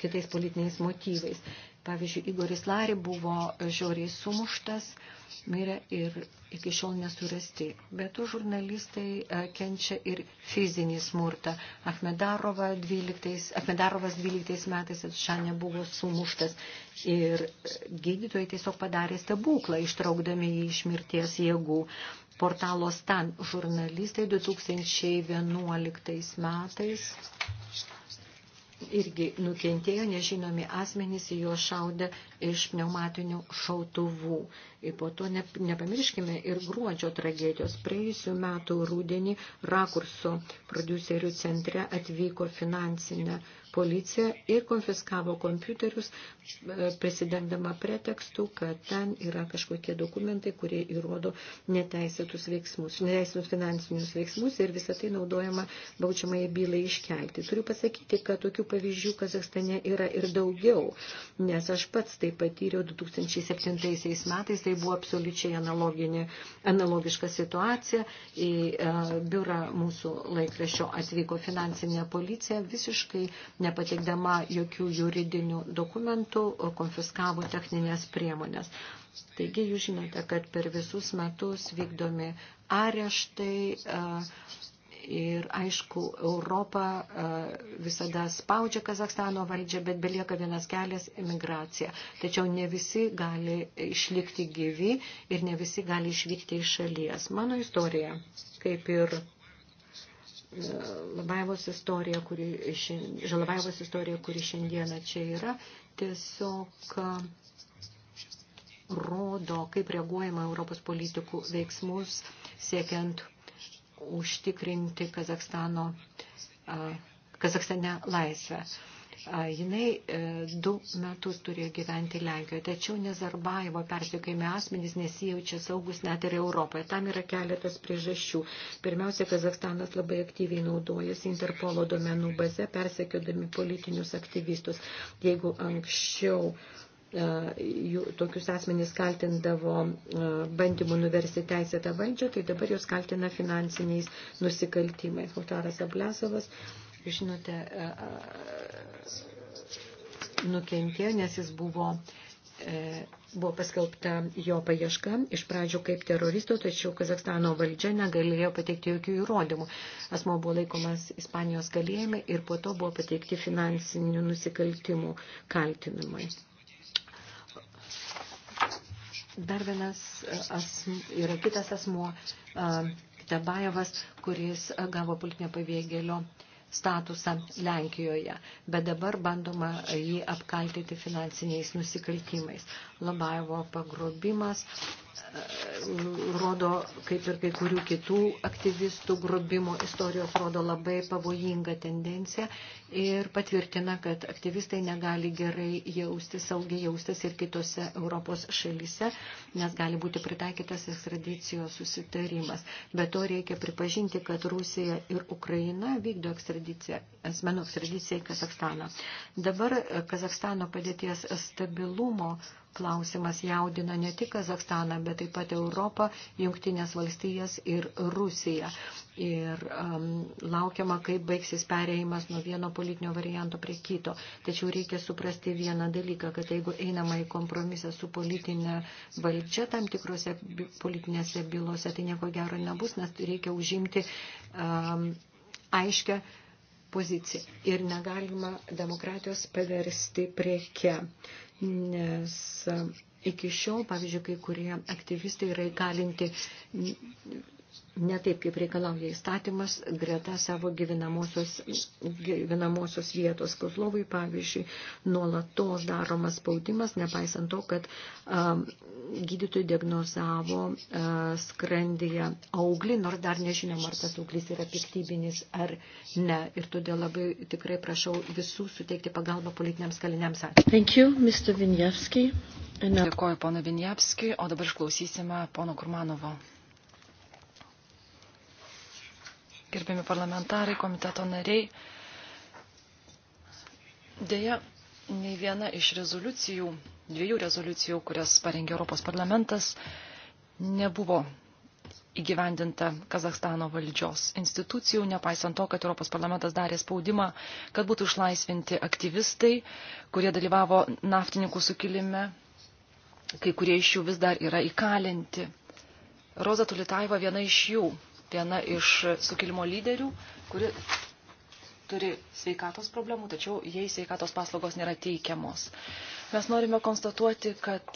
kitais politiniais motyvais. Pavyzdžiui, Igoris Lari buvo žiauriai sumuštas, mirė ir iki šiol nesurasti. Bet tu žurnalistai e, kenčia ir fizinį smurtą. Ahmedarova 12, Ahmedarovas 12 metais atšanė buvo sumuštas ir e, gydytojai tiesiog padarė stebuklą, ištraukdami jį iš mirties jėgų portalo Stan žurnalistai 2011 metais irgi nukentėjo, nežinomi asmenys jo šaudė iš pneumatinių šautuvų. Ir po to nepamirškime ir gruodžio tragedijos. Praėjusiu metu rūdienį Rakurso producerių centre atvyko finansinė policiją ir konfiskavo kompiuterius, e, prisidengdama pretekstu, kad ten yra kažkokie dokumentai, kurie įrodo neteisėtus veiksmus, neteisėtus finansinius veiksmus ir visą tai naudojama baudžiamai bylai iškelti. Turiu pasakyti, kad tokių pavyzdžių Kazakstane yra ir daugiau, nes aš pats tai patyriau 2007 metais, tai buvo absoliučiai analoginė, analogiška situacija. Į e, biurą mūsų laikraščio atvyko finansinė policija visiškai nepateikdama jokių juridinių dokumentų, konfiskavo techninės priemonės. Taigi jūs žinote, kad per visus metus vykdomi areštai e, ir aišku, Europa e, visada spaudžia Kazakstano valdžią, bet belieka vienas kelias – imigracija. Tačiau ne visi gali išlikti gyvi ir ne visi gali išvykti iš šalies. Mano istorija, kaip ir Žalabajevos istorija, kuri, Žalabajevos istorija, kuri šiandieną čia yra, tiesiog um, rodo, kaip reaguojama Europos politikų veiksmus siekiant užtikrinti Kazakstano, uh, Kazakstane laisvę. Jinai e, du metus turėjo gyventi Lenkijoje, tačiau Nezarbaivo persikėjime asmenys nesijaučia saugus net ir Europoje. Tam yra keletas priežasčių. Pirmiausia, Kazakstanas labai aktyviai naudojasi Interpolo domenų baze, persekiodami politinius aktyvistus. Jeigu anksčiau e, jų, tokius asmenys kaltindavo e, bandymų nuversti teisėtą valdžią, tai dabar jos kaltina finansiniais nusikaltimais. Mutaras Ablesovas žinote, e, e, nukentėjo, nes jis buvo, e, buvo paskelbta jo paieška iš pradžių kaip teroristo, tačiau Kazakstano valdžia negalėjo pateikti jokių įrodymų. Asmo buvo laikomas Ispanijos kalėjime ir po to buvo pateikti finansinių nusikaltimų kaltinimai. Dar vienas asm, yra kitas asmuo, Tabajevas, kuris gavo politinio pavėgėlio uh, statusą Lenkijoje, bet dabar bandoma jį apkaltinti finansiniais nusikaltimais. Labaevo pagrobimas rodo, kaip ir kai kurių kitų aktyvistų grobimo istorijos, rodo labai pavojingą tendenciją ir patvirtina, kad aktyvistai negali gerai jaustis, saugiai jaustis ir kitose Europos šalyse, nes gali būti pritaikytas ekstradicijos susitarimas. Be to reikia pripažinti, kad Rusija ir Ukraina vykdo ekstradiciją, asmenų ekstradiciją į Kazakstaną. Dabar Kazakstano padėties stabilumo klausimas jaudina ne tik Kazakstaną, bet taip pat Europą, Jungtinės valstijas ir Rusiją. Ir um, laukiama, kaip baigsis perėjimas nuo vieno politinio varianto prie kito. Tačiau reikia suprasti vieną dalyką, kad jeigu einama į kompromisą su politinė valdžia tam tikrose politinėse bylose, tai nieko gero nebus, nes reikia užimti um, aiškę poziciją. Ir negalima demokratijos paversti prieke. Uh, nes e, iki šiol, pavyzdžiui, kai kurie aktyvistai yra įkalinti ne taip, kaip reikalauja įstatymas, greta savo gyvenamosios, gyvenamosios vietos. Kozlovui, pavyzdžiui, nuolatos daromas spaudimas, nepaisant to, kad um, gydytojai diagnozavo uh, skrandyje auglį, nors dar nežinom, ar tas auglis yra piktybinis ar ne. Ir todėl labai tikrai prašau visų suteikti pagalbą politiniams kaliniams. Ačiū. Thank you, Mr. Vinjavski. Dėkoju, pono Vinjavski, o dabar išklausysime pono Kurmanovo. gerbiami parlamentarai, komiteto nariai. Deja, nei viena iš rezoliucijų, dviejų rezoliucijų, kurias parengė Europos parlamentas, nebuvo įgyvendinta Kazakstano valdžios institucijų, nepaisant to, kad Europos parlamentas darė spaudimą, kad būtų išlaisvinti aktyvistai, kurie dalyvavo naftininkų sukilime, kai kurie iš jų vis dar yra įkalinti. Roza Tulitaiva viena iš jų viena iš sukilimo lyderių, kuri turi sveikatos problemų, tačiau jai sveikatos paslaugos nėra teikiamos. Mes norime konstatuoti, kad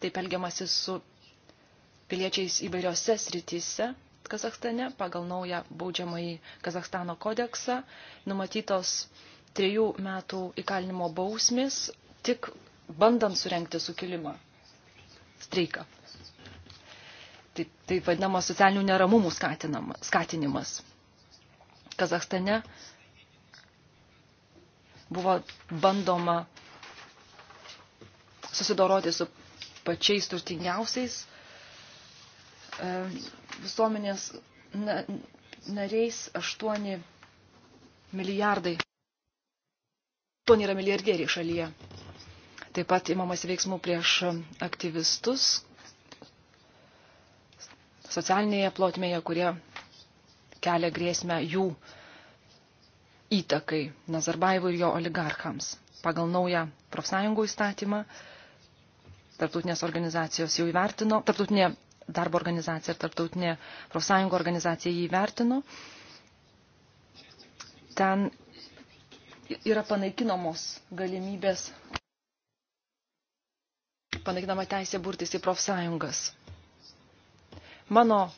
taip elgiamasi su piliečiais įvairiose srityse Kazakstane pagal naują baudžiamąjį Kazakstano kodeksą numatytos trejų metų įkalinimo bausmės tik bandant surenkti sukilimą streiką taip, taip vadinamas socialinių neramumų skatinimas. Kazakstane buvo bandoma susidoroti su pačiais turtingiausiais e, visuomenės nariais 8 milijardai. Ton yra milijardieriai šalyje. Taip pat imamas veiksmų prieš aktyvistus, socialinėje plotmėje, kurie kelia grėsmę jų įtakai Nazarbaevui ir jo oligarchams. Pagal naują profsąjungų įstatymą tarptautinės organizacijos jau įvertino, tarptautinė darbo organizacija ir tarptautinė profsąjungų organizacija jį įvertino. Ten yra panaikinamos galimybės, panaikinama teisė burtis į profsąjungas. Mano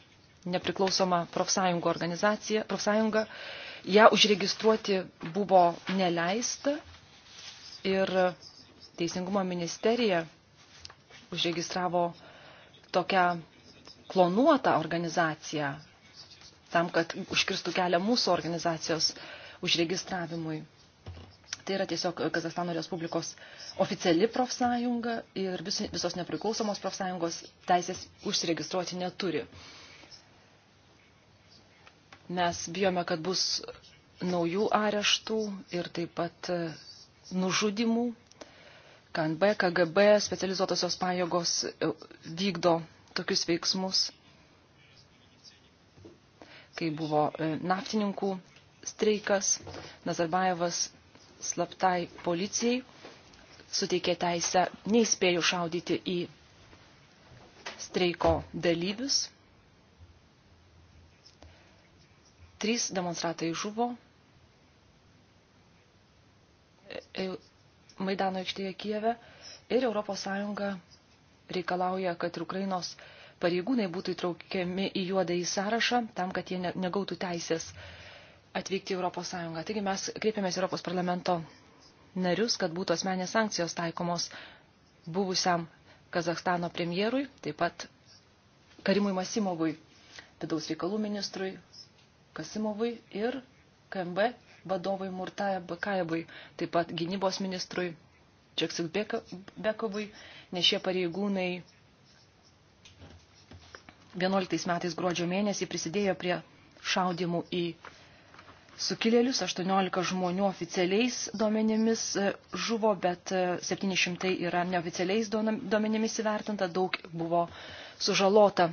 nepriklausoma profsąjunga organizacija, profsąjunga, ją užregistruoti buvo neleista ir Teisingumo ministerija užregistravo tokią klonuotą organizaciją tam, kad užkirstų kelią mūsų organizacijos užregistravimui tai yra tiesiog Kazakstano Respublikos oficiali profsąjunga ir vis, visos nepriklausomos profsąjungos teisės užsiregistruoti neturi. Mes bijome, kad bus naujų areštų ir taip pat e, nužudimų. KNB, KGB, specializuotosios pajėgos e, vykdo tokius veiksmus, kai buvo e, naftininkų streikas, Nazarbayevas slaptai policijai suteikė teisę neįspėjų šaudyti į streiko dalyvius. Trys demonstratai žuvo. E, Maidano aikštėje Kijeve ir ES reikalauja, kad ir Ukrainos pareigūnai būtų įtraukiami į juodą į sąrašą, tam, kad jie negautų teisės uh, atvykti į Europos Sąjungą. Taigi mes kreipiamės Europos parlamento narius, kad būtų asmenės sankcijos taikomos buvusiam Kazakstano premjerui, taip pat Karimui Masimovui, vidaus reikalų ministrui Kasimovui ir KMB vadovui Murtaja Bakajevui, taip pat gynybos ministrui Džeksil Bekovui, nes šie pareigūnai 11 metais gruodžio mėnesį prisidėjo prie šaudimų į sukilėlius, 18 žmonių oficialiais duomenimis e, žuvo, bet 700 e, yra neoficialiais duomenimis įvertinta, daug buvo sužalota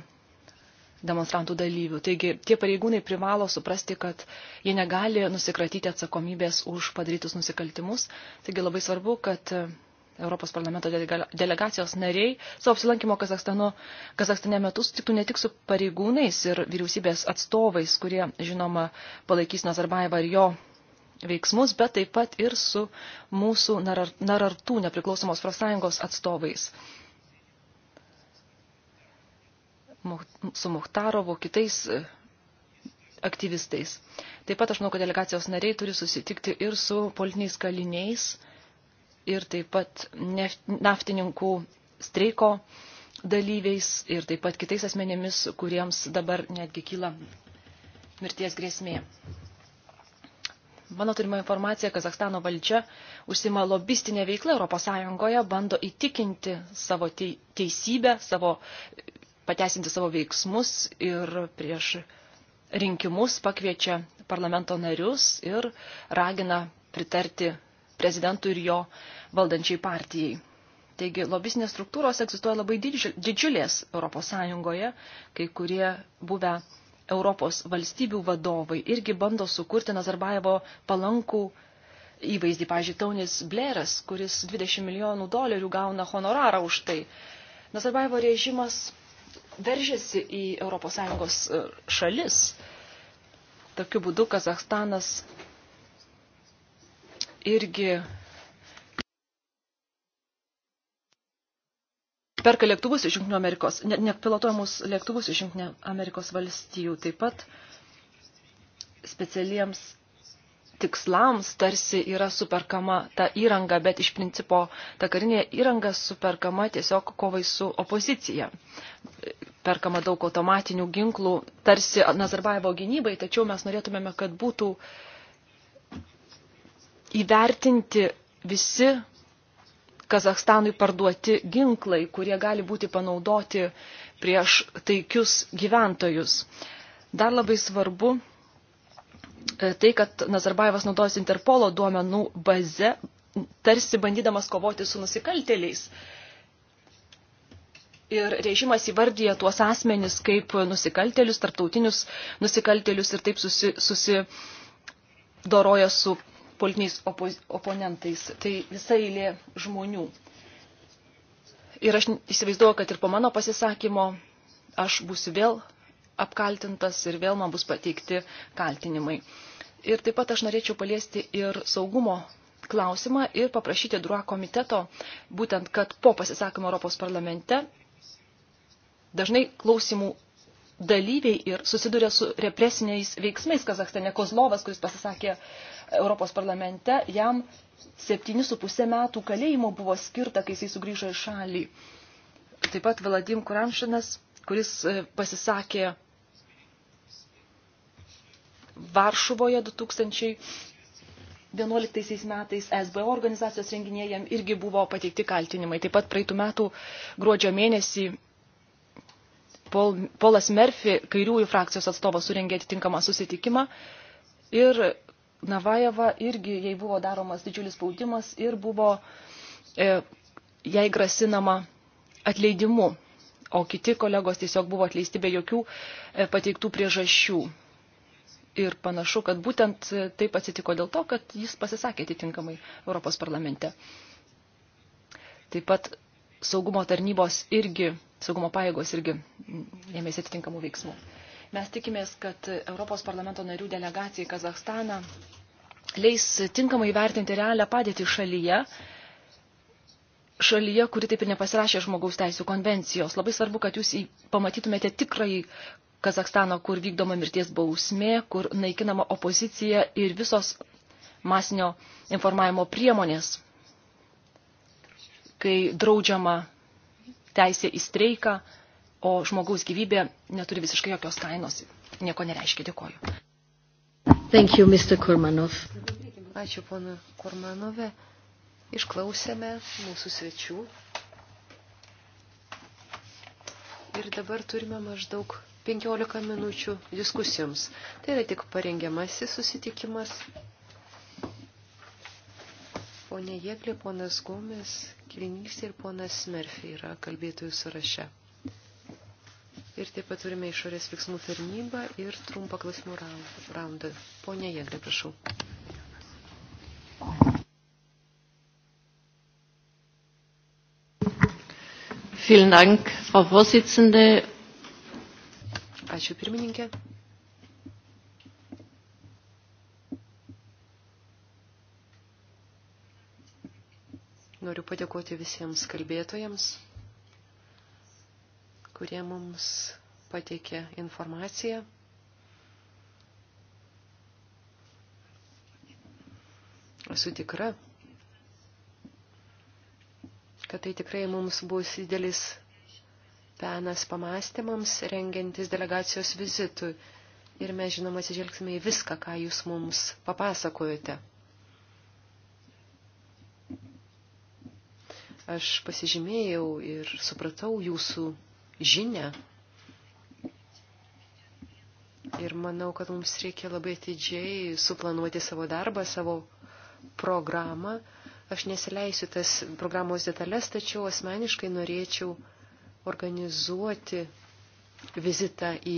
demonstrantų dalyvių. Taigi tie pareigūnai privalo suprasti, kad jie negali nusikratyti atsakomybės už padarytus nusikaltimus. Taigi labai svarbu, kad e, Europos parlamento delegacijos nariai savo apsilankimo Kazakstane metu sutiktų ne tik su pareigūnais ir vyriausybės atstovais, kurie, žinoma, palaikys Nazarbaevą ir jo veiksmus, bet taip pat ir su mūsų narartų nepriklausomos profsąjungos atstovais. Su Muhtarovu, kitais e, aktyvistais. Taip pat aš manau, kad delegacijos nariai turi susitikti ir su politiniais kaliniais ir taip pat naftininkų streiko dalyviais ir taip pat kitais asmenėmis, kuriems dabar netgi kyla mirties grėsmė. Mano turima informacija, Kazakstano valdžia užsima lobistinę veiklą Europos Sąjungoje, bando įtikinti savo teisybę, savo, pateisinti savo veiksmus ir prieš rinkimus pakviečia parlamento narius ir ragina pritarti prezidentui ir jo valdančiai partijai. Taigi lobistinės struktūros egzistuoja labai didžiulės Europos Sąjungoje, kai kurie buvę Europos valstybių vadovai irgi bando sukurti Nazarbaevo palankų įvaizdį. Pavyzdžiui, Taunis Blairas, kuris 20 milijonų dolerių gauna honorarą už tai. Nazarbaevo režimas veržiasi į ES e, šalis. Tokiu būdu Kazahstanas irgi perka lėktuvus iš Junktinio Amerikos, nepilotuojamus ne lėktuvus iš Junktinio Amerikos valstijų. Taip pat specialiems tikslams tarsi yra superkama ta įranga, bet iš principo ta karinė įranga superkama tiesiog kovai su opozicija. Perkama daug automatinių ginklų, tarsi Nazarbaevo gynybai, tačiau mes norėtumėme, kad būtų uh, įvertinti visi Kazakstanui parduoti ginklai, kurie gali būti panaudoti prieš taikius gyventojus. Dar labai svarbu e, tai, kad Nazarbaevas naudojasi Interpolo duomenų bazę, tarsi bandydamas kovoti su nusikaltėliais. Ir režimas įvardyja tuos asmenis kaip nusikaltėlius, tarptautinius nusikaltėlius ir taip susi, susidoroja su politiniais opo oponentais. Tai visa eilė žmonių. Ir aš įsivaizduoju, kad ir po mano pasisakymo aš būsiu vėl apkaltintas ir vėl man bus pateikti kaltinimai. Ir taip pat aš norėčiau paliesti ir saugumo klausimą ir paprašyti DRUA komiteto, būtent, kad po pasisakymo Europos parlamente dažnai klausimų dalyviai ir susiduria su represiniais veiksmais Kazakstane. Kozlovas, kuris pasisakė Europos parlamente, jam 7,5 metų kalėjimo buvo skirta, kai jisai sugrįžo į šalį. Taip pat Vladim Kuramšinas, kuris e, pasisakė Varšuvoje 2011 metais SBO organizacijos renginėje jam irgi buvo pateikti kaltinimai. Taip pat praeitų metų gruodžio mėnesį Paul, Polas Murphy, kairiųjų frakcijos atstovas, surengė atitinkamą susitikimą ir Navajeva irgi jai buvo daromas didžiulis spaudimas ir buvo e, jai grasinama atleidimu, o kiti kolegos tiesiog buvo atleisti be jokių e, pateiktų priežasčių. Ir panašu, kad būtent e, taip atsitiko dėl to, kad jis pasisakė atitinkamai Europos parlamente. Taip pat saugumo tarnybos irgi, saugumo pajėgos irgi mm, ėmėsi atitinkamų veiksmų. Mes tikimės, kad Europos parlamento narių delegacija į Kazahstaną leis tinkamai vertinti realią padėtį šalyje, šalyje, kuri taip ir nepasirašė žmogaus teisų konvencijos. Labai svarbu, kad jūs pamatytumėte tikrai Kazakstano, kur vykdoma mirties bausmė, kur naikinama opozicija ir visos masinio informavimo priemonės, kai draudžiama teisė į streiką, o žmogaus gyvybė neturi visiškai jokios kainos, nieko nereiškia. Dėkoju. Thank you, Mr. Kurmanov. Ačiū, pana Kurmanove. Išklausėme mūsų svečių. Ir dabar turime maždaug 15 minučių diskusijoms. Tai yra tik parengiamasis susitikimas. Pone Jėglė, ponas Gomes, Klinys ir ponas Smerfi yra kalbėtojų sąraše. Ir taip pat turime išorės veiksmų tarnybą ir trumpą klausimų raundą. Pone Jėgrė, prašau. Vielen Dank, Frau Vorsitzende. Ačiū pirmininkė. Noriu padėkoti visiems kalbėtojams kurie mums pateikė informaciją. Esu tikra, kad tai tikrai mums bus didelis penas pamastymams, rengiantis delegacijos vizitui. Ir mes, žinoma, atsižvelgsime į viską, ką jūs mums papasakojote. Aš pasižymėjau ir supratau jūsų žinę. Ir manau, kad mums reikia labai atidžiai suplanuoti savo darbą, savo programą. Aš nesileisiu tas programos detalės, tačiau asmeniškai norėčiau organizuoti vizitą į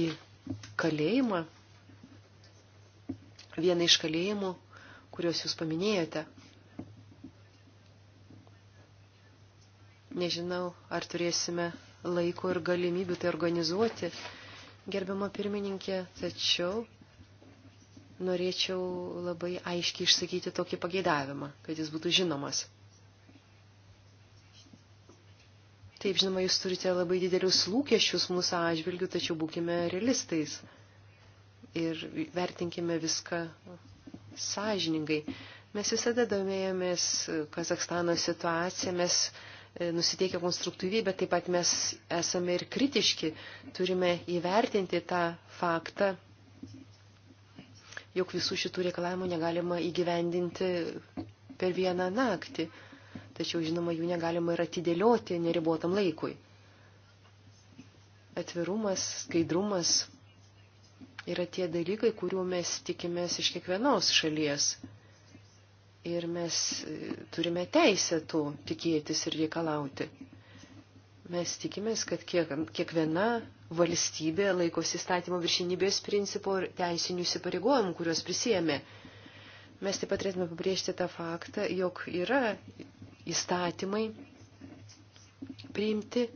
kalėjimą, vieną iš kalėjimų, kuriuos jūs paminėjote. Nežinau, ar turėsime laiko ir galimybių tai organizuoti, gerbiama pirmininkė, tačiau norėčiau labai aiškiai išsakyti tokį pageidavimą, kad jis būtų žinomas. Taip, žinoma, jūs turite labai didelius lūkesčius mūsų atžvilgių, tačiau būkime realistais ir vertinkime viską sąžiningai. Mes visada domėjomės Kazakstano situaciją, mes E, nusiteikę konstruktyviai, bet taip pat mes esame ir kritiški, turime įvertinti tą faktą, jog visų šitų reikalavimų negalima įgyvendinti per vieną naktį, tačiau žinoma, jų negalima ir atidėlioti neribotam laikui. Atvirumas, skaidrumas yra tie dalykai, kuriuo mes tikimės iš kiekvienos šalies ir mes e, turime teisę to tikėtis ir reikalauti. Mes tikimės, kad kiek, kiekviena valstybė laikosi statymo viršinybės principo ir teisinių įsipareigojimų, kuriuos prisėmė. Mes taip pat turėtume pabrėžti tą faktą, jog yra įstatymai priimti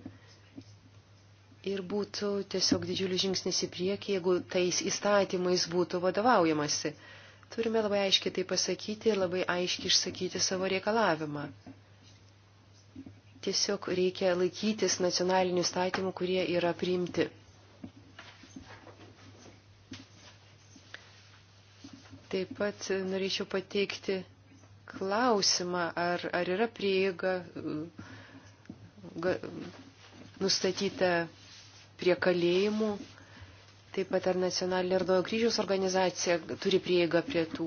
ir būtų tiesiog didžiulis žingsnis į priekį, jeigu tais įstatymais būtų vadovaujamasi. Turime labai aiškiai tai pasakyti ir labai aiškiai išsakyti savo reikalavimą. Tiesiog reikia laikytis nacionalinių statymų, kurie yra priimti. Taip pat norėčiau pateikti klausimą, ar, ar yra prieiga ga, nustatyta prie kalėjimų Taip pat ar nacionalinė Ardojo kryžiaus organizacija turi prieigą prie tų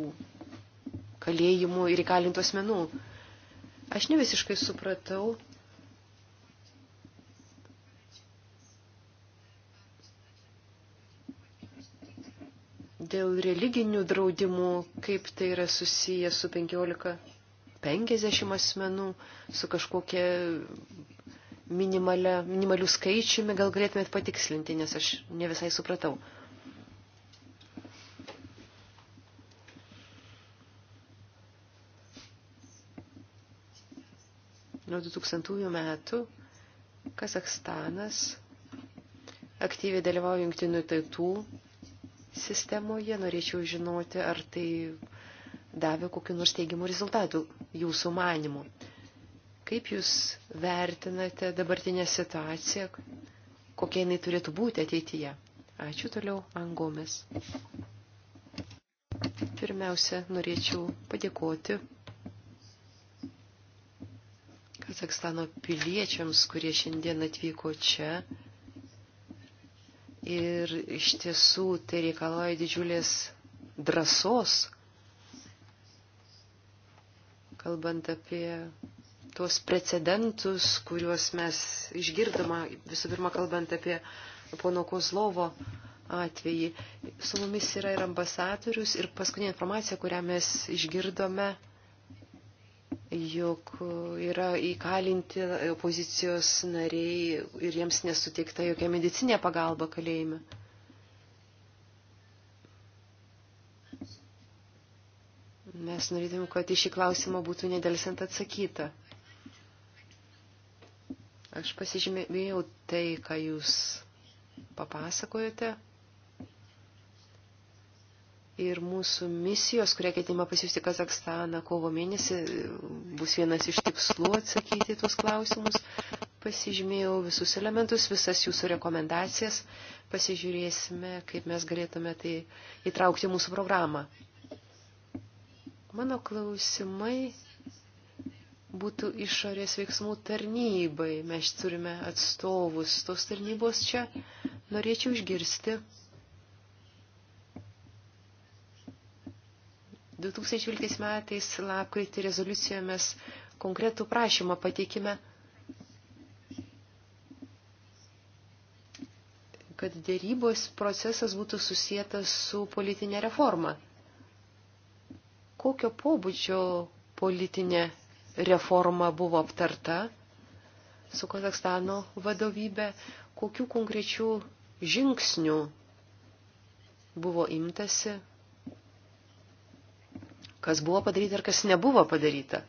kalėjimų ir įkalintų asmenų. Aš ne visiškai supratau. Dėl religinių draudimų, kaip tai yra susiję su 15, 50 asmenų, su kažkokia minimalių skaičiumi, gal galėtumėt patikslinti, nes aš ne visai supratau. Nuo 2000 metų Kazakstanas aktyviai dalyvauja jungtinių tautų sistemoje. Norėčiau žinoti, ar tai davė kokiu nors teigiamų rezultatų jūsų manimu. Kaip Jūs vertinate dabartinę situaciją, kokia jinai turėtų būti ateityje? Ačiū toliau, Angomis. Pirmiausia, norėčiau padėkoti Kazakstano piliečiams, kurie šiandien atvyko čia. Ir iš tiesų tai reikalauja didžiulės drąsos, kalbant apie tuos precedentus, kuriuos mes išgirdama, visų pirma, kalbant apie pono Kozlovo atvejį. Su mumis yra ir ambasadorius, ir paskutinė informacija, kurią mes išgirdome, jog yra įkalinti opozicijos nariai ir jiems nesuteikta jokia medicinė pagalba kalėjime. Mes norėtume, kad į šį klausimą būtų nedelsiant atsakyta. Aš pasižymėjau tai, ką jūs papasakojate. Ir mūsų misijos, kurią ketinama pasiūsti Kazakstaną kovo mėnesį, bus vienas iš tikslų atsakyti tuos klausimus. Pasižymėjau visus elementus, visas jūsų rekomendacijas. Pasižiūrėsime, kaip mes galėtume tai įtraukti mūsų programą. Mano klausimai būtų išorės veiksmų tarnybai. Mes turime atstovus tos tarnybos čia. Norėčiau išgirsti. 2012 metais lapkritį rezoliucijoje mes konkretų prašymą pateikime, kad dėrybos procesas būtų susijęs su politinė reforma. Kokio pobūdžio politinė reforma? reforma buvo aptarta su Kazakstano vadovybė, kokiu konkrečiu žingsniu buvo imtasi, kas buvo padaryta ir kas nebuvo padaryta.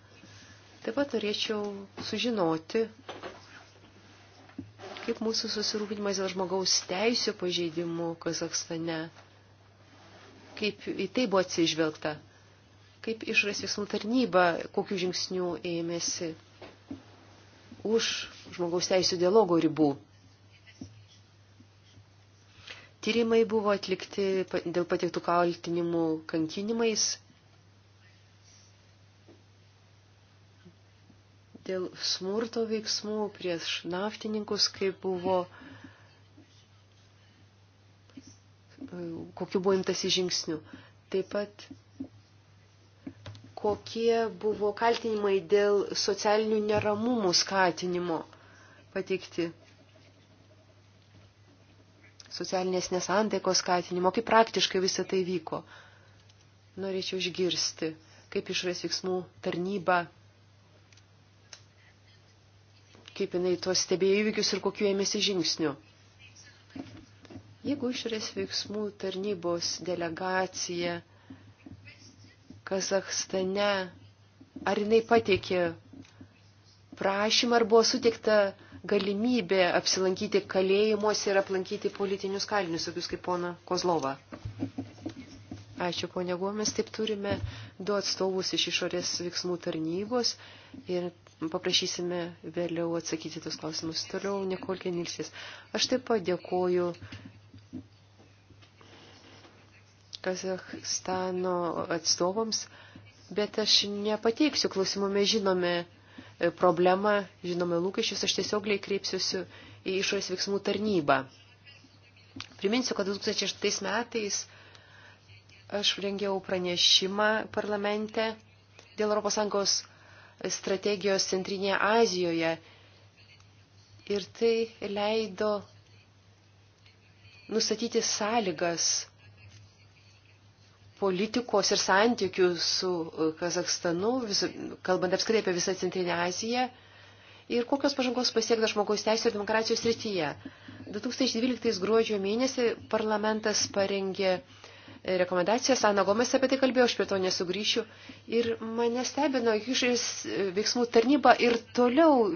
Taip pat norėčiau sužinoti, kaip mūsų susirūpinimas dėl žmogaus teisų pažeidimų Kazakstane, kaip į tai buvo atsižvelgta. Kaip išorės veiksmų tarnyba, kokiu žingsniu ėmėsi už žmogaus teisų dialogo ribų? Tyrimai buvo atlikti dėl patiktų kaltinimų kankinimais, dėl smurto veiksmų prieš naftininkus, kaip buvo, kokiu buvo imtasi žingsniu. Taip pat kokie buvo kaltinimai dėl socialinių neramumų skatinimo pateikti. Socialinės nesantaikos skatinimo, kaip praktiškai visą tai vyko. Norėčiau išgirsti, kaip išorės veiksmų tarnyba, kaip jinai tuos stebėjo įvykius ir kokiu ėmėsi žingsniu. Jeigu išorės veiksmų tarnybos delegacija Kazakstane, ar jinai pateikė prašymą, ar buvo sutikta galimybė apsilankyti kalėjimuose ir aplankyti politinius kalinius, tokius kaip pona Kozlova. Ačiū, ponia Gomes, taip turime du atstovus iš išorės veiksmų tarnybos ir paprašysime vėliau atsakyti tos klausimus. Toliau Nikolkė Nilsis. Aš taip pat dėkoju Kazakstano atstovams, bet aš nepateiksiu klausimų, mes žinome e, problemą, žinome lūkesčius, aš tiesiog kreipsiuosi į išorės veiksmų tarnybą. Priminsiu, kad 2006 metais aš rengiau pranešimą parlamente dėl ES strategijos Centrinėje Azijoje ir tai leido nustatyti sąlygas politikos ir santykių su e, Kazakstanu, vis, kalbant apskritai apie visą Centrinę Aziją, ir kokios pažangos pasiekta žmogaus teisų ir demokratijos srityje. 2012 gruodžio mėnesį parlamentas parengė e, rekomendacijas, Ana Gomes apie tai kalbėjo, aš prie to nesugrįšiu, ir mane stebino, išės e, veiksmų tarnyba ir toliau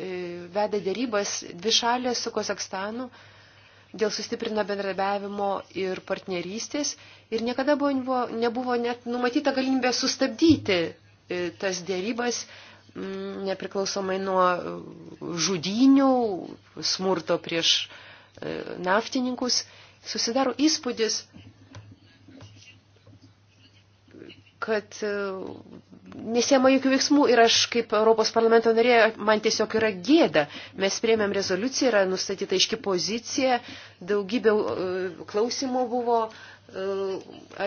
veda dėrybas dvišalės su Kazakstanu dėl sustiprino bendradarbiavimo ir partnerystės ir niekada buvo, nebuvo net numatyta galimybė sustabdyti e, tas dėrybas mm, nepriklausomai nuo e, žudinių, smurto prieš e, naftininkus. Susidaro įspūdis, kad e, nesiema jokių veiksmų ir aš kaip Europos parlamento narė, man tiesiog yra gėda. Mes prieimėm rezoliuciją, yra nustatyta iški pozicija, daugybė e, klausimų buvo e,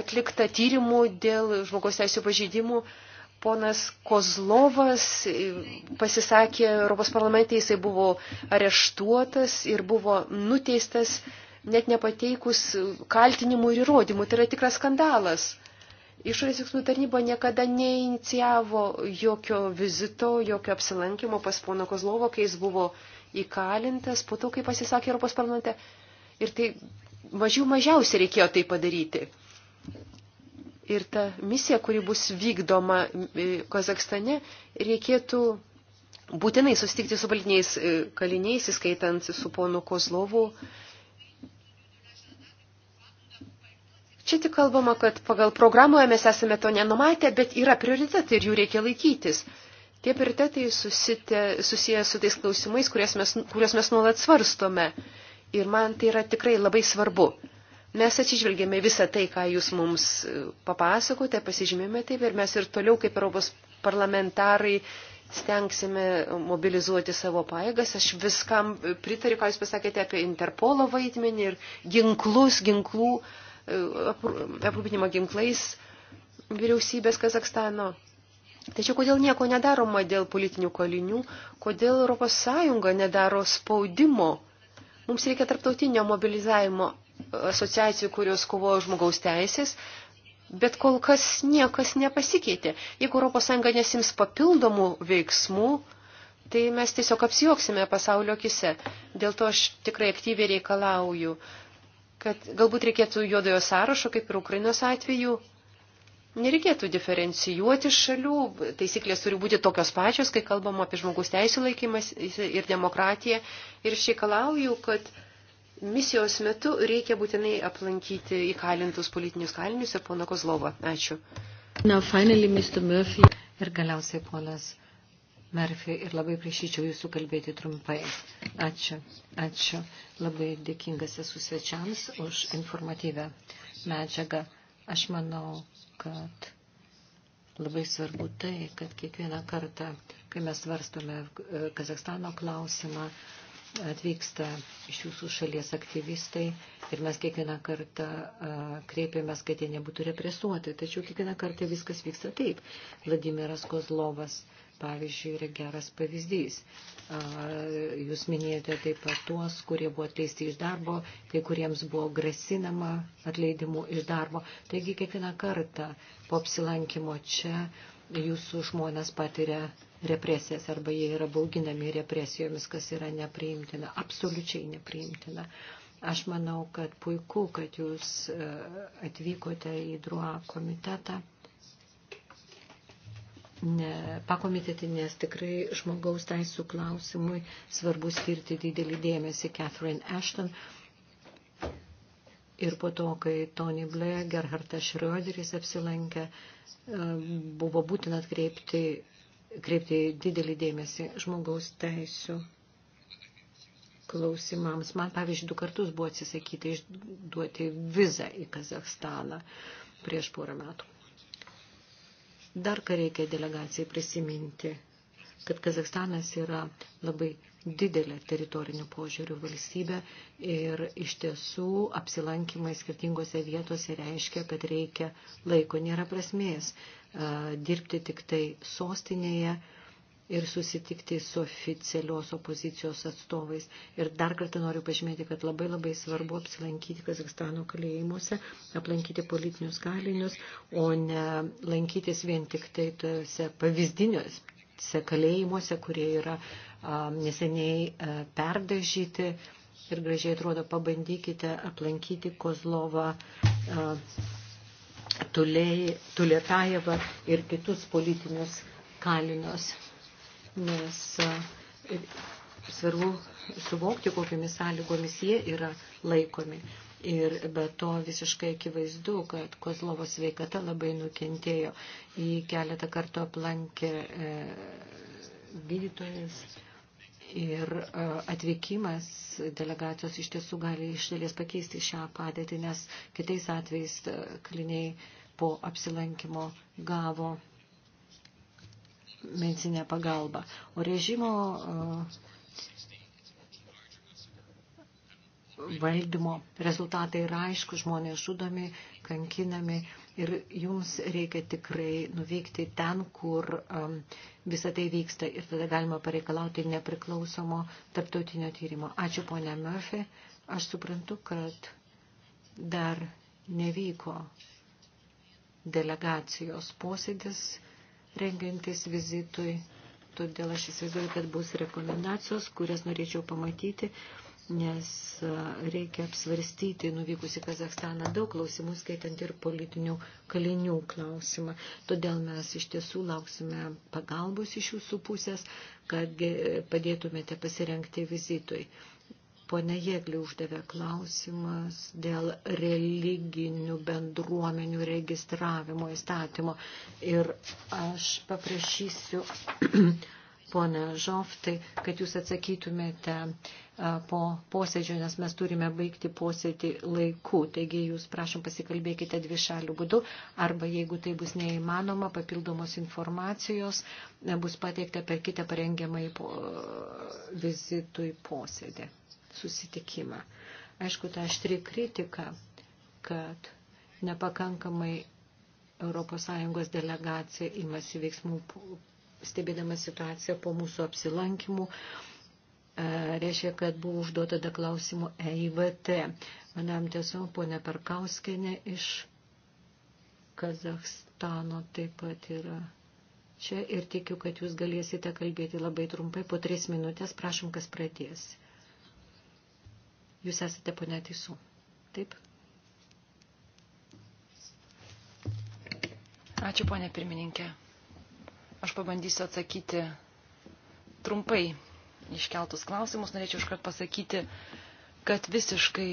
atlikta tyrimų dėl žmogaus teisų pažeidimų. Ponas Kozlovas pasisakė Europos parlamente, jisai buvo areštuotas ir buvo nuteistas net nepateikus kaltinimų ir įrodymų. Tai yra tikras skandalas Išorės tikslų tarnyba niekada neinicijavo jokio vizito, jokio apsilankimo pas pono Kozlovo, kai jis buvo įkalintas, po to, kai pasisakė Europos parlamente. Ir tai mažiau mažiausiai reikėjo tai padaryti. Ir ta misija, kuri bus vykdoma e, Kazakstane, reikėtų būtinai susitikti su politiniais e, kaliniais, įskaitant su ponu Kozlovu Čia tik kalbama, kad pagal programoje mes esame to nenumatę, bet yra prioritetai ir jų reikia laikytis. Tie prioritetai susite, susiję su tais klausimais, kuriuos mes, kuriuos mes nuolat svarstome. Ir man tai yra tikrai labai svarbu. Mes atsižvelgėme visą tai, ką jūs mums e, papasakote, pasižymėme taip ir mes ir toliau, kaip Europos parlamentarai, stengsime mobilizuoti savo paėgas. Aš viskam pritariu, ką jūs pasakėte apie Interpolo vaidmenį ir ginklus, ginklų uh, aprūpinimą ginklais vyriausybės Kazakstano. Tačiau kodėl nieko nedaroma dėl politinių kalinių, kodėl ES nedaro spaudimo. Mums reikia tarptautinio mobilizavimo asociacijų, kurios kovojo žmogaus teisės, bet kol kas niekas nepasikeitė. Jeigu ES nesims papildomų veiksmų, tai mes tiesiog apsijoksime pasaulio akise. Dėl to aš tikrai aktyviai reikalauju kad galbūt reikėtų juodojo sąrašo, kaip ir Ukrainos atveju. Nereikėtų diferencijuoti šalių, taisyklės turi būti tokios pačios, kai kalbam apie žmogus teisų laikymas ir demokratiją. Ir aš reikalauju, kad misijos metu reikia būtinai aplankyti įkalintus politinius kalinius ir pono Kozlovą. Ačiū. Now, finally, Mr. Murphy. Ir galiausiai ponas Merfi ir labai prašyčiau jūsų kalbėti trumpai. Ačiū, ačiū. Labai dėkingas esu svečiams už informatyvę medžiagą. Aš manau, kad labai svarbu tai, kad kiekvieną kartą, kai mes varstome e, Kazakstano klausimą, atvyksta iš jūsų šalies aktyvistai ir mes kiekvieną kartą e, kreipiamės, kad jie nebūtų represuoti. Tačiau kiekvieną kartą viskas vyksta taip. Vladimiras Kozlovas pavyzdžiui, yra geras pavyzdys. Jūs minėjote taip pat tuos, kurie buvo atleisti iš darbo, kai kuriems buvo grasinama atleidimu iš darbo. Taigi kiekvieną kartą po apsilankimo čia jūsų žmonės patiria represijas arba jie yra bauginami represijomis, kas yra nepriimtina, absoliučiai nepriimtina. Aš manau, kad puiku, kad jūs e, atvykote į DRUA komitetą ne, pakomitėti, nes tikrai žmogaus teisų klausimui svarbu skirti didelį dėmesį Catherine Ashton. Ir po to, kai Tony Blair, Gerhardas Šrioderis apsilankė, e, buvo būtina atkreipti kreipti didelį dėmesį žmogaus teisų klausimams. Man, pavyzdžiui, du kartus buvo atsisakyta išduoti vizą į Kazakstaną prieš porą metų. Dar ką reikia delegacijai prisiminti, kad Kazakstanas yra labai didelė teritorinių požiūrių valstybė ir iš tiesų apsilankimai skirtingose vietose reiškia, kad reikia laiko. Nėra prasmės dirbti tik tai sostinėje ir susitikti su oficialios opozicijos atstovais. Ir dar kartą noriu pažymėti, kad labai labai svarbu apsilankyti Kazakstano kalėjimuose, aplankyti politinius kalinius, o ne lankytis vien tik tai tose pavyzdiniuose kalėjimuose, kurie yra um, neseniai uh, perdažyti. Ir gražiai atrodo, pabandykite aplankyti Kozlovą. Uh, Tulėtajevą ir kitus politinius kalinius nes e, svarbu suvokti, kokiamis sąlygomis jie yra laikomi. Ir be to visiškai akivaizdu, kad Kozlovo sveikata labai nukentėjo. Į keletą kartų aplankė e, gydytojas ir e, atvykimas delegacijos iš tiesų gali iš dalies pakeisti šią padėtį, nes kitais atvejais e, kaliniai po apsilankimo gavo medicinę pagalbą. O režimo e, valdymo rezultatai yra aišku, žmonės žudomi, kankinami ir jums reikia tikrai nuvykti ten, kur um, e, visą tai vyksta ir tada galima pareikalauti nepriklausomo tarptautinio tyrimo. Ačiū ponia Murphy, aš suprantu, kad dar nevyko delegacijos posėdis rengiantis vizitui. Todėl aš įsivaizduoju, kad bus rekomendacijos, kurias norėčiau pamatyti, nes reikia apsvarstyti, nuvykus į Kazakstaną, daug klausimų, skaitant ir politinių kalinių klausimą. Todėl mes iš tiesų lauksime pagalbos iš jūsų pusės, kad e, padėtumėte pasirenkti vizitui. Pone Jėglį uždavė klausimas dėl religinių bendruomenių registravimo įstatymo. Ir aš paprašysiu, pone Žoftai, kad jūs atsakytumėte po posėdžio, nes mes turime baigti posėdį laiku. Taigi jūs prašom pasikalbėkite dvi šalių būdu, arba jeigu tai bus neįmanoma, papildomos informacijos bus pateikta per kitą parengiamą vizitui posėdį susitikimą. Aišku, ta aštri kritika, kad nepakankamai ES delegacija imasi veiksmų stebėdama situaciją po mūsų apsilankimų, e, reiškia, kad buvo užduota da klausimų EIVT. Manam tiesiog ponė Perkauskenė iš Kazahstano taip pat yra čia ir tikiu, kad jūs galėsite kalbėti labai trumpai, po tris minutės, prašom, kas pradės. Jūs esate ponia teisų. Taip? Ačiū, ponė pirmininkė. Aš pabandysiu atsakyti trumpai iškeltus klausimus. Norėčiau iškart pasakyti, kad visiškai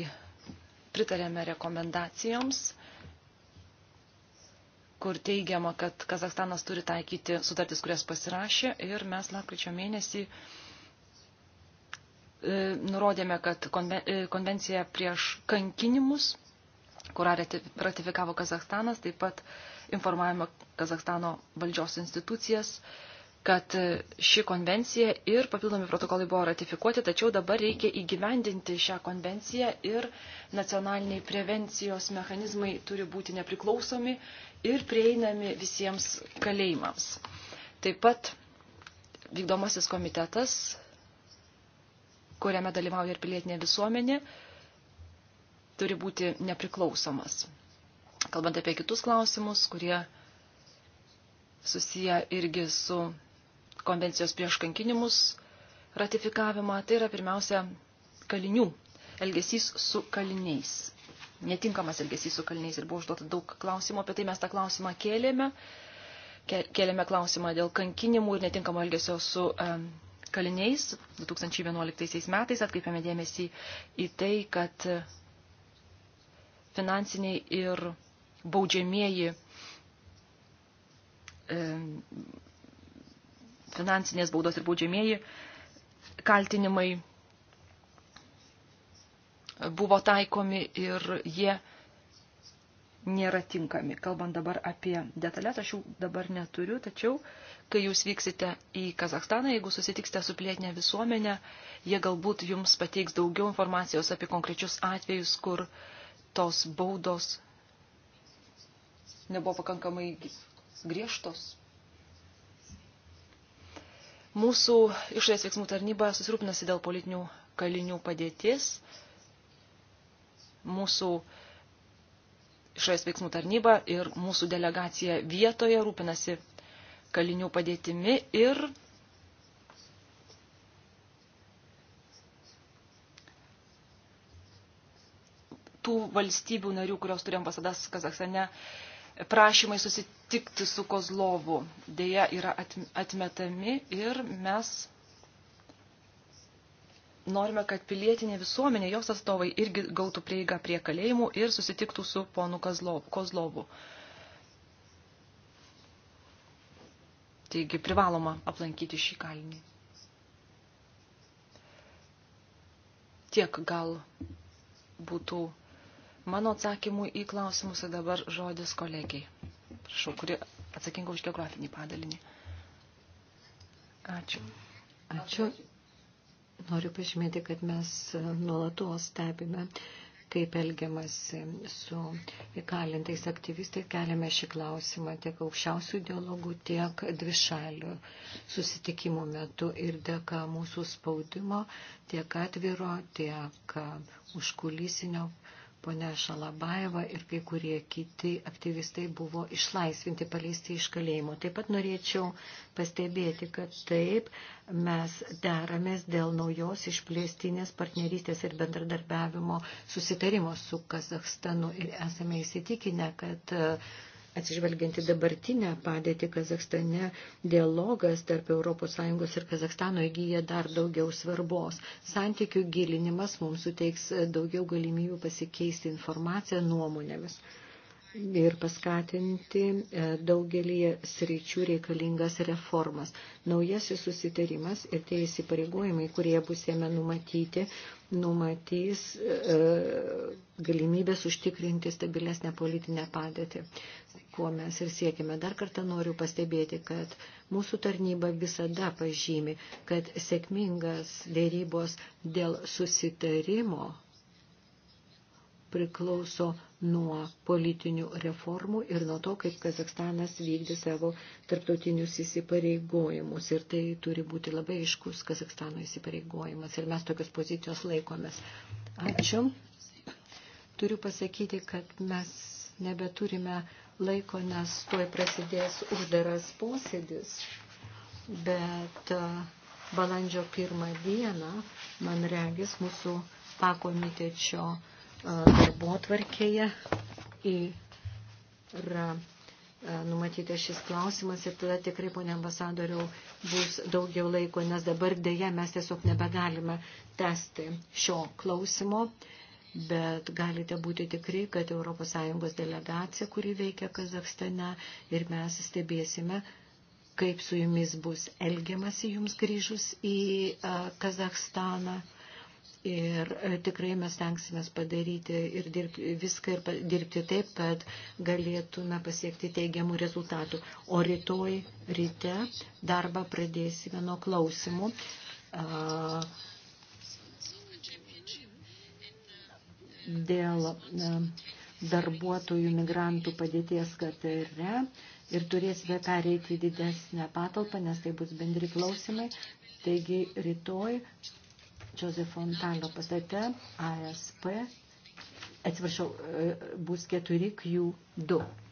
pritarėme rekomendacijoms, kur teigiama, kad Kazakstanas turi taikyti sutartis, kurias pasirašė ir mes lapkričio mėnesį uh, E, nurodėme, kad e, konvencija prieš kankinimus, kurią ratifikavo Kazakstanas, taip pat informavome Kazakstano valdžios institucijas, kad e, ši konvencija ir papildomi protokolai buvo ratifikuoti, tačiau dabar reikia įgyvendinti šią konvenciją ir nacionaliniai prevencijos mechanizmai turi būti nepriklausomi ir prieinami visiems kalėjimams. Taip pat vykdomasis komitetas kuriame dalyvauja ir pilietinė visuomenė, turi būti nepriklausomas. Kalbant apie kitus klausimus, kurie susiję irgi su konvencijos prieš kankinimus ratifikavimą, tai yra pirmiausia kalinių elgesys su kaliniais. Netinkamas elgesys su kaliniais ir buvo užduota daug klausimų, apie tai mes tą klausimą kėlėme. Kėlėme klausimą dėl kankinimų ir netinkamo elgesio su um, kaliniais 2011 metais atkreipėme dėmesį į tai, kad finansiniai ir baudžiamieji e, finansinės baudos ir baudžiamieji kaltinimai buvo taikomi ir jie nėra tinkami. Kalbant dabar apie detalės, aš jų dabar neturiu, tačiau kai jūs vyksite į Kazakstaną, jeigu susitiksite su plėtinė visuomenė, jie galbūt jums pateiks daugiau informacijos apie konkrečius atvejus, kur tos baudos nebuvo pakankamai griežtos. Mūsų išorės veiksmų tarnyba susirūpinasi dėl politinių kalinių padėties. Mūsų uh, išorės veiksmų tarnyba ir mūsų delegacija vietoje rūpinasi kalinių padėtimi ir tų valstybių narių, kurios turi ambasadas Kazakstane, prašymai susitikti su Kozlovu dėja yra atmetami ir mes norime, kad pilietinė visuomenė, jos atstovai irgi gautų prieigą prie kalėjimų ir susitiktų su ponu Kozlovu. Taigi privaloma aplankyti šį kalinį. Tiek gal būtų mano atsakymų į klausimus ir dabar žodis kolegiai. Prašau, kuri atsakinga už geografinį padalinį. Ačiū. Ačiū. Ačiū. Noriu pažymėti, kad mes nuolatos stebime, kaip elgiamasi su įkalintais aktyvistais. Keliame šį klausimą tiek aukščiausių dialogų, tiek dvišalių susitikimų metu ir dėka mūsų spaudimo, tiek atviro, tiek užkulisinio ponia Šalabaeva ir kai kurie kiti aktyvistai buvo išlaisvinti, paleisti iš kalėjimo. Taip pat norėčiau pastebėti, kad taip mes deramės dėl naujos išplėstinės partnerystės ir bendradarbiavimo susitarimo su Kazakstanu ir esame įsitikinę, kad uh, Atsižvelgianti dabartinę padėtį Kazakstane, dialogas tarp ES ir Kazakstano įgyja dar daugiau svarbos. Santykių gilinimas mums suteiks daugiau galimybių pasikeisti informaciją nuomonėmis ir paskatinti e, daugelį sričių reikalingas reformas. Naujasis susitarimas ir tie įsipareigojimai, kurie bus jame numatyti, numatys e, galimybės užtikrinti stabilesnę politinę padėtį, kuo mes ir siekime. Dar kartą noriu pastebėti, kad mūsų tarnyba visada pažymi, kad sėkmingas dėrybos dėl susitarimo priklauso nuo politinių reformų ir nuo to, kaip Kazakstanas vykdė savo tarptautinius įsipareigojimus. Ir tai turi būti labai iškus Kazakstano įsipareigojimas. Ir mes tokios pozicijos laikomės. Ačiū. Turiu pasakyti, kad mes nebeturime laiko, nes tuoj prasidės uždaras posėdis. Bet e, balandžio pirmą dieną, man regis, mūsų pakomitečio darbo tvarkėje yra numatytas šis klausimas ir tada tikrai, ponė ambasadoriau, bus daugiau laiko, nes dabar dėja mes tiesiog nebegalime tęsti šio klausimo, bet galite būti tikri, kad ES delegacija, kuri veikia Kazakstane ir mes stebėsime, kaip su jumis bus elgiamasi jums grįžus į Kazakstaną. Ir e, tikrai mes tenksime padaryti ir dirbti, viską ir dirbti taip, kad galėtume pasiekti teigiamų rezultatų. O rytoj ryte darbą pradėsime nuo klausimų. Dėl e, darbuotojų migrantų padėties Katare ir turėsime pereiti didesnę patalpą, nes tai bus bendri klausimai. Taigi rytoj Jose Fontano pastate ASP, atsiprašau, e, bus 4Q2.